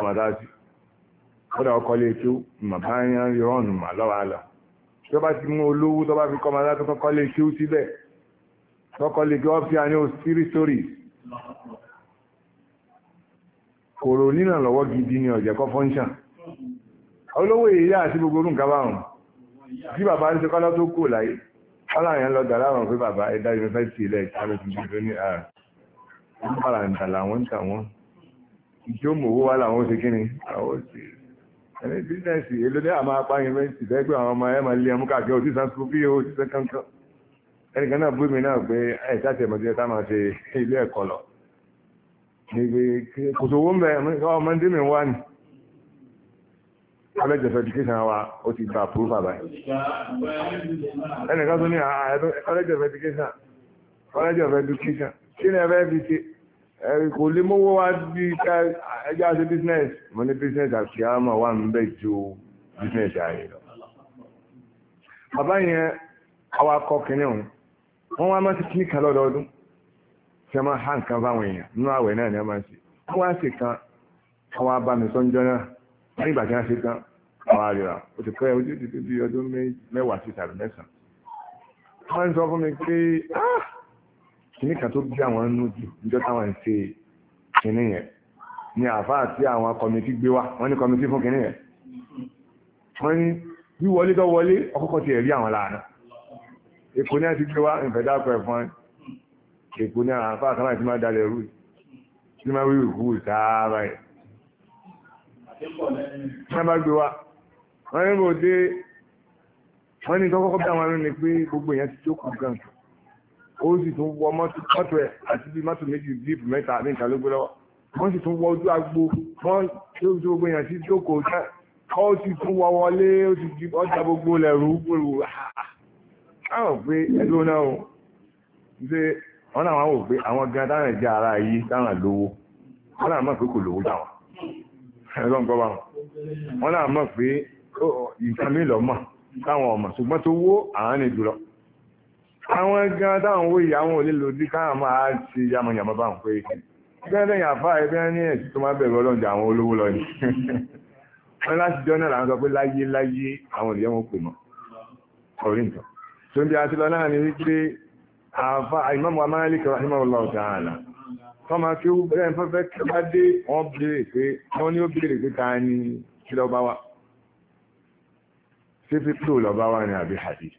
ọmọdé àti ó tó bá ti mú olówó tó bá fi kọ́ máa látọ́ kọ́kọ́ lè kí ó síbẹ̀ kọ́kọ́ lè kí wọ́n fi àní òsírí sórí kòrò nínà lọ́wọ́ gidi ni ọ̀jẹ̀ kọ́ fọ́nṣàn olówó èyí àti gbogbo orú nǹkan báwọn bí bàbá ń ṣe kọ́lá tó kù láyé kọ́lá yẹn lọ dà láwọn pé bàbá ẹ̀dá yunifásitì ilẹ̀ ìtàlẹ̀ tuntun tó ní ààrẹ ń bàrà ń tà làwọn ń tà wọ́n ìjọ́mọ̀wó wà láwọn ó ṣe kíni àwọn ó ṣe ẹni bísínẹ́sì èlò ní àmà apáyìn rẹ́ǹtì lẹ́gbẹ̀ẹ́ àwọn ọmọ ẹ̀mà ilé ẹmú káàkiri òtí san skul fíyó òtí san kankan ẹnì kan náà bú mi náà pé ẹ̀ sáàtì ẹ̀mọ̀tí ẹ̀ta máa ṣe ilé ẹ̀kọ́ lọ kò sówó ń bẹ ọmọ ndí mi wá ní college of education wa ó ti gba proof àbáyé ẹnì kan tó ní ah, ah, college of education college of education kí ni ẹ fẹ́ fi ṣe ẹ̀rì kò lè mọ́wọ́ wá bí ẹjá sí business mo ní business àti àmà wà ń bẹ̀ ju business ayé lọ. bàbá yẹn awakọ̀ kìnìún òun wọ́n wá máa ti kí nìkan lọ́dọọdún tí a máa há nǹkan fáwọn èèyàn nínú àwẹ̀ náà ni a máa ṣe wọ́n wá sí kan àwọn abamisọ́njọ́ náà ní ìgbà tí wọ́n ṣe tán àwọn àríwá ó ti pẹ́ ojú ti fi bí ọdún mẹ́wàá sí tàbí mẹ́sàn-án wọ́n sọ fún mi pé ah kìíní kan tó bí àwọn nù jù níjọ́ táwọn ń ṣe yẹn ni àfá àti àwọn kọmitì gbé wá wọ́n ní kọmitì fún kìíní yẹn wọ́n ní bí wọlé tó wọlé ọkọ̀kọ̀ ti ẹ̀rí àwọn láàrín èkó ní àti gbé wá ìfẹ̀dákọ̀ ẹ̀fọn èkó ní àfá àkàrà àti máa dalẹ̀ rú tí máa wí ìkú sáábà ẹ̀ wọ́n bá gbé wá wọ́n ní bò dé wọ́n ní tọ́kọ́kọ́ bí àwọn arúnni pé gbogbo ó sì tún wọ mọ́tò ẹ̀ àti bí mọ́tò méjì jíìpù mẹ́ta àbí nǹkan ló gbé lọ́wọ́ wọ́n sì tún wọ ojú agbo wọ́n tí ó gbogbo èèyàn sí jókòó tán ó sì tún wọ wọlé ó sì di ọjà gbogbo lẹ̀rú gbòòrò àwọn pé ẹgbẹ́ náà ó ṣe wọ́n náà wọ́n wò pé àwọn gan dáhùn ẹ̀jẹ̀ ara yìí dáhùn lówó wọ́n náà mọ̀ pé kò lówó dáhùn ẹ̀rọ nǹkan bá wọn wọ́n náà mọ̀ pé nǹkan mi lọ́ mọ̀ táwọn ọmọ ṣùgbọ́n tó wó àwọn ni jùlọ àwọn gan táwọn wòye àwọn olè lòdì káwọn máa ti yamayama bá ń pé gẹ́gẹ́ yàn ẹgbẹ́ ní ẹ̀sì tó máa bẹ̀rẹ̀ ọlọ́njà àwọn olówó lọ ní wọ́n láti jọ náà láwọn sọ pé láyé láyé àwọn olè wọn pè mọ́ orí nǹkan tó ń bí a lọ náà ní wípé àfà Imam Malik rahimahullahu ta'ala tó máa kí bẹ́ẹ̀ fẹ́fẹ́ bá dé wọ́n béèrè pé wọ́n ní ó béèrè pé ta ni kí lọ bá wa ṣé fi kúrò lọ bá wa ni àbí hadith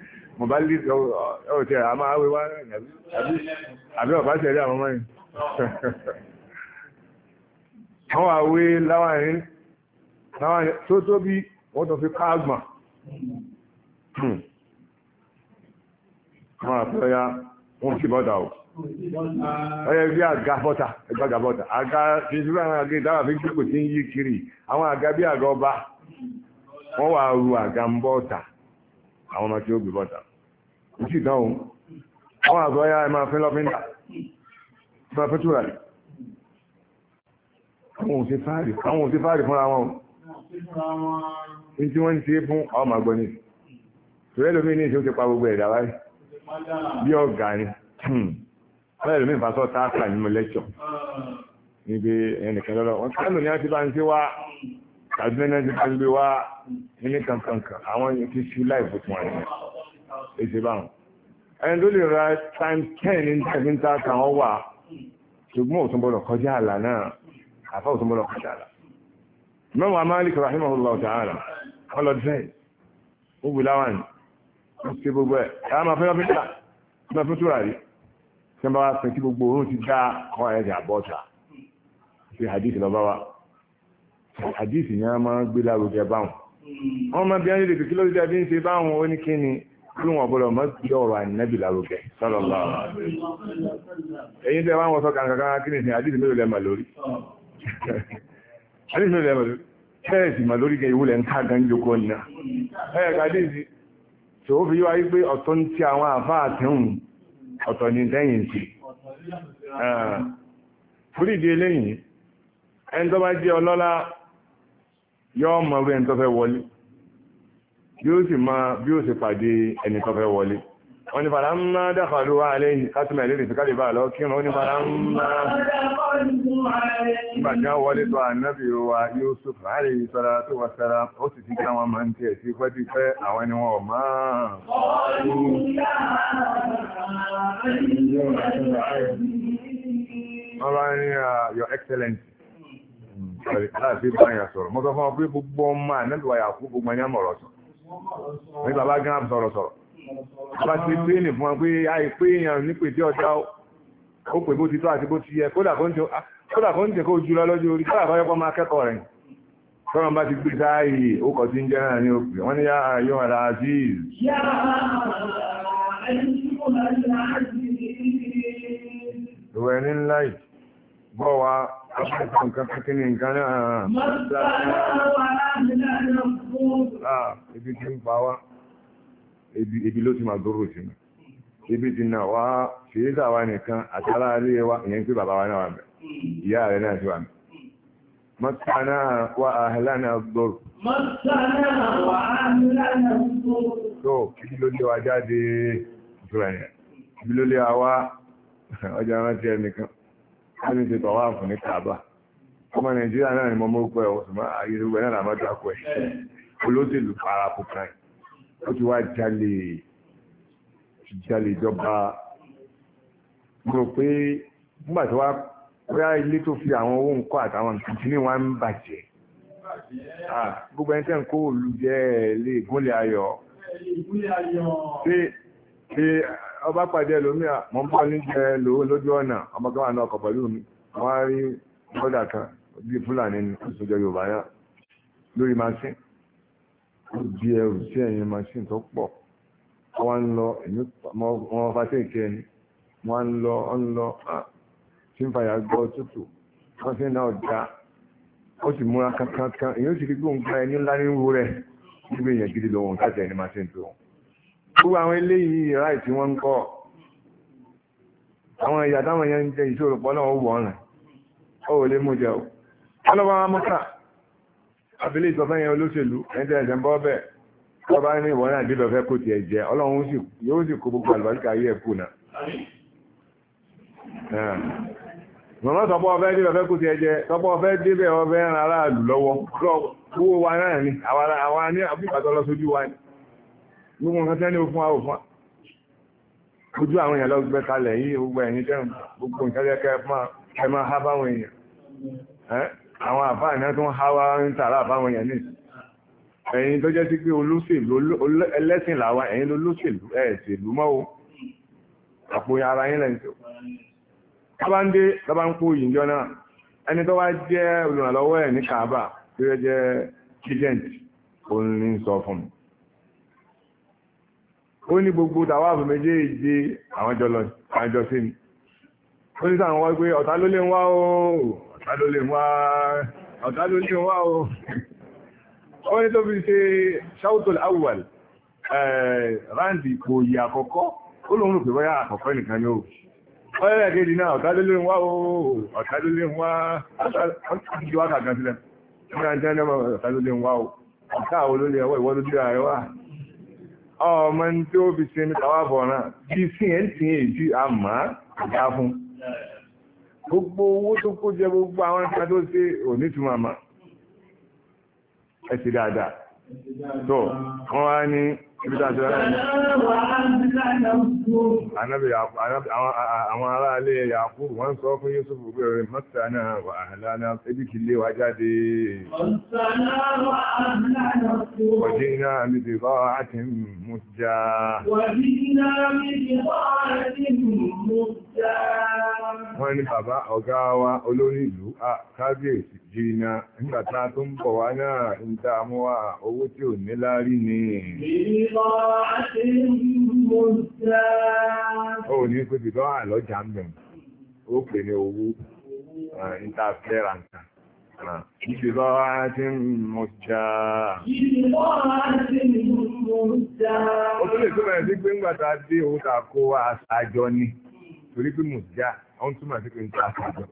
mo bá a máa wé àbí ọ̀bá tẹ̀lé àwọn ọmọ yìí àwọn àwé láwárin tó tó bí wọ́n tó fi káàgbà àwọn àpẹẹrẹ wọ́n sí bọ́ta ò ọ̀yẹ́ bí àga bọ́ta ẹgbàga bọ́ta àga tí ó bá àga ìdáwà fi gbogbo tí yí kiri àwọn àga bí àga ọba wọ́n wà rú àga ń bọ́ta àwọn ọmọ tí ó gbé bọ́ta ìsì ìdánwò àwọn àgbọ́yá ẹ máa fẹ́ lọ́fíńdà bá fẹ́ túra rẹ̀ àwọn òsì fáàrí fúnra wọn ní tí wọ́n ń ṣe fún ọmọ àgbọ̀ ní ìrẹ́ lómi ní ìṣẹ́ ó ti pa gbogbo ẹ̀dá wáyé bí ọ̀gá ni hmm. wọ́n lè lómi ìfàsọ́ táàkà nínú lẹ́kọ̀ọ́ níbi ẹnìkan lọ́lọ́ wọn kálò ní àti bá ń ṣe wá tàbí ẹni àti wá ní kankankan àwọn ti ṣú láì fún wọn èsì báwọn ẹni tó lè ra time ten ní tẹ̀sí ta wà ṣùgbọ́n òtún bọ́lọ̀ kọjá àlà náà àfa òtún bọ́lọ̀ kọjá àlà mẹ́wàá Malik rahimahullah ta'ala ọlọ́dẹ́ẹ̀ ó wù láwọn ṣe gbogbo ẹ̀ ẹ̀ máa fẹ́ lọ́fẹ́ tà máa fẹ́ túrà rí tí wọ́n bá wá pín tí gbogbo òórùn ti dá ọ ẹ̀jà bọ́ta fi hadith lọ wa hadith yẹn máa gbé lárugẹ báwọn wọ́n máa bí kí wọn bọ́lọ̀ mọ́ sí ọ̀rọ̀ ànábì lárugẹ sọ́lọ́lá ẹ̀yin tẹ́ wá ń wọ́sọ kankan kí ni sin àdìsí mélòó lẹ́mà lórí àdìsí mélòó lẹ́mà lórí tẹ́ẹ̀sì mà lórí kẹ́ ìwúlẹ̀ ń ká gan jókòó nà ẹ̀ kàdìsí tó fi yíwá yí pé ọ̀tọ̀ ń ti àwọn àfá àtẹ̀hùn ọ̀tọ̀ ní tẹ́yìn sí fúrí ìdí eléyìí ẹni tó bá jẹ́ ọlọ́lá yóò sì máa bí ó sì pàdé ẹni tó fẹ́ wọlé wọ́n ní fara ń máa dákàlú wá aléyìn kátùmẹ̀ lè fi káàdì bá lọ kírun ó ní fara ń máa nígbà tí wọ́n wọlé tó ànábì wa Yusuf àárẹ̀ yìí sọ́ra tó wà sára ó sì ti káwọn máa ń tiẹ̀ sí pẹ́tí pẹ́ àwọn ni wọ́n máa wọ́n bá ní ah, your excellency láti bá yà sọ̀rọ̀ mo sọ fún ọ pé gbogbo ọmọ ànábì wa yà kú gbogbo ẹni àmọ̀rọ̀ sọ̀rọ̀ ní bàbá gan sọ̀rọ̀ sọ̀rọ̀ bá ti pé ní fún wọn pé àìpé èèyàn nípè tí ọjà ó pè bó ti tó àti bó ti yẹ kódà kó ń jẹ kó jù lọ́jọ́ orí kódà kó yẹ máa kẹ́kọ̀ọ́ rẹ̀ tọ́rọ bá ti gbé sáàyè ó tí ń jẹ́ náà ní òpè wọ́n ní yá ara aziz ìwẹ̀ ní láì bọ́ wa ọ̀pọ̀ nǹkan kékeré nǹkan náà ibi ah, tí ń pa wá ibi ló ti máa dúró sí mi ibi tí náà wá ṣèyíṣà wa nìkan àtàrà ilé wa ìyẹn pé bàbá wa náà wà mẹ ìyá rẹ náà sì wà mẹ. mọ́tàná wa àhàlánà dòrò. mọ́tàná wa àhàlánà dòrò. tó ibi ló lé wa jáde ìtura yẹn ibi ló lé wa wá ọjà rántí ẹnìkan wọ́n ti ṣe tọ̀wá fún ní Kaaba ọmọ Nàìjíríà náà ni mo mú pẹ́ ọ̀sùn máa ayélujára náà làmọ́dá pẹ́ olóṣèlú parapu kan ó ti wá jalè ti jalè ìjọba mo pé nígbà tó wá bóyá ilé tó fi àwọn owó ń kọ́ àtàwọn nǹkan tí ní wọ́n ń bàjẹ́ gbogbo ẹni tẹ́ ń kó òlu jẹ́ ilé ìgúnlẹ̀ ayọ̀ ṣé ṣé ọba pàdé ẹlòmíà mọ̀ ń bọ̀ níjẹ lòó lójú ọ̀nà ọmọ kan wà ní pẹ̀lú mi wọ́n rí bọ́dà kan bí fúlàní ní ìṣòjọ́ yorùbá náà lórí máa ń sìn ó ẹrù sí ẹ̀yìn machine tó pọ̀ wọ́n ń lọ èyí wọ́n fa sí ìkẹ́ ẹni wọ́n ń lọ ń lọ tí ń fàyà gbọ́ tútù wọ́n sì náà dá ó sì múra kankan èyí ó sì rí gbóǹgbà ẹni ńlá ní wú rẹ̀ níbi èèyàn gidi lòun láti ẹni machine tó wọn. gbogbo àwọn eléyìí ráì tí wọ́n ń kọ́ àwọn ìyá táwọn yẹn ń jẹ ìṣòro pọ̀ náà ó wọ̀ ọ̀ràn ó lè mú jẹ o. ọlọ́wọ́ abilé ìtọ́fẹ́ yẹn olóṣèlú ẹ̀ńtẹ́ ẹ̀sẹ̀ ń bọ́ bẹ́ẹ̀ tó bá ní ìwọ náà débẹ̀ fẹ́ kó tiẹ̀ jẹ ọlọ́run yóò sì kó gbogbo àlùbáríkà ayé ẹ̀ kù náà. mọ̀mọ́ tọ́pọ̀ ọ̀fẹ́ débẹ̀ fẹ́ kó tiẹ̀ jẹ tọ́pọ̀ ọ̀fẹ́ débẹ̀ ọ̀fẹ́ ran aráàlú lọ́wọ́ gbogbo wa náà ni àwa ní àbúkàtọ́ lọ sójú wa ni gbogbo nǹkan tẹ́ni ó fún ojú àwọn èèyàn lọ́gbẹ́ kalẹ̀ yìí gbogbo ẹ̀yìn tẹ́rùn gbogbo nǹkan ha àwọn àfáà náà tó ń háwá ń tààrà àbáwọn èèyàn ní ẹ̀yin tó jẹ́ sí pé olóṣèlú ẹlẹ́sìn làwa ẹ̀yin lolóṣèlú ẹ̀ẹ̀ṣèlú mọ́ o àpò ara yín lẹ́yìn tó bá ń dé lọ́bá ń kó ìjọ náà ẹni tó wá jẹ́ olùrànlọ́wọ́ ẹ̀ ní kàábà tó yẹ jẹ́ agent òun sọ fún mi ó ní gbogbo tàwáàbù méjèèjì àwọn àwọn jọ sí mi ó ní sàn wọ́n pé ọ̀tá ló lè ń wá ooo ló lè wá ọ̀tá ló lè wá o ó ní tó fi ṣe ṣáútọ̀ awwal ráǹdì kò yí àkọ́kọ́ ó lóun rò pé bóyá àkọ́kọ́ nìkan ni ó ọ̀rẹ́rẹ́ kejì náà ọ̀tá ló lè wá o ọ̀tá ló lè wá ọ̀tá kan sílẹ̀ ọ̀tá ló lè wá o ọ̀tá àwọn olólè ọwọ́ ìwọ́n ló dé wá ọmọ tí ó fi ṣe ní tàwábọ̀ náà bí sí ẹ̀ ń tì í èyí tí a gbogbo owó tó kó jẹ gbogbo àwọn ẹ̀ka tó ṣe òní tún màmá ẹ ti dáadáa tó wọ́n wá ní Àwọn ará alé Yàkú wọ́n sọ fún Yusuf pé orin mọ́ta náà wà àhàlánà ẹbí kì lé wa jáde. Wọ̀dí náà mi ti bá àti mú já. Wọ́n ní bàbá ọ̀gá wa olórí ìlú, kábíyèsí, jìnà nígbàtà tó ń bọ̀ wá náà ń dámú wá owó tí ò ní lárí ni ó ní pé bìbá wà lọ́jà ń bẹ̀rù ó pè ní owó interference bìbá wá tí ó tún lè tó bẹ̀rẹ̀ sí pé ni torí pé mọ̀ já ó ń túmọ̀ sí pé ń ta àṣàjọ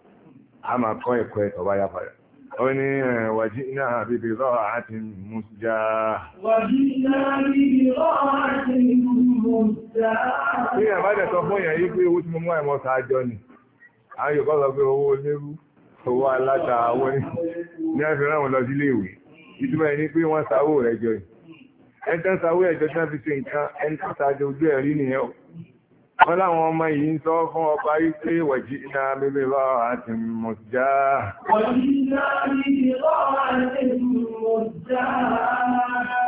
a máa kọ́ ẹ̀kọ́ ẹ̀ tọ́wáyá padà ó ní wàjí iná àbíbí rọ́ àti mùsùjá ní àbájẹ̀ sọ fún ìyàn yìí pé owó tí mo mú àìmọ́ sáájọ ni àwọn yóò kọ́ pé owó onírú owó aláta owó ní ẹ̀fẹ́ rán lọ sí iléèwé ìtumọ̀ wọ́n láwọn ọmọ yìí ń sọ fún ọba wípé wọ̀jí iná bíbí bá àti mọ̀já. wọ̀jí iná bíbí bá àti mọ̀já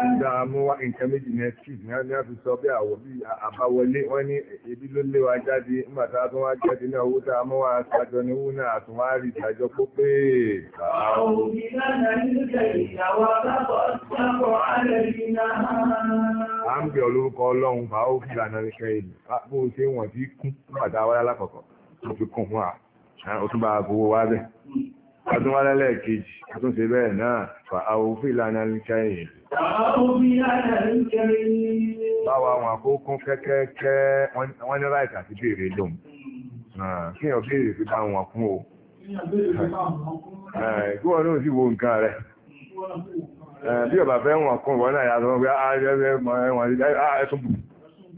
ìdá amúwá nǹkan méjì ní ẹtì ní a fi sọ bí àwọ̀ bí àbáwọlé wọ́n ní ebi ló lé wa jáde nígbà tá a tún wá jáde náà owó tá a mọ́ wa sájọ ní owó náà àtún wá rí ìdájọ́ pé. àwọn òbí lánàá nínú jẹ ìyàwó alábọ̀ sábọ̀ alẹ́ yìí náà. à ń bẹ̀ olórúkọ ọlọ́run bá ó fi lànà rẹ̀ kẹ́yìn bó o ṣe wọ̀n ti kún nígbà tá a wáyá lákọ̀ọ́kọ́ mo fi kún fún wa ó tún bá a gbowó wá bẹ́ẹ̀ ọdún wálẹ́lẹ̀ kejì ọdún ṣe bẹ́ẹ̀ náà fà áwòfí ìlànà ìkẹyìn báwa àwọn àkókún kẹ́kẹ́kẹ́ wọ́n ní ráìtì àti béèrè lòun kí èèyàn béèrè fi bá wọn kún o kí wọ́n náà sì wo nǹkan rẹ̀ bí ọba fẹ́ wọn kún wọn náà yàtọ̀ wọn pé ẹ̀sùn bù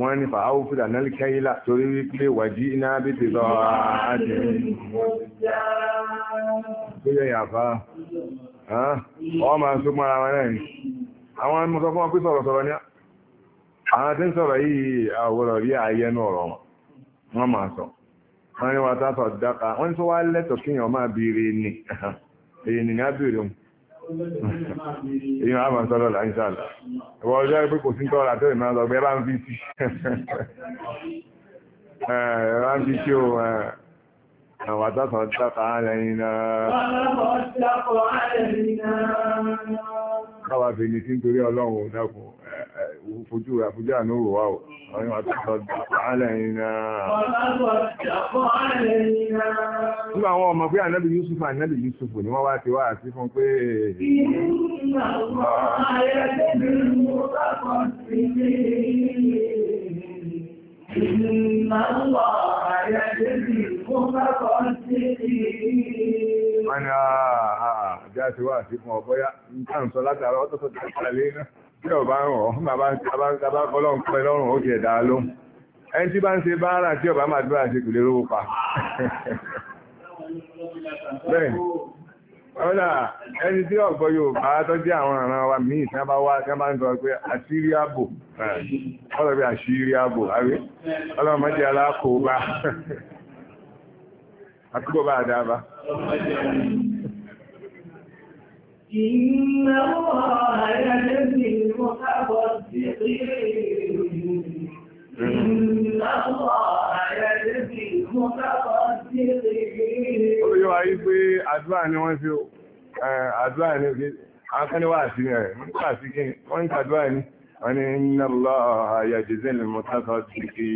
wọ́n ní fàáwù fúdà náà kẹ́yìlá torí wípé wàjí iná bí ti lọ àti tó yẹ yàfá ọ máa tó mara wọn náà ni àwọn mọ́sọ fún ọpí sọ̀rọ̀ sọ̀rọ̀ ní àwọn tí ń sọ̀rọ̀ yìí àwòrán rí àyẹnu ọ̀rọ̀ wọn wọ́n máa sọ wọ́n ní wọ́n tó wá lẹ́tọ̀ kíyàn máa bèèrè ni èyí bèèrè wọn èyí máa máa sọ́lọ́lá ìṣàlá ẹ̀wọ̀ ọjọ́ pé kò sí tọ́lá tẹ́lẹ̀ máa lọ bẹ́ẹ̀ bá ń fi sí ẹ̀ bá ń fi sí o àwọn àtàkùn káwà ní tí nítorí ọlọ́run dákun fojú àfojú àánú rò wá ọ̀yìn àtọ́sọ àálẹ̀ iná àwọn ọmọ pé ànábì Yusuf ànábì Yusuf fún pé sí ìrìn. Wọ́n ni àà ah, ah, ah. já sí wà sí fún ọ̀bọ́yá nǹkan sọ látara ọ́tọ́tọ́ tó kàlẹ́ iná tí ọba ń rọ̀ bàbá kọlọ́n pẹ́ lọ́rùn ó jẹ̀ dáa ló ẹni tí bá ń ṣe báárà tí ọba máa dúrà sí kùlé lówó pa bẹ́ẹ̀ ọ̀dà ẹni tí àwọn àràn wa míì tí wọ́n bá wá tí wọ́n bá ń sọ pé àṣírí ààbò ọ̀dọ̀ bí àṣírí ààbò إن الله يجزي pé àdúrà ni wọ́n fi àdúrà ni àwọn kan ní wà sí rẹ̀, wọ́n ń kà sí kí wọ́n ń kàdúrà ni wọ́n ní iná lọ àyàjẹ́sí ni mo tàbí sí kí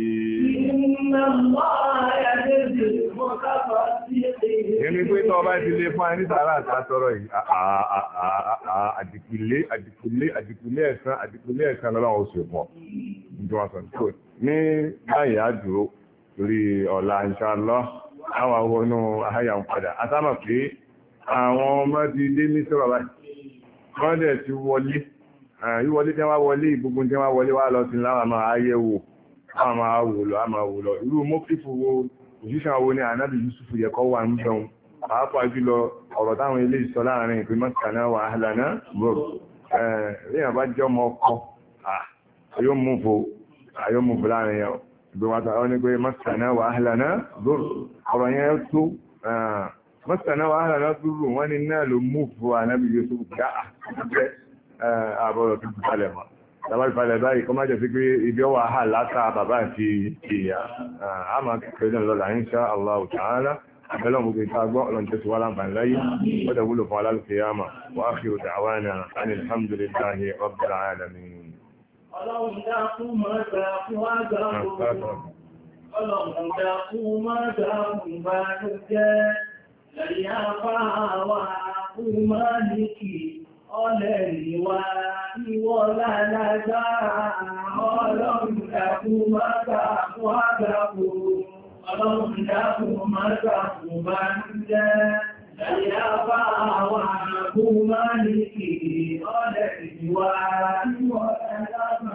ẹni pé tọ́ bá ti lé fún ẹni tààrà àtàtọ́rọ̀ yìí àdìpìlé àdìpìlé àdìpìlé ẹ̀sán àdìpìlé ẹ̀sán lọ́wọ́ oṣù pọ̀ ìjọsán tó ní báyìí àdúró lórí ọ̀la ìṣàlọ́ àwọn wọnú àháyà ń padà àtàmà pé àwọn ọmọ ti dé ní sọ́rọ̀ báyìí wọ́n dẹ̀ ti wọlé Ah, ìwọlé tẹ́ wá wọlé ìgbógun tẹ́ wá wọlé wá lọ sí láwọn àmà ayé wò àmà wò lọ àmà wò lọ irú mọ́kìfù wo òṣìṣẹ́ wo ni ànábì Yusuf yẹ kọ́ wà ń bẹ̀rùn pàápàá jùlọ ọ̀rọ̀ táwọn ilé ìsọ láàrin ìpín mọ́kànlá wà áhàlànà eh, bọ̀rọ̀ èèyàn bá jẹ́ ọmọ ọkọ àyọ́mùfò àyọ́mùfò láàrin yẹn ìgbé wa tàbí ní pé mọ́kànlá wà áhàlànà bọ̀rọ̀ ọ̀rọ̀ yẹn tó mọ́kànlá wà áhàlànà bọ̀rọ̀ wọ́n ni náà ló mú fún ànábì Yusuf gáà àbọ̀rọ̀ eh, tó ti falẹ̀ mọ́ tàbá ìfalẹ̀ báyìí kọ́ má jẹ́ sí pé ibi ọwà hà látà bàbá àti ìyá àmà eh, kẹfẹ́ náà lọ́la ń ṣá Allahu ta'ala àbẹ́lọ́ gbogbo ìta gbọ́ ọlọ́njẹ́ sí wà láǹfààní láyé wọ́dẹ̀ wúlò fún alálùfẹ́yàmà wa akhiru da'wana alhamdulillahi rabbil alamin. ọlọ́run dákún máa dákún wá gbàgbọ́ ah, ọlọ́run dákún máa dákún bá ló lẹ́yìn ọlẹ̀ ìwà ìwọ̀ lálágbà ọlọ́run dàkú mọ́ta fún àgbàkù ọlọ́run dàkú mọ́ta fún bá ń jẹ́ ìyàbá àwọn àkú máa ní kìí ọlẹ̀ ìwà ìwọ̀ lálágbà